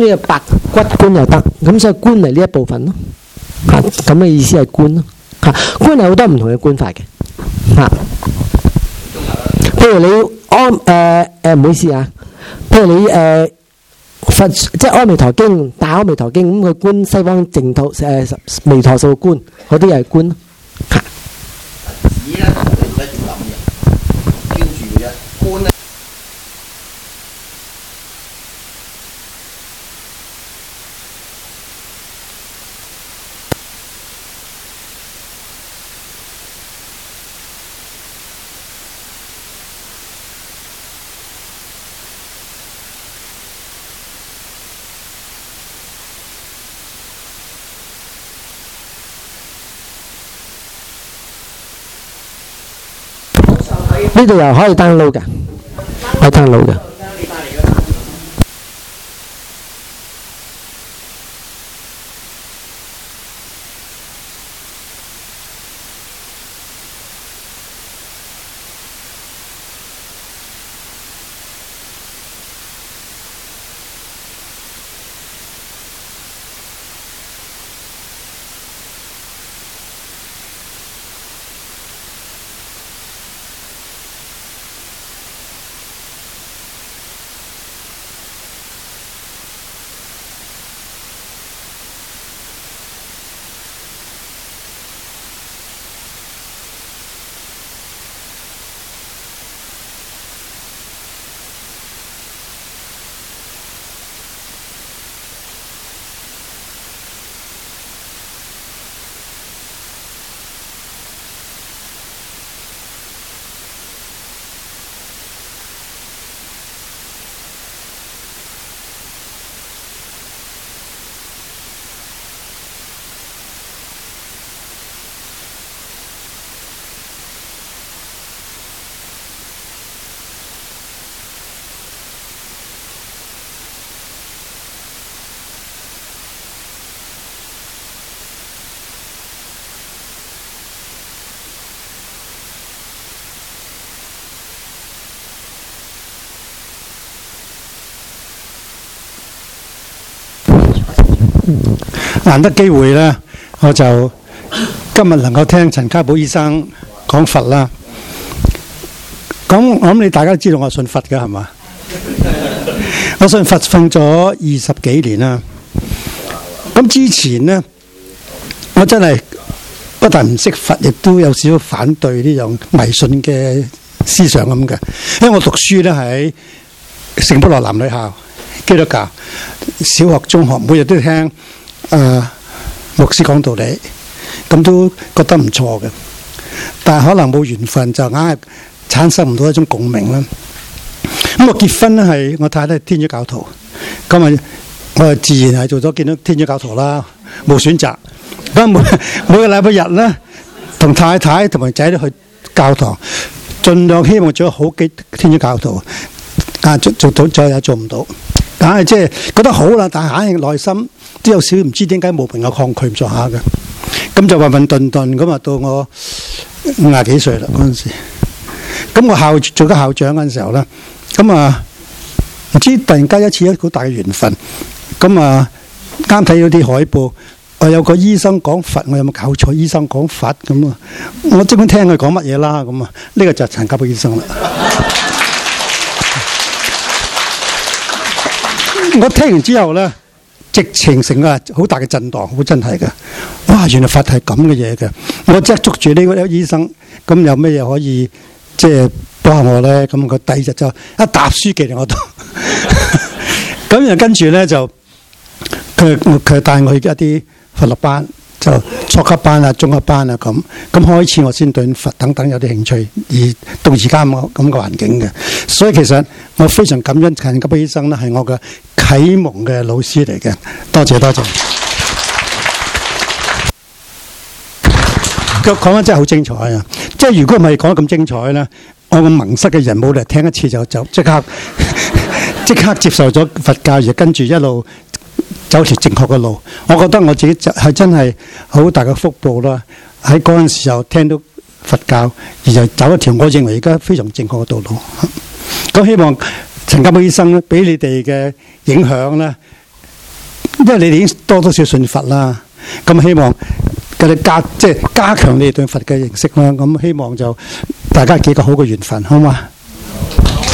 呢個白骨觀又得，咁所以觀嚟呢一部分咯，咁嘅意思係觀咯，吓，觀係好多唔同嘅觀法嘅，吓、啊，譬如你安誒誒唔好意思啊，譬如你誒、啊、佛即係安彌陀經打彌陀經，咁佢觀西方淨土誒彌、啊、陀數觀嗰啲又係觀咯。呢度又可以登錄噶，可以登錄噶。難得機會呢，我就今日能夠聽陳家寶醫生講佛啦。咁我諗你大家都知道我信佛嘅係嘛？ *laughs* 我信佛奉咗二十幾年啦。咁、嗯、之前呢，我真係不但唔識佛，亦都有少少反對呢種迷信嘅思想咁嘅。因為我讀書呢，喺聖保羅男女校。基督教、小學、中學，每日都聽誒牧師講道理，咁都覺得唔錯嘅。但係可能冇緣分，就硬係產生唔到一種共鳴啦。咁我結婚咧，係我太太係天主教徒，咁啊我就自然係做咗見到天主教徒啦，冇選擇。咁每每個禮拜日咧，同太太同埋仔都去教堂，盡量希望做好幾天主教徒，但係做做到再也做唔到。梗係即係覺得好啦，但係硬係內心都有少少唔知點解無名嘅抗拒唔咗下嘅。咁就混混沌沌咁啊到我五廿幾歲啦嗰陣時，咁我校做緊校長嗰陣時候咧，咁啊唔知突然間一次一個大嘅緣分，咁啊啱睇咗啲海報，我有個醫生講佛，我有冇搞錯？醫生講佛咁啊，我即管聽佢講乜嘢啦咁啊，呢個就係陳家寶醫生啦。 *laughs* 我聽完之後咧，直情成啊好大嘅震盪，好真係嘅。哇，原來法係咁嘅嘢嘅。我即係捉住呢個醫生，咁有咩嘢可以即係幫我咧？咁佢第二日就一沓書寄嚟我度，咁 *laughs* 又跟住咧就佢佢帶我去一啲佛律班，就初級班啊、中級班啊咁。咁開始我先對佛等等有啲興趣，而到而家咁咁個環境嘅，所以其實我非常感恩嗰位醫生咧，係我嘅。啟蒙嘅老師嚟嘅，多謝多謝。講得真係好精彩啊！即係如果唔係講得咁精彩咧，我個蒙失嘅人冇嚟聽一次就走，即刻即刻接受咗佛教，而跟住一路走條正確嘅路。我覺得我自己係真係好大嘅福報啦、啊！喺嗰陣時候聽到佛教，而就走一條我認為而家非常正確嘅道路。咁希望，陳家寶醫生咧，俾你哋嘅影響咧，因為你哋已經多多少少信佛啦，咁希望佢哋加即係加強你哋對佛嘅認識啦，咁希望就大家結個好嘅緣分，好唔好？